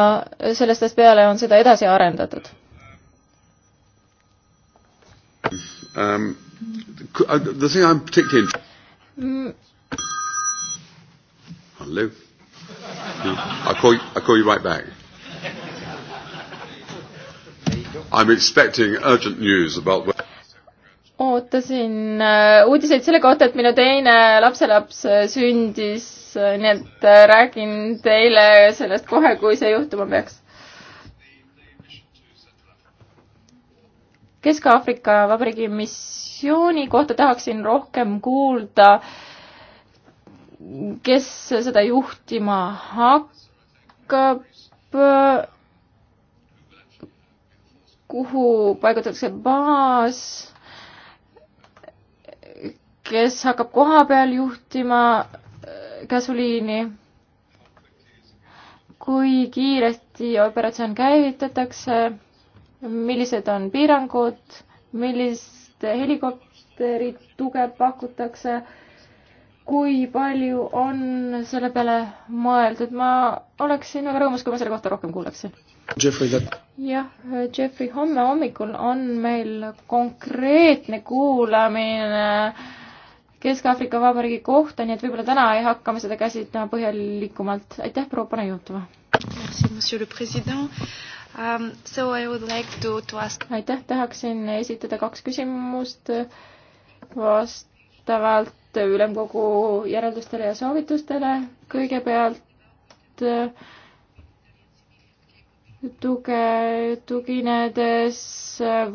sellest ajast peale on seda edasi arendatud. Um, uh, the thing I'm particularly interested. Mm. Hello. I'll call you, I'll call you right back. I'm expecting urgent news about ootasin uh, uudiseid selle kohta, et minu teine lapselaps äh, sündis, äh, nii et äh, räägin teile sellest kohe, kui see juhtuma peaks Kesk-Aafrika Vabariigi missiooni kohta tahaksin rohkem kuulda, kes seda juhtima hakkab, kuhu paigutatakse baas, kes hakkab koha peal juhtima käsuliini kui kiiresti operatsioon käivitatakse millised on piirangud, millist helikopterit tuge pakutakse, kui palju on selle peale mõeldud, ma oleksin väga rõõmus, kui ma selle kohta rohkem kuuleksin. jah, Jeffrey, homme hommikul on meil konkreetne kuulamine Kesk-Aafrika Vabariigi kohta, nii et võib-olla täna ei hakka me seda käsitlema põhjalikumalt. aitäh, proua Panajutova! Merci, monsieur le president Um, so I would like to, to ask. aitäh, tahaksin esitada kaks küsimust vastavalt ülemkogu järeldustele ja soovitustele. kõigepealt tuge, tuginedes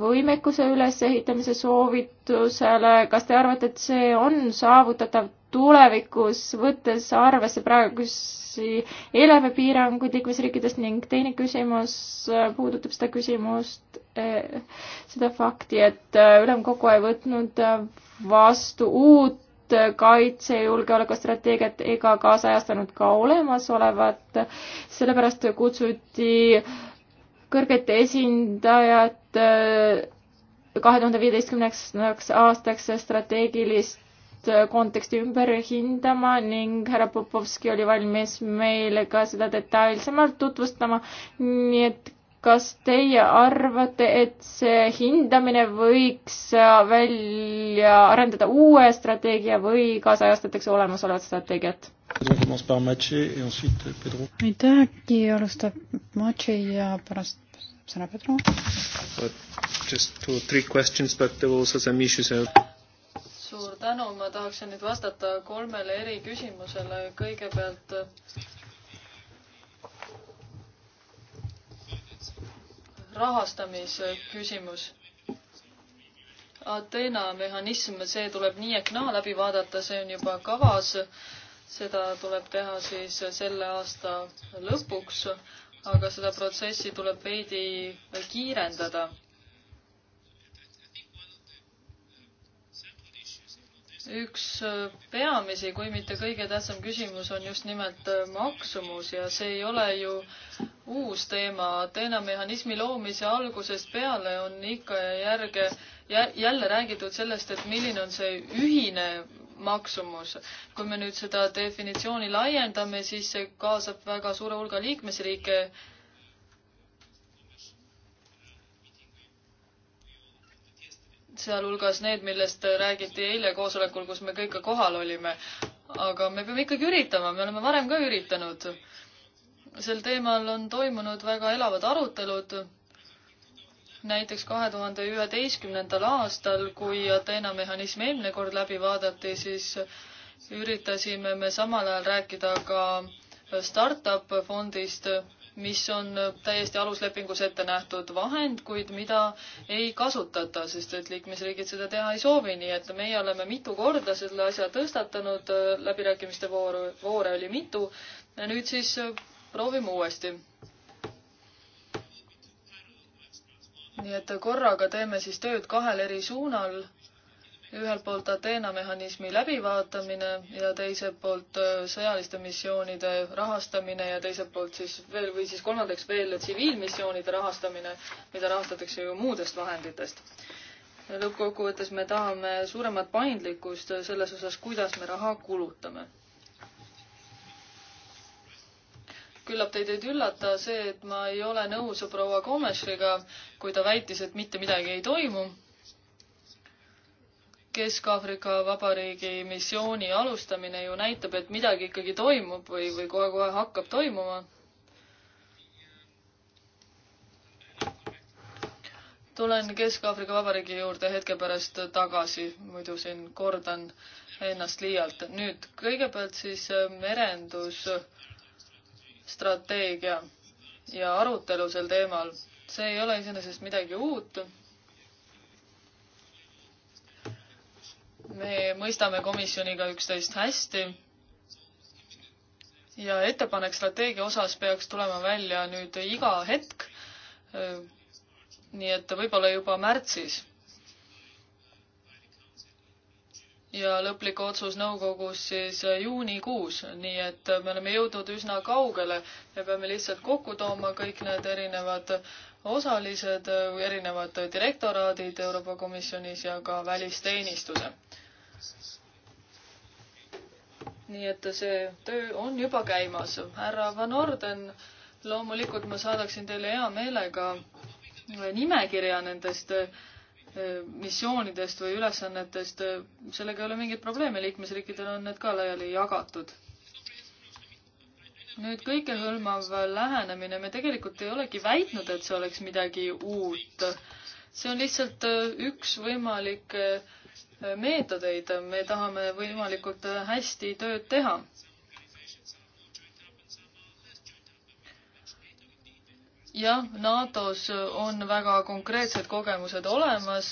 võimekuse ülesehitamise soovitusele, kas te arvate, et see on saavutatav tulevikus, võttes arvesse praegusi eelarvepiiranguid liikmesriikidest ning teine küsimus äh, puudutab seda küsimust, äh, seda fakti, et äh, ülemkogu ei võtnud vastu uut kaitse- ja julgeolekustrateegiat ega kaasajastanud ka olemasolevat, sellepärast kutsuti kõrget esindajat kahe tuhande viieteistkümneks aastaks strateegilist peast äh, konteksti ümber hindama ning härra Popovski oli valmis meile ka seda detailsemalt tutvustama, nii et kas teie arvate, et see hindamine võiks äh, välja arendada uue strateegia või kaasajastatakse olemasolevat strateegiat? aitäh, äkki alustab Maci ja pärast sõna Pedro. Just two, three questions, but there were also some issues suur tänu, ma tahaksin nüüd vastata kolmele eri küsimusele, kõigepealt rahastamise küsimus. Ateena mehhanism, see tuleb nii ehk naa läbi vaadata, see on juba kavas. seda tuleb teha siis selle aasta lõpuks, aga seda protsessi tuleb veidi kiirendada üks äh, peamisi, kui mitte kõige tähtsam küsimus on just nimelt äh, maksumus ja see ei ole ju uus teema. teenamehhanismi loomise algusest peale on ikka ja järge, jälle räägitud sellest, et milline on see ühine maksumus. kui me nüüd seda definitsiooni laiendame, siis see kaasab väga suure hulga liikmesriike sealhulgas need, millest räägiti eile koosolekul, kus me kõik ka kohal olime. aga me peame ikkagi üritama, me oleme varem ka üritanud. sel teemal on toimunud väga elavad arutelud. näiteks kahe tuhande üheteistkümnendal aastal, kui Ateena mehhanism eelmine kord läbi vaadati, siis üritasime me samal ajal rääkida ka startup fondist mis on täiesti aluslepingus ette nähtud vahend, kuid mida ei kasutata, sest et liikmesriigid seda teha ei soovi, nii et meie oleme mitu korda selle asja tõstatanud, läbirääkimiste vooru, voore oli mitu. ja nüüd siis proovime uuesti. nii et korraga teeme siis tööd kahel eri suunal ühelt poolt Ateena mehhanismi läbivaatamine ja teiselt poolt äh, sõjaliste missioonide rahastamine ja teiselt poolt siis veel või siis kolmandaks veel tsiviilmissioonide rahastamine, mida rahastatakse ju muudest vahenditest. lõppkokkuvõttes me tahame suuremat paindlikkust selles osas, kuidas me raha kulutame. küllap teid ei üllata see, et ma ei ole nõus proua Komešriga, kui ta väitis, et mitte midagi ei toimu Kesk-Aafrika Vabariigi missiooni alustamine ju näitab, et midagi ikkagi toimub või, või kohe-kohe hakkab toimuma. tulen Kesk-Aafrika Vabariigi juurde hetke pärast tagasi, muidu siin kordan ennast liialt. nüüd kõigepealt siis äh, merendusstrateegia ja arutelu sel teemal. see ei ole iseenesest midagi uut me mõistame komisjoniga üksteist hästi ja ettepanek strateegia osas peaks tulema välja nüüd iga hetk. nii et võib-olla juba märtsis. ja lõplik otsus nõukogus siis juunikuus, nii et me oleme jõudnud üsna kaugele ja peame lihtsalt kokku tooma kõik need erinevad osalised, äh, erinevad direktoraadid Euroopa Komisjonis ja ka välisteenistuse. nii et see töö on juba käimas. härra Van Orden, loomulikult ma saadaksin teile hea meelega nimekirja nendest äh, missioonidest või ülesannetest, sellega ei ole mingit probleemi, liikmesriikidel on need ka laiali jagatud nüüd kõikehõlmav lähenemine, me tegelikult ei olegi väitnud, et see oleks midagi uut. see on lihtsalt äh, üks võimalik äh, meetodeid, me tahame võimalikult äh, hästi tööd teha. jah, NATO-s on väga konkreetsed kogemused olemas,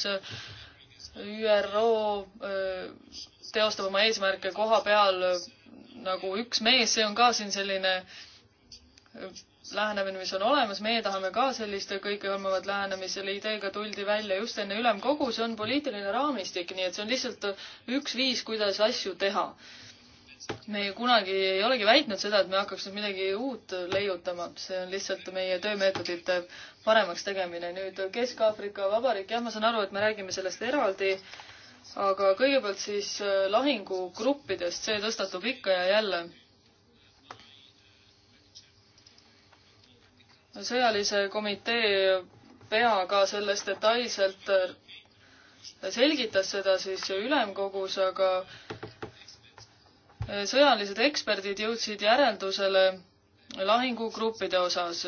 ÜRO teostab oma eesmärke koha peal nagu üks mees, see on ka siin selline äh, lähenemine, mis on olemas, meie tahame ka selliste kõikehõlmavat lähenemist, selle ideega tuldi välja just enne ülemkogu, see on poliitiline raamistik, nii et see on lihtsalt äh, üks viis, kuidas asju teha. me ei kunagi ei olegi väitnud seda, et me hakkaks nüüd midagi uut äh, leiutama, see on lihtsalt meie töömeetodite paremaks tegemine. nüüd Kesk-Aafrika Vabariik, jah, ma saan aru, et me räägime sellest eraldi äh, aga kõigepealt siis äh, lahingugruppidest, see tõstatub ikka ja jälle. sõjalise komitee pea ka selles detailselt äh, selgitas seda siis ülemkogus, aga äh, sõjalised eksperdid jõudsid järeldusele lahingugruppide osas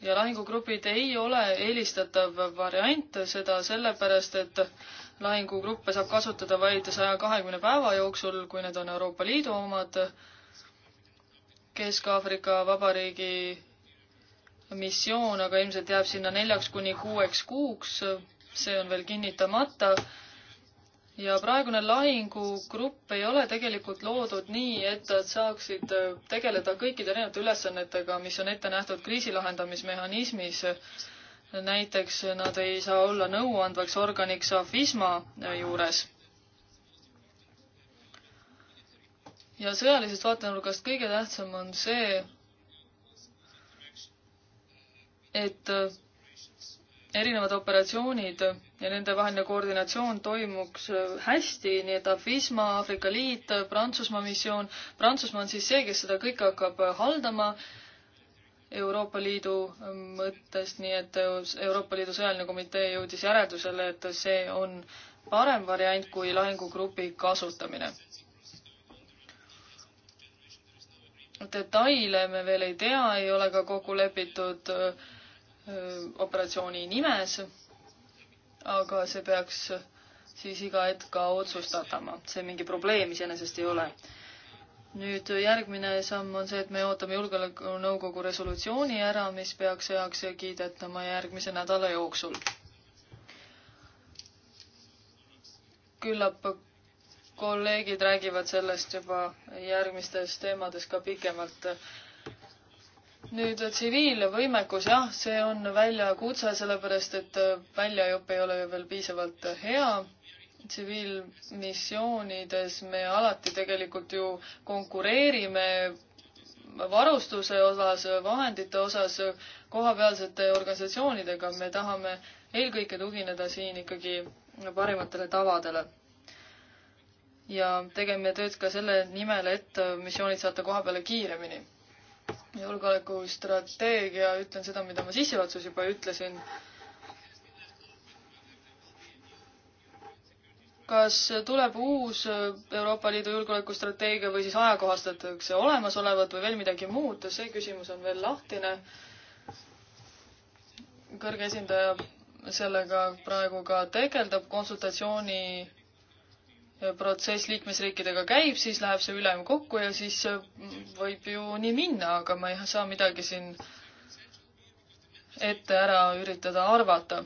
ja lahingugrupid ei ole eelistatav variant, seda sellepärast, et lahingugruppe saab kasutada vaid saja kahekümne päeva jooksul, kui need on Euroopa Liidu omad. Kesk-Aafrika Vabariigi missioon aga ilmselt jääb sinna neljaks kuni kuueks kuuks, see on veel kinnitamata. ja praegune lahingugrupp ei ole tegelikult loodud nii, et nad saaksid tegeleda kõikide erinevate ülesannetega, mis on ette nähtud kriisi lahendamismehhanismis näiteks nad ei saa olla nõuandvaks organiks AFISMA juures. ja sõjalisest vaatenurgast kõige tähtsam on see, et erinevad operatsioonid ja nende vaheline koordinatsioon toimuks hästi, nii et AFISMA, Aafrika Liit, Prantsusmaa missioon, Prantsusmaa on siis see, kes seda kõike hakkab haldama Euroopa Liidu mõttest, nii et Euroopa Liidu sõjaline komitee jõudis järeldusele, et see on parem variant kui lahingugrupi kasutamine. detaile me veel ei tea, ei ole ka kokku lepitud operatsiooni nimes, aga see peaks siis iga hetk ka otsustatama, see mingi probleem iseenesest ei ole nüüd järgmine samm on see, et me ootame Julgeolekunõukogu resolutsiooni ära, mis peaks heaks kiidetama järgmise nädala jooksul. küllap kolleegid räägivad sellest juba järgmistes teemades ka pikemalt. nüüd tsiviilvõimekus, jah, see on väljakutse, sellepärast et väljaõpe ei ole ju veel piisavalt hea tsiviilmissioonides me alati tegelikult ju konkureerime varustuse osas, vahendite osas kohapealsete organisatsioonidega, me tahame eelkõige tugineda siin ikkagi parimatele tavadele. ja tegeme tööd ka selle nimel, et missioonid saata koha peale kiiremini. julgeolekustrateegia, ütlen seda, mida ma sissejuhatuses juba ütlesin kas tuleb uus Euroopa Liidu julgeolekustrateegia või siis ajakohastatakse olemasolevat või veel midagi muud, see küsimus on veel lahtine. kõrge esindaja sellega praegu ka tegeldab, konsultatsiooni protsess liikmesriikidega käib, siis läheb see ülemkokku ja siis võib ju nii minna, aga ma ei saa midagi siin ette ära üritada arvata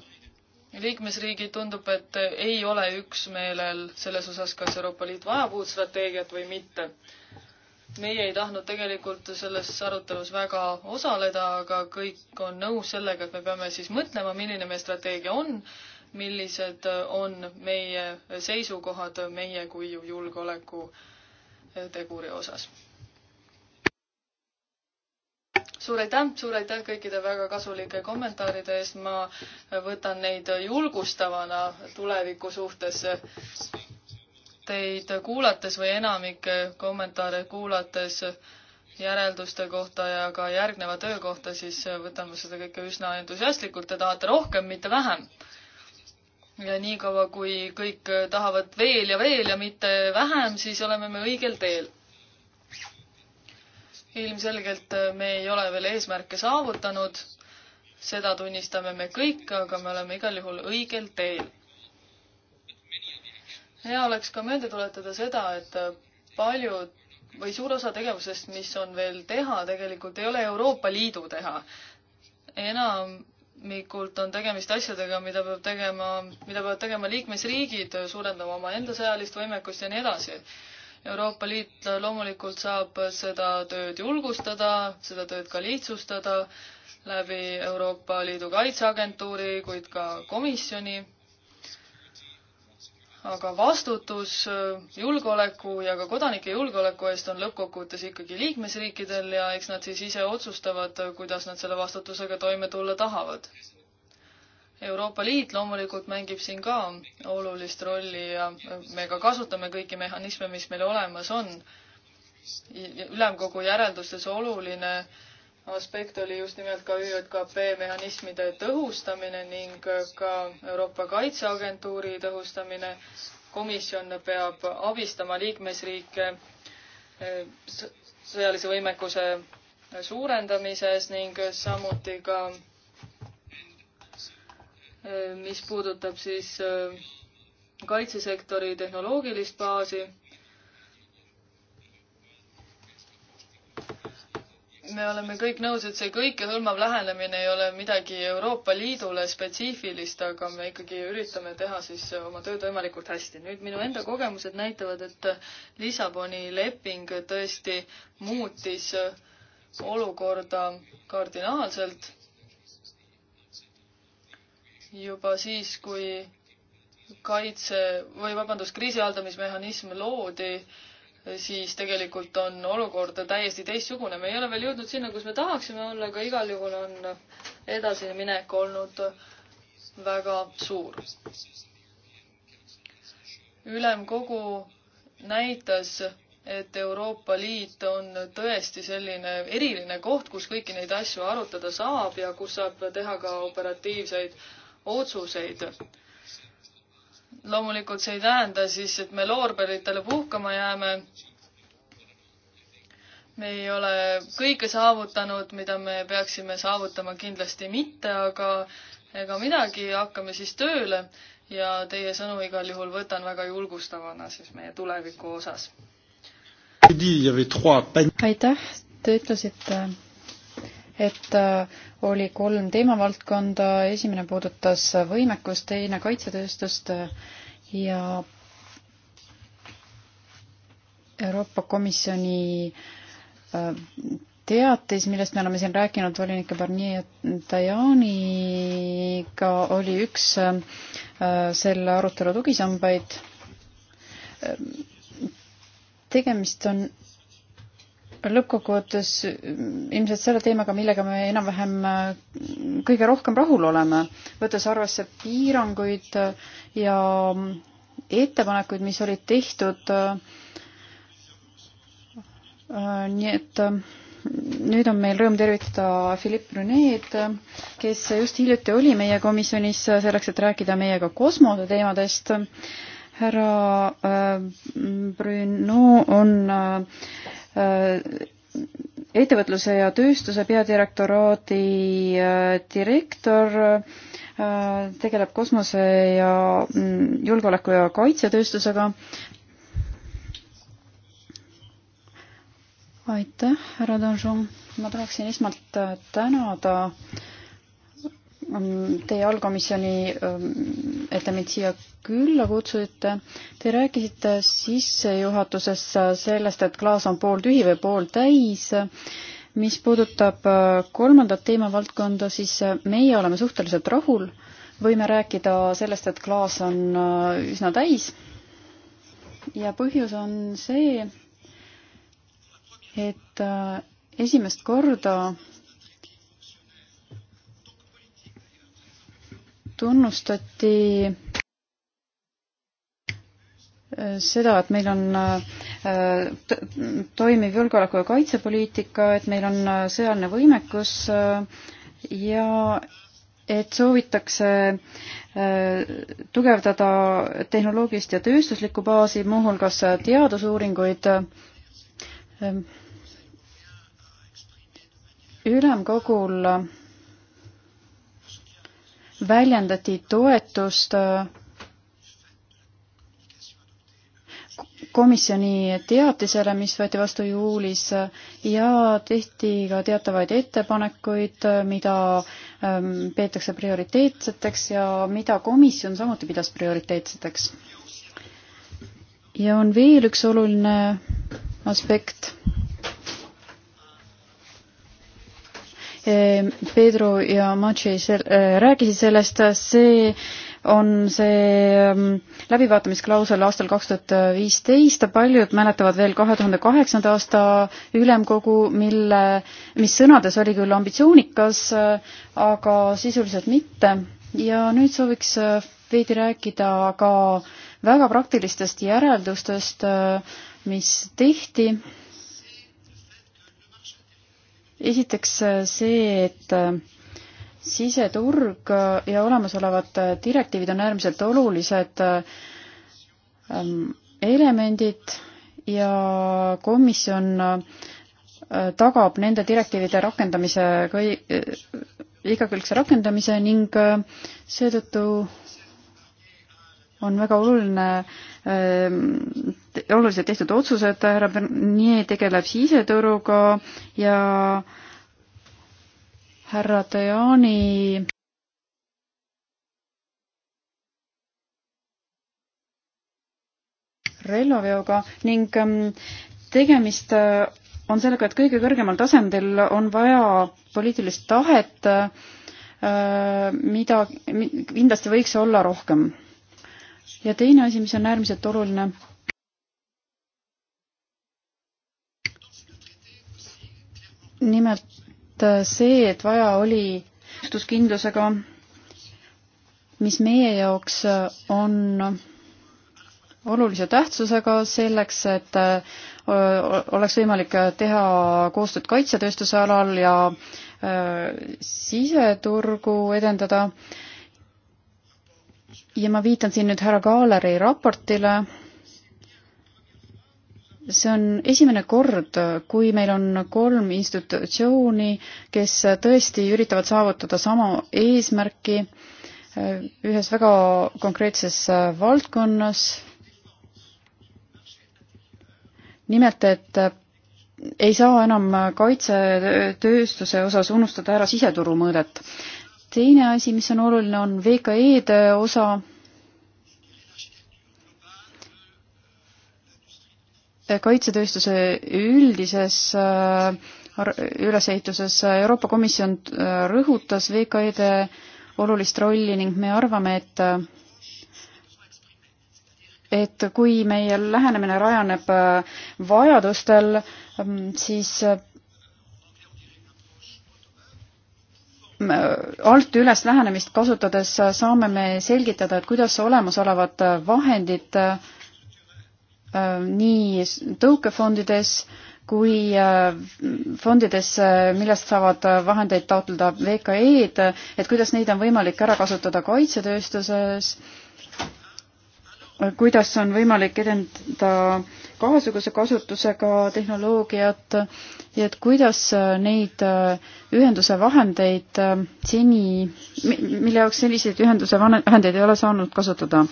liikmesriigid tundub, et ei ole üksmeelel selles osas, kas Euroopa Liit vajab uut strateegiat või mitte. meie ei tahtnud tegelikult selles arutelus väga osaleda, aga kõik on nõus sellega, et me peame siis mõtlema, milline meie strateegia on, millised on meie seisukohad meie kui julgeoleku teguri osas suur aitäh, suur aitäh kõikide väga kasulike kommentaaride eest, ma võtan neid julgustavana tuleviku suhtes. Teid kuulates või enamike kommentaare kuulates järelduste kohta ja ka järgneva töö kohta, siis võtan ma seda kõike üsna entusiastlikult, te tahate rohkem, mitte vähem. ja niikaua, kui kõik tahavad veel ja veel ja mitte vähem, siis oleme me õigel teel ilmselgelt äh, me ei ole veel eesmärke saavutanud, seda tunnistame me kõik, aga me oleme igal juhul õigel teel. hea oleks ka meelde tuletada seda, et äh, paljud või suur osa tegevusest, mis on veel teha, tegelikult ei ole Euroopa Liidu teha. enamikult on tegemist asjadega, mida peab tegema, mida peavad tegema liikmesriigid, suurendama omaenda sõjalist võimekust ja nii edasi Euroopa Liit loomulikult saab seda tööd julgustada, seda tööd ka lihtsustada läbi Euroopa Liidu Kaitseagentuuri, kuid ka komisjoni. aga vastutus julgeoleku ja ka kodanike julgeoleku eest on lõppkokkuvõttes ikkagi liikmesriikidel ja eks nad siis ise otsustavad, kuidas nad selle vastutusega toime tulla tahavad Euroopa Liit loomulikult mängib siin ka olulist rolli ja me ka kasutame kõiki mehhanisme, mis meil olemas on. ülemkogu järeldustes oluline aspekt oli just nimelt ka ÜJKP mehhanismide tõhustamine ning ka Euroopa Kaitseagentuuri tõhustamine. komisjon peab abistama liikmesriike eh, sõjalise võimekuse suurendamises ning samuti ka mis puudutab siis äh, kaitsesektori tehnoloogilist baasi. me oleme kõik nõus, et see kõikehõlmav lähenemine ei ole midagi Euroopa Liidule spetsiifilist, aga me ikkagi üritame teha siis oma tööd võimalikult hästi. nüüd minu enda kogemused näitavad, et Lissaboni leping tõesti muutis olukorda kardinaalselt juba siis, kui kaitse või vabandust, kriisi haldamismehhanism loodi, siis tegelikult on olukord täiesti teistsugune. me ei ole veel jõudnud sinna, kus me tahaksime olla, aga igal juhul on edasiminek olnud väga suur. ülemkogu näitas, et Euroopa Liit on tõesti selline eriline koht, kus kõiki neid asju arutada saab ja kus saab teha ka operatiivseid otsuseid. loomulikult see ei tähenda siis, et me loorberitele puhkama jääme. me ei ole kõike saavutanud, mida me peaksime saavutama, kindlasti mitte, aga ega midagi, hakkame siis tööle ja teie sõnu igal juhul võtan väga julgustavana siis meie tuleviku osas. aitäh, te ütlesite et et äh, oli kolm teemavaldkonda, esimene puudutas võimekust, teine kaitsetööstust äh, ja Euroopa Komisjoni äh, teatis, millest me oleme siin rääkinud volinike Barnier ja Tajaniga, oli üks selle arutelu tugisambaid. tegemist on lõppkokkuvõttes ilmselt selle teemaga, millega me enam-vähem äh, kõige rohkem rahul oleme, võttes arvesse piiranguid äh, ja mm, ettepanekuid, mis olid tehtud. Äh, nii et nüüd on meil rõõm tervitada Philippe Brunet, kes just hiljuti oli meie komisjonis selleks, et rääkida meiega kosmose teemadest. härra Bruno on äh, Äh, ettevõtluse ja tööstuse peadirektoraadi äh, direktor äh, tegeleb kosmose ja mm, julgeoleku ja kaitsetööstusega. aitäh, härra Donjon, ma tahaksin esmalt tänada äh, teie allkomisjoni, ähm, et te mind siia külla kutsusite. Te rääkisite sissejuhatuses sellest, et klaas on pooltühi või pooltäis. mis puudutab äh, kolmandat teemavaldkonda, siis äh, meie oleme suhteliselt rahul. võime rääkida sellest, et klaas on äh, üsna täis. ja põhjus on see, et esimest korda tunnustati äh, seda, et meil on äh, toimiv julgeoleku- ja kaitsepoliitika, et meil on äh, sõjaline võimekus ja et soovitakse tugevdada tehnoloogilist ja tööstuslikku baasi, muuhulgas teadusuuringuid. ülemkogul väljendati toetust komisjoni teatisele, mis võeti vastu juulis ja tehti ka teatavaid ettepanekuid, mida ähm, peetakse prioriteetseteks ja mida komisjon samuti pidas prioriteetseteks. ja on veel üks oluline aspekt Ehm, Pedro ja Maci äh, rääkisid sellest, see on see ähm, läbivaatamisklausel aastal kaks tuhat viisteist, paljud mäletavad veel kahe tuhande kaheksanda aasta ülemkogu, mille, mis sõnades oli küll ambitsioonikas, äh, aga sisuliselt mitte. ja nüüd sooviks äh, veidi rääkida ka väga praktilistest järeldustest, mis tehti esiteks äh, see, et äh, siseturg äh, ja olemasolevad direktiivid on äärmiselt olulised ähm, elemendid ja komisjon tagab nende direktiivide rakendamise, igakülgse rakendamise ning seetõttu on väga oluline äh,, ehm, oluliselt tehtud otsused, härra Bernier tegeleb siseturuga ja härra Tajani relvaveoga ning ehm, tegemist eh, on sellega, et kõige kõrgemal tasandil on vaja poliitilist tahet, eh, mida kindlasti võiks olla rohkem ja teine asi, mis on äärmiselt oluline, nimelt äh, see, et vaja oli kindlusega, mis meie jaoks äh, on olulise tähtsusega selleks, et äh, oleks võimalik teha koostööd kaitsetööstuse alal ja siseturgu edendada ja ma viitan siin nüüd härra Kaaleri raportile. see on esimene kord, kui meil on kolm institutsiooni, kes tõesti üritavad saavutada sama eesmärki eh, ühes väga konkreetses eh, valdkonnas. nimelt, et eh, ei saa enam kaitsetööstuse osas unustada ära siseturu mõõdet teine asi, mis on oluline, on VKE-de osa. kaitsetööstuse üldises äh, ülesehituses Euroopa Komisjon äh, rõhutas VKE-de olulist rolli ning me arvame, et et kui meie lähenemine rajaneb äh, vajadustel, mm, siis Äh, alt üles lähenemist kasutades äh, saame me selgitada, et kuidas olemasolevad äh, vahendid nii tõukefondides kui fondides, millest saavad vahendeid taotleda VKE-d, et kuidas neid on võimalik ära kasutada kaitsetööstuses, kuidas on võimalik edendada kahesuguse kasutusega tehnoloogiat ja et kuidas äh, neid äh, ühenduse vahendeid äh, seni, mille jaoks selliseid ühenduse vahendeid ei ole saanud kasutada.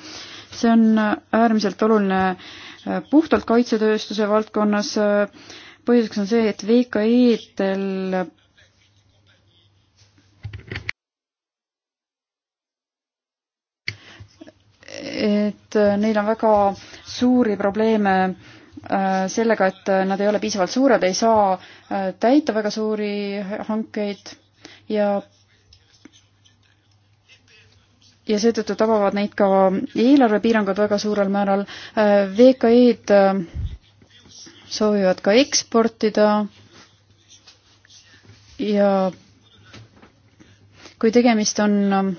see on äärmiselt oluline puhtalt kaitsetööstuse valdkonnas. põhjuseks on see, et VKE-del et neil on väga suuri probleeme Äh, sellega, et nad ei ole piisavalt suured, ei saa äh, täita väga suuri hankeid ja ja seetõttu tabavad neid ka eelarvepiirangud väga suurel määral. Äh, VKE-d soovivad ka eksportida ja kui tegemist on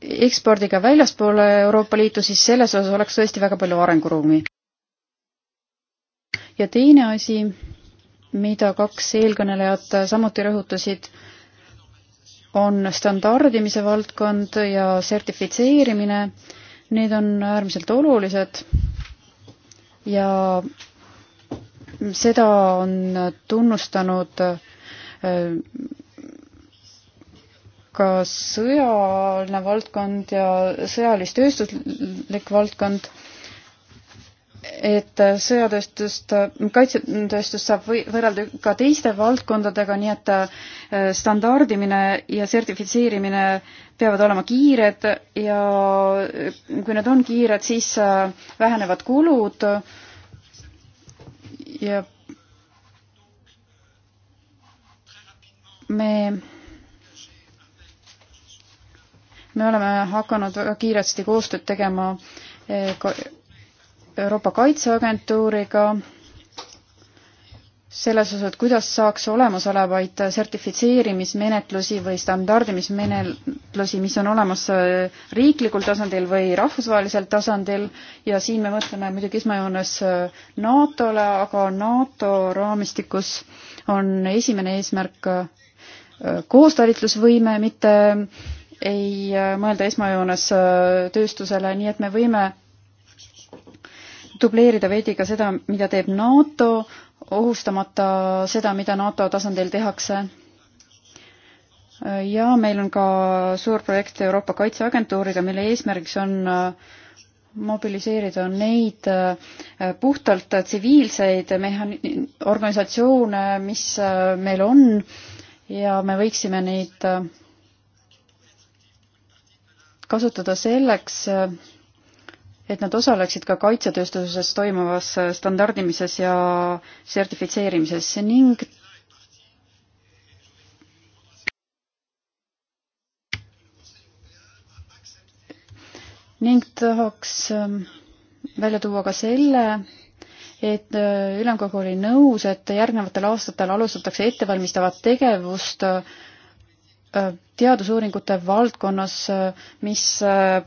ekspordiga väljaspoole Euroopa Liitu, siis selles osas oleks tõesti väga palju arenguruumi ja teine asi, mida kaks eelkõnelejat samuti rõhutasid, on standardimise valdkond ja sertifitseerimine. Need on äärmiselt olulised ja seda on tunnustanud äh, ka sõjaline valdkond ja sõjalis-tööstuslik valdkond et sõjatööstust, kaitsetööstust saab või-, võrrelda ka teiste valdkondadega, nii et äh, standardimine ja sertifitseerimine peavad olema kiired ja kui need on kiired, siis äh, vähenevad kulud ja me me oleme hakanud väga kiiresti koostööd tegema äh, ka Euroopa Kaitseagentuuriga selles osas, et kuidas saaks olemasolevaid sertifitseerimismenetlusi või standardimismenetlusi, mis on olemas äh, riiklikul tasandil või rahvusvahelisel tasandil ja siin me mõtleme muidugi esmajoones äh, NATO-le, aga NATO raamistikus on esimene eesmärk äh, koostalitlusvõime, mitte ei mõelda esmajoones tööstusele, nii et me võime dubleerida veidi ka seda, mida teeb NATO, ohustamata seda, mida NATO tasandil tehakse. ja meil on ka suur projekt Euroopa Kaitseagentuuriga, mille eesmärgiks on äh, mobiliseerida neid äh, puhtalt tsiviilseid mehhan-, organisatsioone, mis äh, meil on ja me võiksime neid kasutada selleks, et nad osaleksid ka kaitsetööstuses toimuvas standardimises ja sertifitseerimises ning ning tahaks ähm, välja tuua ka selle, et äh, ülemkogu oli nõus, et järgnevatel aastatel alustatakse ettevalmistavat tegevust äh, teadusuuringute valdkonnas, mis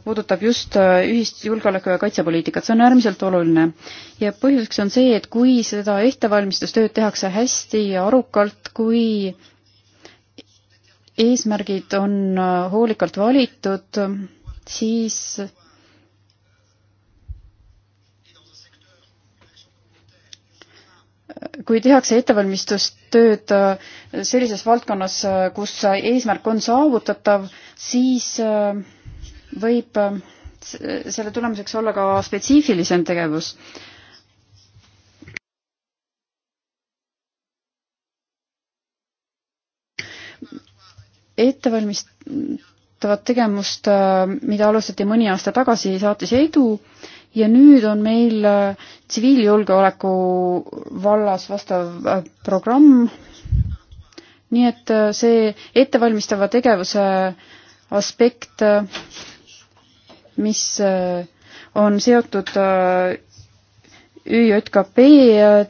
puudutab just ühist julgeoleku- ja kaitsepoliitikat, see on äärmiselt oluline. ja põhjuseks on see, et kui seda ettevalmistustööd tehakse hästi ja arukalt, kui eesmärgid on hoolikalt valitud, siis kui tehakse ettevalmistustööd äh, sellises valdkonnas, äh, kus eesmärk on saavutatav, siis äh, võib selle tulemuseks olla ka spetsiifilisem tegevus. ettevalmistavat tegevust, mida alustati mõni aasta tagasi, saatis edu äh, ja nüüd on meil äh, tsiviiljulgeoleku vallas vastav äh, programm. nii et äh, see ettevalmistava tegevuse aspekt, mis on seotud ÜJKP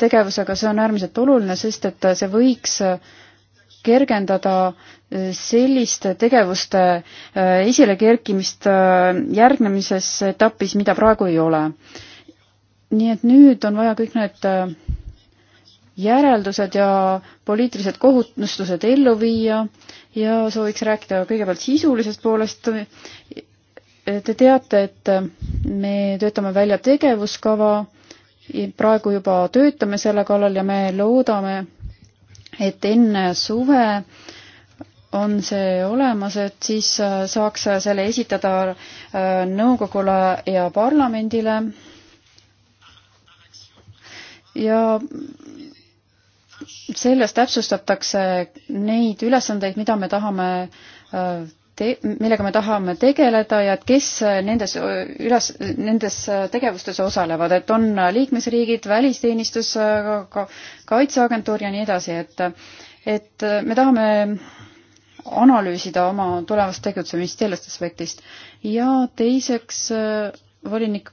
tegevusega, see on äärmiselt oluline, sest et see võiks kergendada äh, selliste tegevuste äh, esilekerkimist äh, järgnemises etapis, mida praegu ei ole. nii et nüüd on vaja kõik need järeldused ja poliitilised kohustused ellu viia ja sooviks rääkida kõigepealt sisulisest poolest. Te teate, et me töötame välja tegevuskava, praegu juba töötame selle kallal ja me loodame, et enne suve on see olemas, et siis äh, saaks selle esitada äh, nõukogule ja parlamendile. ja selles täpsustatakse neid ülesandeid, mida me tahame äh, te-, millega me tahame tegeleda ja et kes nendes üles, nendes tegevustes osalevad, et on liikmesriigid, välisteenistus, ka kaitseagentuur ja nii edasi, et et me tahame analüüsida oma tulevast tegutsemist sellest aspektist. ja teiseks volinik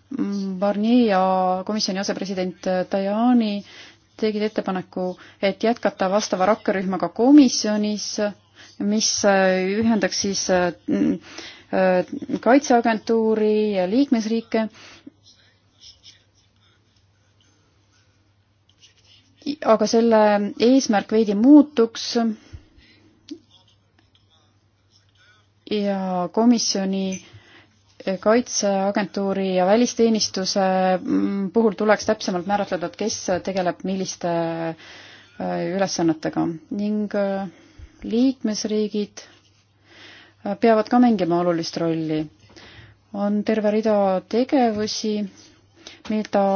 Barnier ja komisjoni asepresident Tajani tegid ettepaneku, et jätkata vastava rakkerühmaga komisjonis äh, mis äh, ühendaks siis äh, äh, kaitseagentuuri ja liikmesriike. aga selle eesmärk veidi muutuks ja komisjoni kaitseagentuuri ja välisteenistuse mm, puhul tuleks täpsemalt määratleda, et kes tegeleb milliste ülesannetega ning liikmesriigid äh, peavad ka mängima olulist rolli. on terve rida tegevusi, mida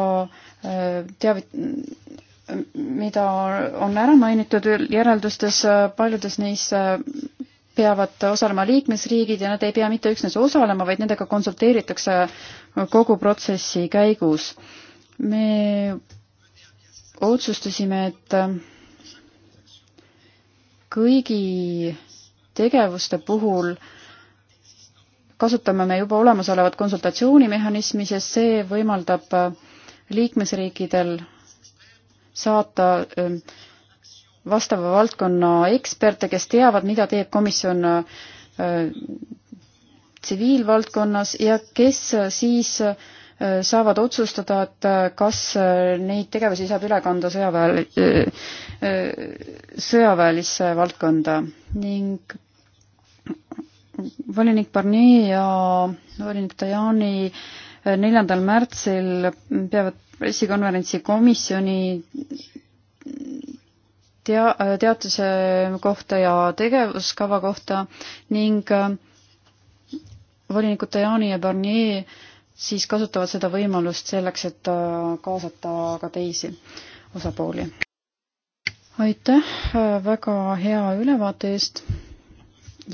äh, teavit-, mida on ära mainitud järeldustes, äh, paljudes neis peavad osalema liikmesriigid ja nad ei pea mitte üksnes osalema, vaid nendega konsulteeritakse kogu protsessi käigus. me otsustasime, et kõigi tegevuste puhul kasutame me juba olemasolevat konsultatsioonimehhanismi, sest see võimaldab äh, liikmesriikidel saata ähm, vastava valdkonna eksperte, kes teavad, mida teeb komisjon äh, tsiviilvaldkonnas ja kes siis äh, Äh, saavad otsustada, et äh, kas äh, neid tegevusi saab üle kanda sõjaväel, sõjaväelisse valdkonda ning volinik Barnier ja volinik Tajani neljandal märtsil peavad pressikonverentsi komisjoni tea-, teatuse kohta ja tegevuskava kohta ning volinikud Tajani ja Barnier siis kasutavad seda võimalust selleks, et äh, kaasata ka teisi osapooli. aitäh äh, väga hea ülevaate eest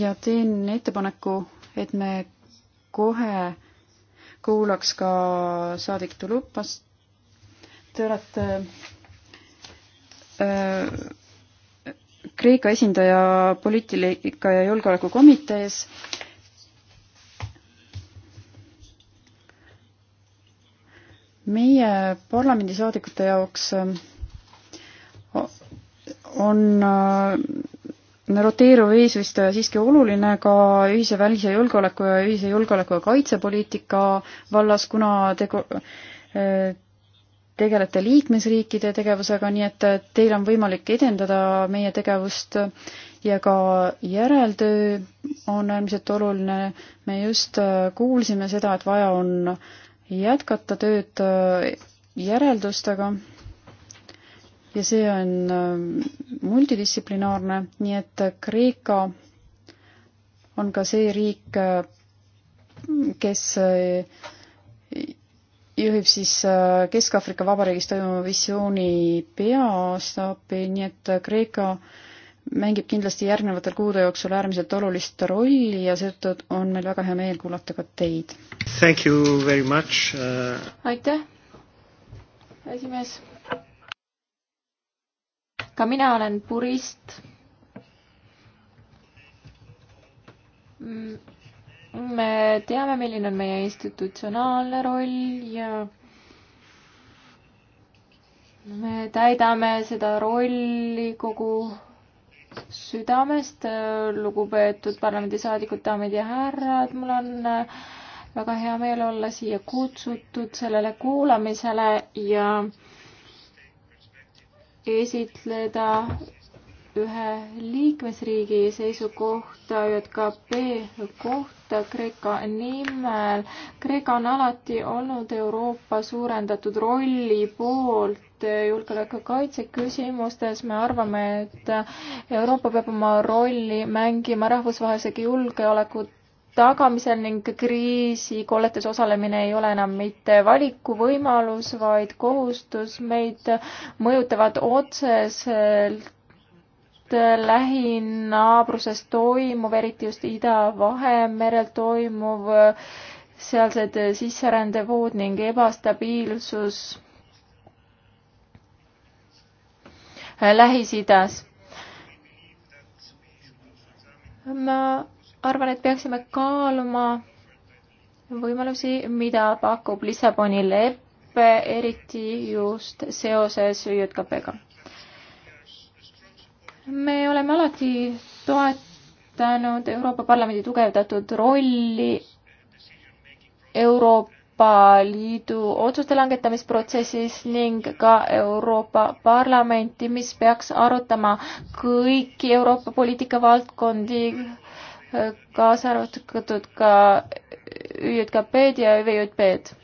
ja teen ettepaneku, et me kohe kuulaks ka saadik Tulupast. Te olete öö, äh, Kreeka esindaja poliitika ja julgeolekukomitees meie parlamendisaadikute jaoks äh, on äh, roteeruv eesistuja äh, siiski oluline ka ühise välise julgeoleku ja ühise julgeoleku ja kaitsepoliitika vallas, kuna tegu, tegelete liikmesriikide tegevusega, nii et teil on võimalik edendada meie tegevust ja ka järeltöö on äärmiselt oluline. me just kuulsime seda, et vaja on äh, jätkata tööd äh, järeldustega ja see on äh, multidistsiplinaarne, nii et Kreeka on ka see riik, äh, kes juhib siis Kesk-Aafrika Vabariigis toimuva missiooni peastaapi, nii et Kreeka äh, mängib kindlasti järgnevatel kuude jooksul äärmiselt olulist rolli ja seetõttu on meil väga hea meel kuulata ka teid. Thank you very much uh.... aitäh, esimees. ka mina olen purist. Mm, me teame, milline on meie institutsionaalne roll ja me täidame seda rolli kogu südamest, lugupeetud parlamendisaadikud, daamid ja härrad, mul on äh, väga hea meel olla siia kutsutud sellele kuulamisele ja esitleda ühe liikmesriigi seisukohta ÜKP kohta Kreeka nimel. Kreeka on alati olnud Euroopa suurendatud rolli poolt koostöö julgeoleku kaitse küsimustes. me arvame, et Euroopa peab oma rolli mängima rahvusvahelise julgeoleku tagamisel ning kriisikolletes osalemine ei ole enam mitte valikuvõimalus, vaid kohustus. meid mõjutavad otseselt lähinaabruses toimuv, eriti just Ida-Vahemerel toimuv, sealsed sisserändevood ning ebastabiilsus Äh, Lähis-Idas. ma arvan, et peaksime kaaluma võimalusi, mida pakub Lissaboni lepe, eriti just seoses ÜJKP-ga. me oleme alati toetanud Euroopa Parlamendi tugevdatud rolli Euroopa Euroopa Liidu otsuste langetamisprotsessis ning ka Euroopa Parlamenti, mis peaks arutama kõiki Euroopa poliitika valdkondi, kaasa arvatud ka ÜJKP-d ja ÜVJP-d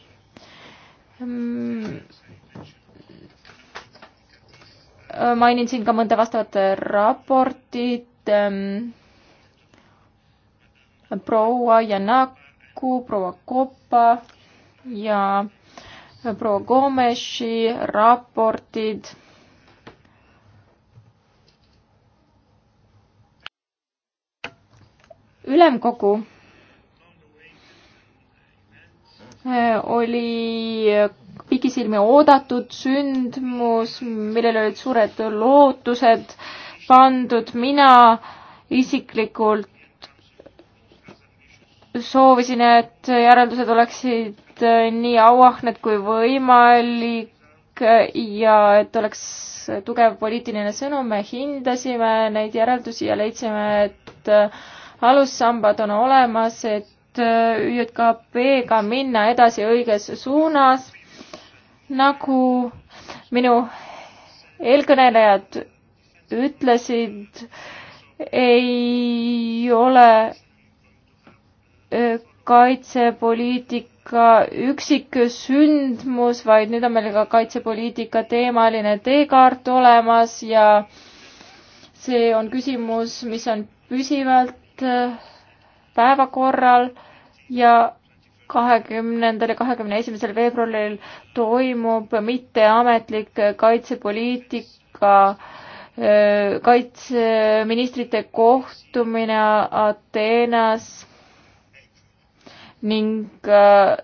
mm. mainin siin ka mõnda vastavat raportit ähm,. proua Janaku, proua Kopa ja proua Gomeshi raportid. ülemkogu eh, oli pikisilmi oodatud sündmus, millele olid suured lootused pandud. mina isiklikult soovisin, et järeldused oleksid oleksid äh, nii auahned kui võimalik äh, ja et oleks tugev poliitiline sõnum, me hindasime neid järeldusi ja leidsime, et äh, alussambad on olemas, et ÜJKP-ga minna edasi õiges suunas. nagu minu eelkõnelejad ütlesid, ei ole kaitsepoliitika ka üksiksündmus, vaid nüüd on meil ka kaitsepoliitika teemaline teekaart olemas ja see on küsimus, mis on püsivalt äh, päevakorral ja kahekümnendal ja kahekümne esimesel veebruaril toimub mitteametlik kaitsepoliitika äh, kaitseministrite kohtumine Ateenas ning äh,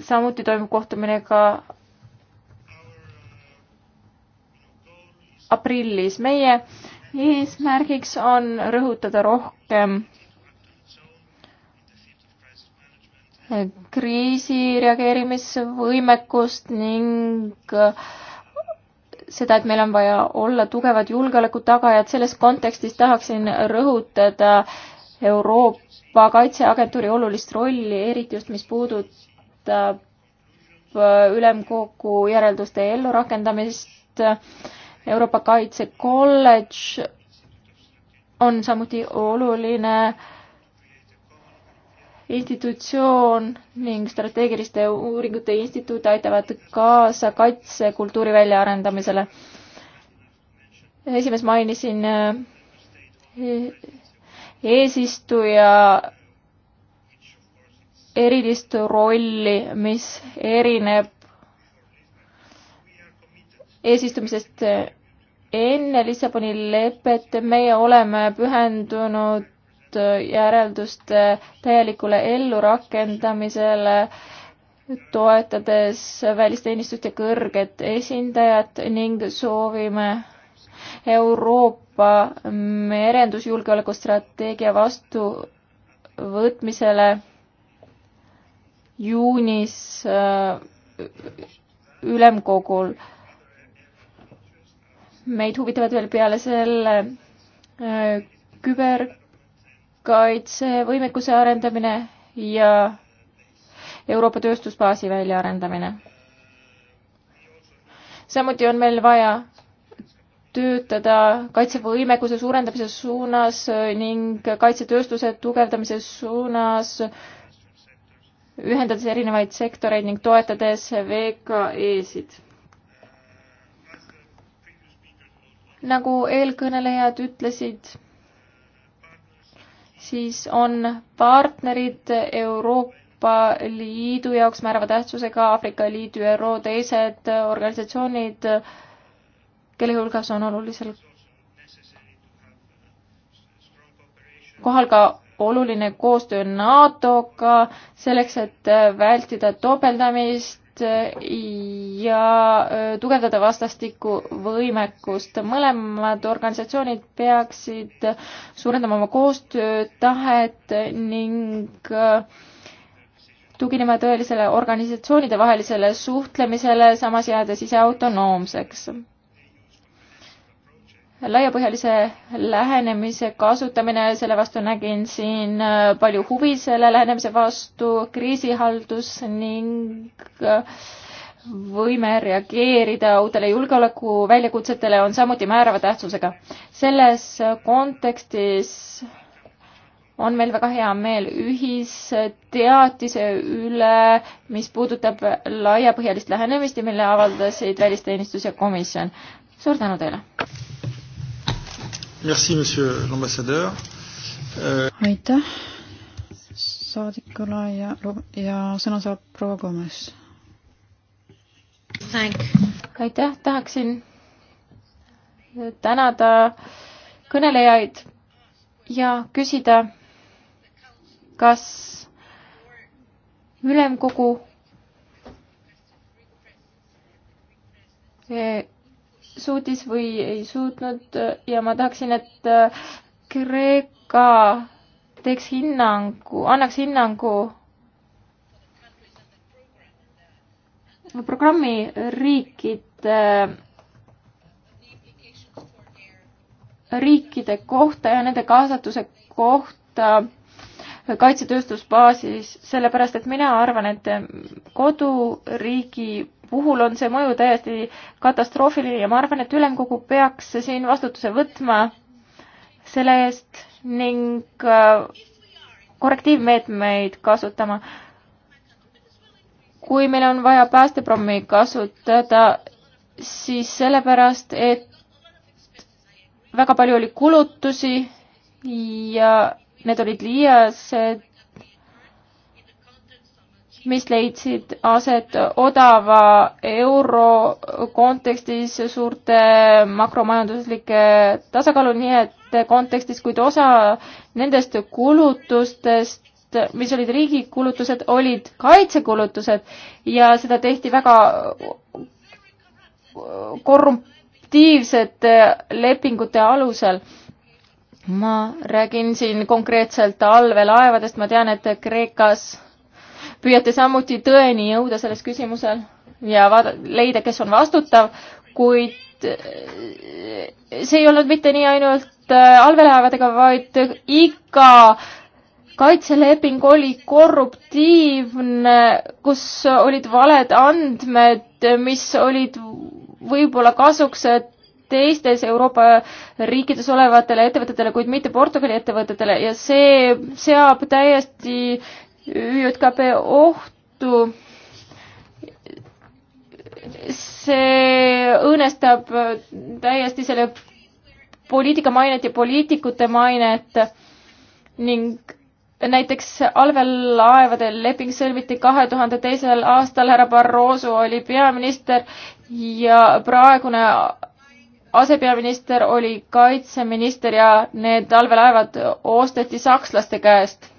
samuti toimub kohtumine ka aprillis. meie eesmärgiks on rõhutada rohkem kriisireageerimisvõimekust ning äh, seda, et meil on vaja olla tugevad julgeoleku tagajad, selles kontekstis tahaksin rõhutada Euroopa Euroopa Kaitseagentuuri olulist rolli, eriti just, mis puudutab äh, ülemkogu järelduste ellurakendamist. Euroopa Kaitsekolledž on samuti oluline institutsioon ning strateegiliste uuringute instituut aitavad kaasa kaitsekultuuri väljaarendamisele. esimees mainisin äh, eesistuja erilist rolli, mis erineb eesistumisest enne Lissaboni lepet. meie oleme pühendunud järelduste täielikule ellurakendamisele, toetades välisteenistust ja kõrget esindajat ning soovime Euroopa merendusjulgeoleku strateegia vastuvõtmisele juunis äh, ülemkogul. meid huvitavad veel peale selle äh, küberkaitsevõimekuse arendamine ja Euroopa tööstusbaasi väljaarendamine. samuti on meil vaja töötada kaitsevõimekuse suurendamise suunas ning kaitsetööstuse tugevdamise suunas, ühendades erinevaid sektoreid ning toetades VKE-sid. nagu eelkõnelejad ütlesid, siis on partnerid Euroopa Euroopa Liidu jaoks määrava tähtsusega Aafrika Liidu, ÜRO, teised organisatsioonid äh, kelle hulgas on olulisel kohal ka oluline koostöö NATO-ga selleks, et vältida topeldamist ja äh, tugevdada vastastikku võimekust. mõlemad organisatsioonid peaksid suurendama oma koostöötahet ning äh, tuginema tõelisele organisatsioonide vahelisele suhtlemisele, samas jäädes ise autonoomseks laiapõhjalise lähenemise kasutamine, selle vastu nägin siin äh, palju huvi selle lähenemise vastu, kriisihaldus ning äh, võime reageerida uutele julgeoleku väljakutsetele on samuti määrava tähtsusega. selles kontekstis on meil väga hea meel ühisteatise üle, mis puudutab laiapõhjalist lähenemist ja mille avaldasid välisteenistus ja komisjon. suur tänu teile! Merci, monsieur l'ambassadeur. Euh, aitäh saadikule ja, ja sõna saab proua Gomes. aitäh, tahaksin tänada kõnelejaid ja küsida, kas ülemkogu suutis või ei suutnud äh, ja ma tahaksin, et äh, Kreeka teeks hinnangu, annaks hinnangu programmi riikide, riikide kohta ja nende kaasatuse kohta kaitsetööstusbaasis, sellepärast et mina arvan, et koduriigi puhul on see mõju täiesti katastroofiline ja ma arvan, et ülemkogu peaks siin vastutuse võtma selle eest ning äh, korrektiivmeetmeid kasutama. kui meil on vaja päästeprommi kasutada, siis sellepärast, et väga palju oli kulutusi ja need olid liiased mis leidsid aset odava euro kontekstis suurte makromajanduslike tasakaalunihete kontekstis, kuid osa nendest kulutustest, mis olid riigi kulutused, olid kaitsekulutused ja seda tehti väga korruptiivsete lepingute alusel ma räägin siin konkreetselt allveelaevadest, ma tean, et Kreekas püüate samuti tõeni jõuda selles küsimusel ja vaada, leida, kes on vastutav, kuid äh, see ei olnud mitte nii ainult äh, allveelaevadega, vaid iga kaitseleping oli korruptiivne, kus olid valed andmed, mis olid võib-olla kasuks teistes Euroopa riikides olevatele ettevõtetele, kuid mitte Portugali ettevõtetele ja see seab täiesti äh, ÜJKP ohtu. see õõnestab täiesti selle poliitika mainet ja poliitikute mainet ning näiteks allveelaevade leping sõlmiti kahe tuhande teisel aastal, härra Barroso oli peaminister ja praegune asepeaminister oli kaitseminister ja need allveelaevad osteti sakslaste käest.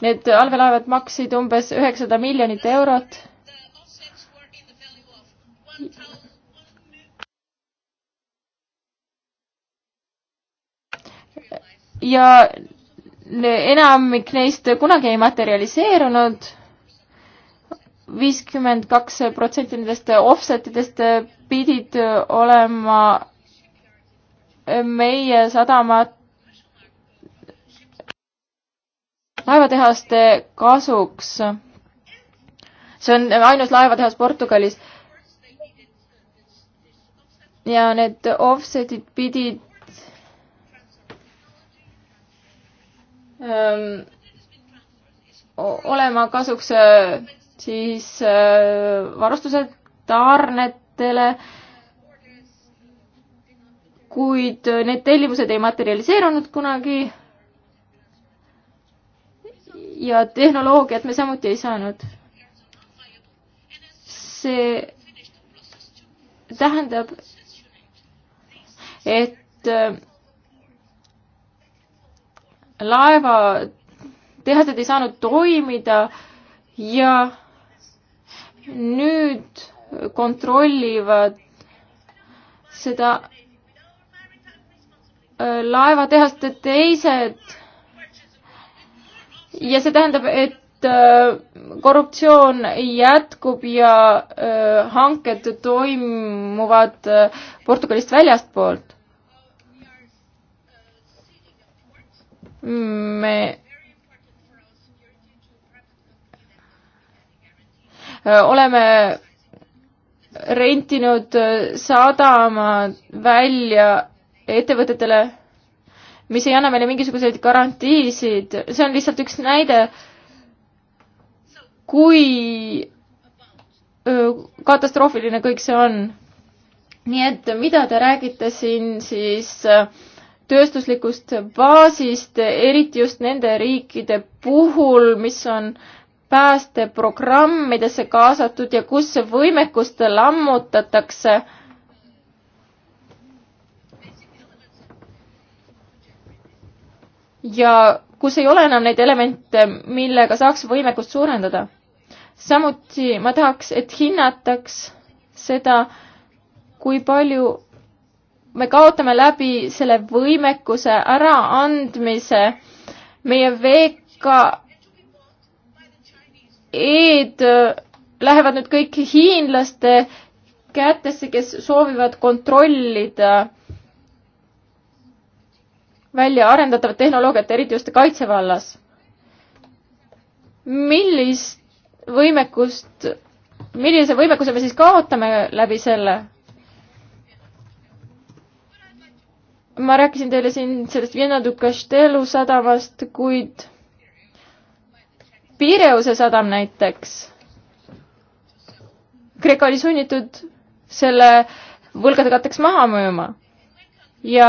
Need allveelaevad maksid umbes üheksasada miljonit eurot. ja enamik neist kunagi ei materialiseerunud. viiskümmend kaks protsenti nendest offset idest pidid olema meie sadamat laevatehaste kasuks. see on ainus laevatehas Portugalis. ja need offset'id pidid öö, ähm, olema kasuks öö, äh, siis öö, äh, varustuse tarnetele kuid need tellimused ei materialiseerunud kunagi ja tehnoloogiat me samuti ei saanud. see tähendab, et äh, laevatehased ei saanud toimida ja nüüd kontrollivad seda äh, laevatehast teised ja see tähendab, et äh, korruptsioon jätkub ja äh, hanked toimuvad äh, Portugalist väljastpoolt. me oleme rentinud sadama välja ettevõtetele mis ei anna meile mingisuguseid garantiisid, see on lihtsalt üks näide. kui katastroofiline kõik see on. nii et mida te räägite siin siis tööstuslikust baasist, eriti just nende riikide puhul, mis on päästeprogrammidesse kaasatud ja kus võimekust lammutatakse ja kus ei ole enam neid elemente, millega saaks võimekust suurendada. samuti ma tahaks, et hinnataks seda, kui palju me kaotame läbi selle võimekuse äraandmise meie VKE-d lähevad nüüd kõik hiinlaste kätesse, kes soovivad kontrollida välja arendatavat tehnoloogiat, eriti just kaitsevallas. millist võimekust, millise võimekuse me siis kaotame läbi selle? ma rääkisin teile siin sellest Vienna Dukastelu sadamast, kuid Pireuse sadam näiteks. Kreeka oli sunnitud selle võlgade katteks maha müüma ja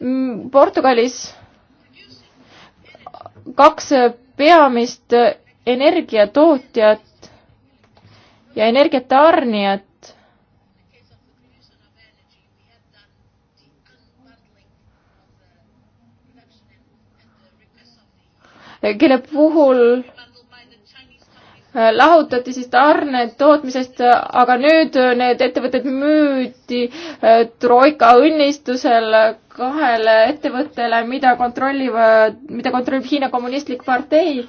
Mm, Portugalis kaks peamist energiatootjat ja energiatarnijat kelle puhul äh, lahutati siis tarned tootmisest, aga nüüd need ettevõtted müüdi äh, troika õnnistusel kahele ettevõttele, mida kontrollivad, mida kontrollib Hiina Kommunistlik Partei.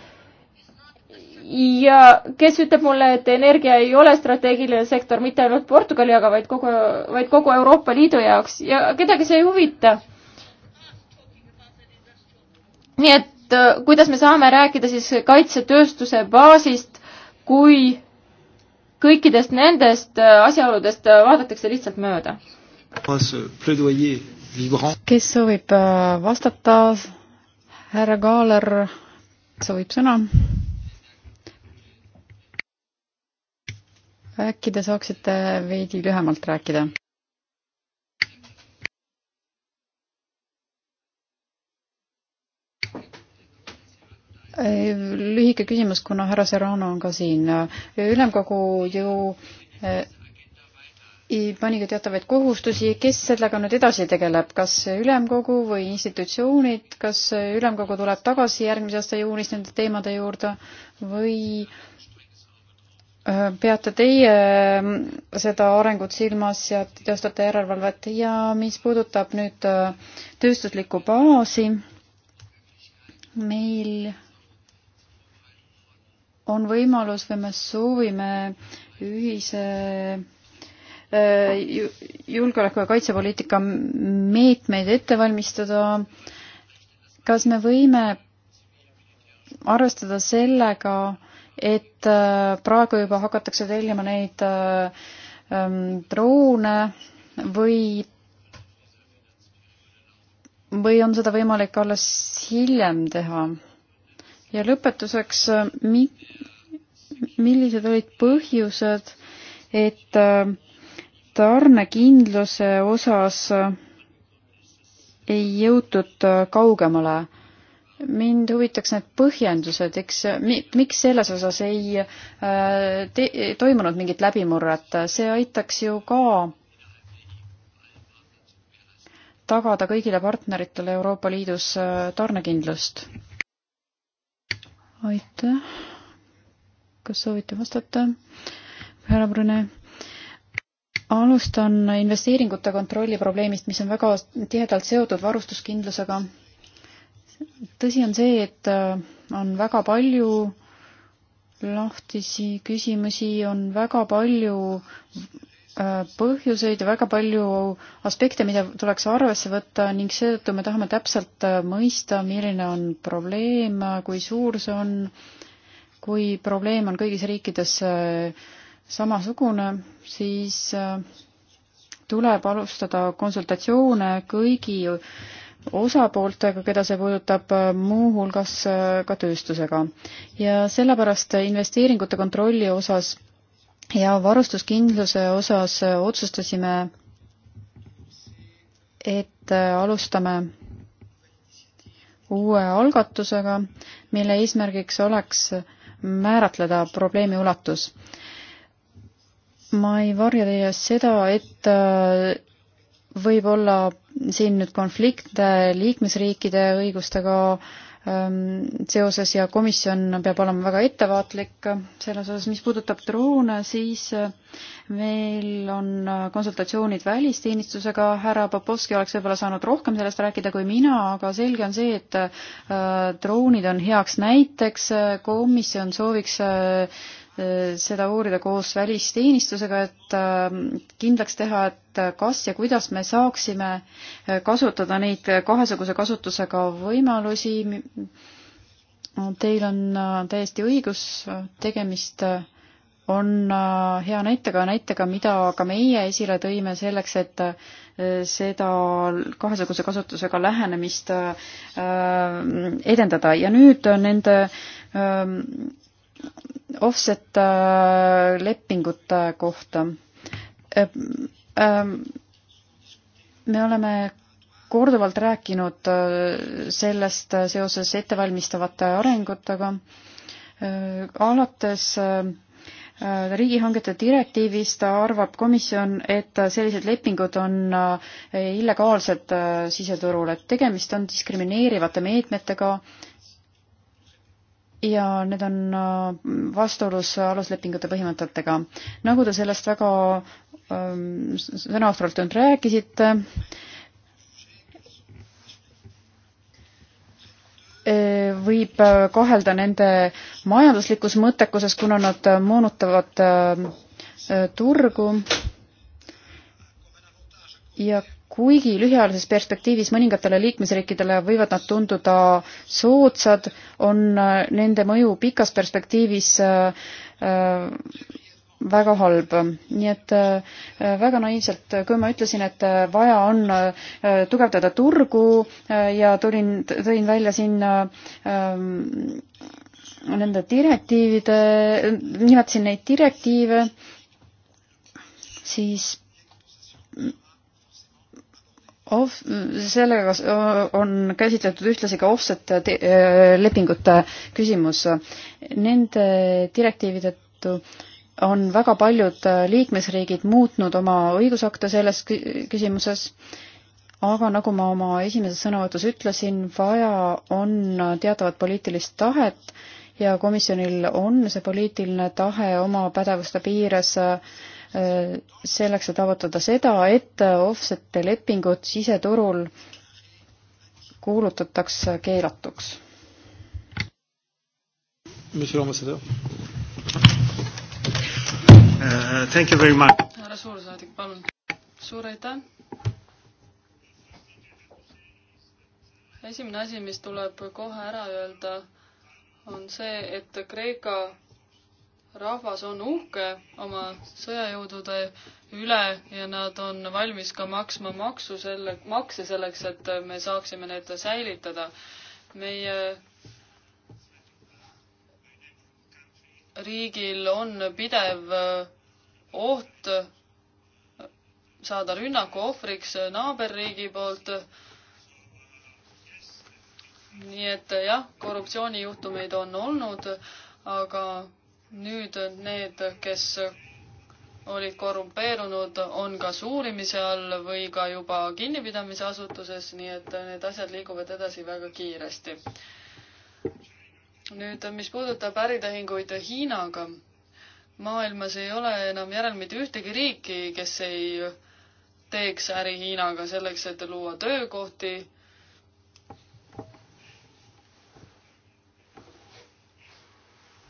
ja kes ütleb mulle, et energia ei ole strateegiline sektor mitte ainult Portugali, aga vaid kogu, vaid kogu Euroopa Liidu jaoks ja kedagi see ei huvita. nii et äh, kuidas me saame rääkida siis kaitsetööstuse baasist, kui kõikidest nendest äh, asjaoludest äh, vaadatakse lihtsalt mööda? kes soovib äh, vastata? härra Kaaler soovib sõna. äkki te saaksite veidi lühemalt rääkida? Äh, lühike küsimus, kuna härra Serrano on ka siin. Äh, ülemkogu ju pani ka teatavaid kohustusi, kes sellega nüüd edasi tegeleb, kas ülemkogu või institutsioonid, kas ülemkogu tuleb tagasi järgmise aasta juunis nende teemade juurde või äh, peate teie mm, seda arengut silmas ja teostate järelevalvet ja mis puudutab nüüd äh, tööstuslikku baasi, meil on võimalus või me soovime ühise Äh, julgeoleku- ja kaitsepoliitika meetmeid ette valmistada. kas me võime arvestada sellega, et äh, praegu juba hakatakse tellima neid äh, ähm, droone või või on seda võimalik alles hiljem teha? ja lõpetuseks, mi-, millised olid põhjused, et äh, tarnekindluse osas ei jõutud kaugemale. mind huvitaks need põhjendused, eks mi, miks selles osas ei äh, te, toimunud mingit läbimurret, see aitaks ju ka tagada kõigile partneritele Euroopa Liidus äh, tarnekindlust. aitäh. kas soovite vastata, härra Brune? alustan investeeringute kontrolli probleemist, mis on väga tihedalt seotud varustuskindlusega. tõsi on see, et äh, on väga palju lahtisi küsimusi, on väga palju äh, põhjuseid ja väga palju aspekte, mida tuleks arvesse võtta ning seetõttu me tahame täpselt äh, mõista, milline on probleem, kui suur see on, kui probleem on kõigis riikides äh, samasugune, siis äh, tuleb alustada konsultatsioone kõigi osapooltega, keda see puudutab, äh, muuhulgas äh, ka tööstusega. ja sellepärast investeeringute kontrolli osas ja varustuskindluse osas otsustasime, et alustame uue algatusega, mille eesmärgiks oleks määratleda probleemi ulatus ma ei varja teie eest seda, et äh, võib olla siin nüüd konflikte liikmesriikide õigustega ähm, seoses ja komisjon peab olema väga ettevaatlik selles osas, mis puudutab droone, siis äh, meil on äh, konsultatsioonid välisteenistusega, härra Popovski oleks võib-olla saanud rohkem sellest rääkida kui mina, aga selge on see, et droonid on heaks näiteks, komisjon sooviks Äh, seda uurida koos välisteenistusega, et äh, kindlaks teha, et kas ja kuidas me saaksime äh, kasutada neid kahesuguse kasutusega võimalusi. Teil on täiesti õigus, tegemist on hea näitega, näitega, mida ka meie esile tõime selleks, et seda kahesuguse kasutusega lähenemist edendada ja nüüd nende offset äh, lepingute kohta. Äh, ähm, me oleme korduvalt rääkinud äh, sellest seoses ettevalmistavate arengutega. alates riigihangete direktiivist arvab komisjon, et sellised lepingud on illegaalsed siseturul, et tegemist on diskrimineerivate meetmetega, ja need on äh, vastuolus aluslepingute põhimõtetega. nagu te sellest väga ähm, sõnaohtralt nüüd rääkisite, e, võib äh, kahelda nende majanduslikus mõttekuses, kuna nad äh, moonutavad turgu ja kuigi lühiajalises perspektiivis mõningatele liikmesriikidele võivad nad tunduda soodsad, on äh, nende mõju pikas perspektiivis äh, äh, väga halb. nii et väga naiivselt, kui ma ütlesin, et vaja on tugevdada turgu ja tulin, tõin välja siin nende direktiivide, nimetasin neid direktiive, siis Off-, sellega on käsitletud ühtlasi ka offset äh, äh, lepingute küsimus. Nende direktiivide tõttu on väga paljud äh, liikmesriigid muutnud oma õigusakte selles küsimuses, aga nagu ma oma esimeses sõnavõtus ütlesin, vaja on teatavat poliitilist tahet ja komisjonil on see poliitiline tahe oma pädevuste piires äh, Äh, selleks, et arutada seda, et offset'e lepingud siseturul kuulutatakse keelatuks. Uh, härra suursaadik, palun. suur aitäh. esimene asi, mis tuleb kohe ära öelda, on see, et Kreeka rahvas on uhke oma sõjajõudude üle ja nad on valmis ka maksma maksu selle, makse selleks, et me saaksime need säilitada. meie riigil on pidev äh, oht äh, saada rünnaku ohvriks äh, naaberriigi poolt. nii et jah, korruptsioonijuhtumeid on olnud, aga nüüd need, kes olid korrumpeerunud, on kas uurimise all või ka juba kinnipidamise asutuses, nii et need asjad liiguvad edasi väga kiiresti. nüüd, mis puudutab äritehinguid Hiinaga, maailmas ei ole enam järel mitte ühtegi riiki, kes ei teeks äri Hiinaga selleks, et luua töökohti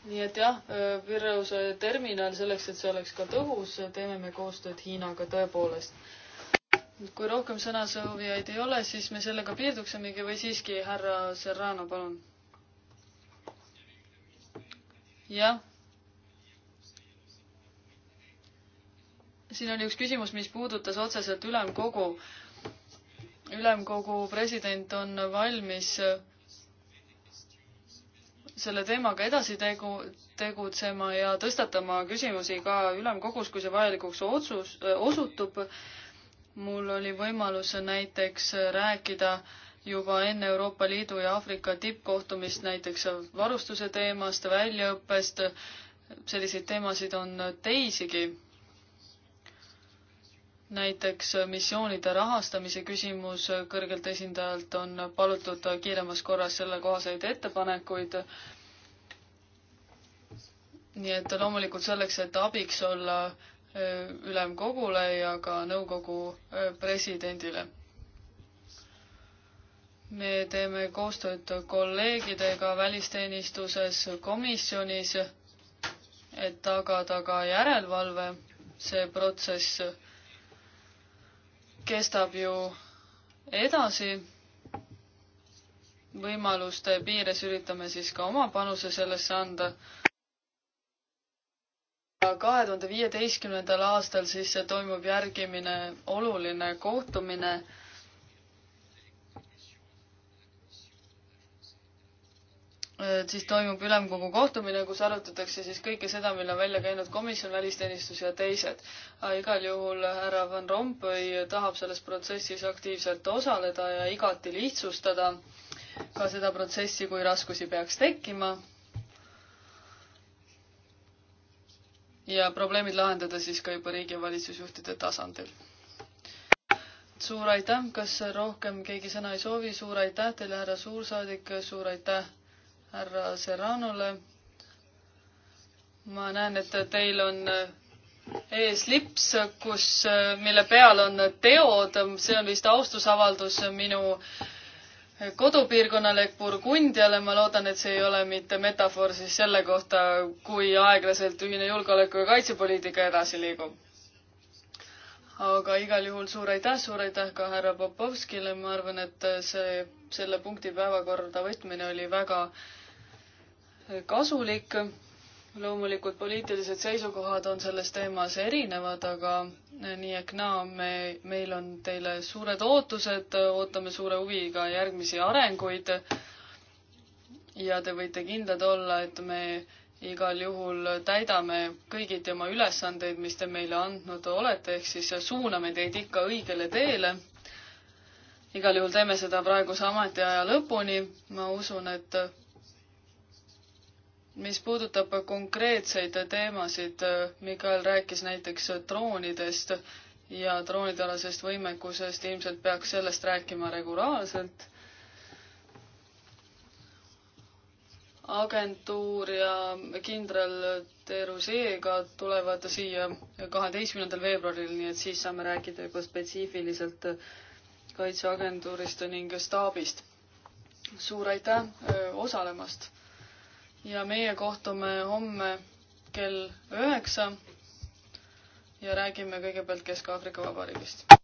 nii et jah, Pireuse äh, terminal, selleks et see oleks ka tõhus, teeme me koostööd Hiinaga tõepoolest. kui rohkem sõnasoovijaid ei ole, siis me sellega piirduksimegi või siiski härra Serrano, palun. jah. siin oli üks küsimus, mis puudutas otseselt ülemkogu. ülemkogu president on valmis selle teemaga edasi tegu, tegutsema ja tõstatama küsimusi ka ülemkogus, kui see vajalikuks otsus, osutub. mul oli võimalus näiteks rääkida juba enne Euroopa Liidu ja Aafrika tippkohtumist näiteks varustuse teemast, väljaõppest, selliseid teemasid on teisigi näiteks äh, missioonide rahastamise küsimus äh, kõrgelt esindajalt on palutud äh, kiiremas korras sellekohaseid ettepanekuid. nii et loomulikult selleks, et abiks olla ülemkogule ja ka nõukogu presidendile. me teeme koostööd kolleegidega välisteenistuses, komisjonis, et tagada ka järelevalve, see protsess kestab ju edasi. võimaluste piires üritame siis ka oma panuse sellesse anda. kahe tuhande viieteistkümnendal aastal siis toimub järgimine oluline kohtumine Äh, siis toimub ülemkogu kohtumine, kus arutatakse siis kõike seda, mille on välja käinud komisjon, välisteenistus ja teised. Äh, igal juhul härra Van Rompuy tahab selles protsessis aktiivselt osaleda ja igati lihtsustada ka seda protsessi, kui raskusi peaks tekkima. ja probleemid lahendada siis ka juba riigi ja valitsusjuhtide tasandil suur aitäh, kas rohkem keegi sõna ei soovi, suur aitäh teile, härra suursaadik, suur aitäh härra Serranole. ma näen, et teil on äh, ees lips, kus, äh, mille peal on teod, see on vist austusavaldus minu äh, kodupiirkonnale ehk Burgundiale, ma loodan, et see ei ole mitte metafoor siis selle kohta, kui aeglaselt ühine julgeoleku- ja kaitsepoliitika edasi liigub. aga igal juhul suur aitäh, suur aitäh ka härra Popovskile, ma arvan, et see, selle punkti päevakorda võtmine oli väga kasulik. loomulikult poliitilised seisukohad on selles teemas erinevad, aga nii ehk naa, me, meil on teile suured ootused, ootame suure huviga järgmisi arenguid. ja te võite kindlad olla, et me igal juhul täidame kõigiti oma ülesandeid, mis te meile andnud olete, ehk siis suuname teid ikka õigele teele. igal juhul teeme seda praeguse ametiaja lõpuni. ma usun, et mis puudutab konkreetseid teemasid, Mikael rääkis näiteks droonidest ja droonidealasest võimekusest, ilmselt peaks sellest rääkima regulaarselt. agentuur ja kindral Teruseega tulevad siia kaheteistkümnendal veebruaril, nii et siis saame rääkida juba spetsiifiliselt kaitseagentuurist ning staabist. suur aitäh osalemast ja meie kohtume homme kell üheksa ja räägime kõigepealt Kesk-Aafrika Vabariigist.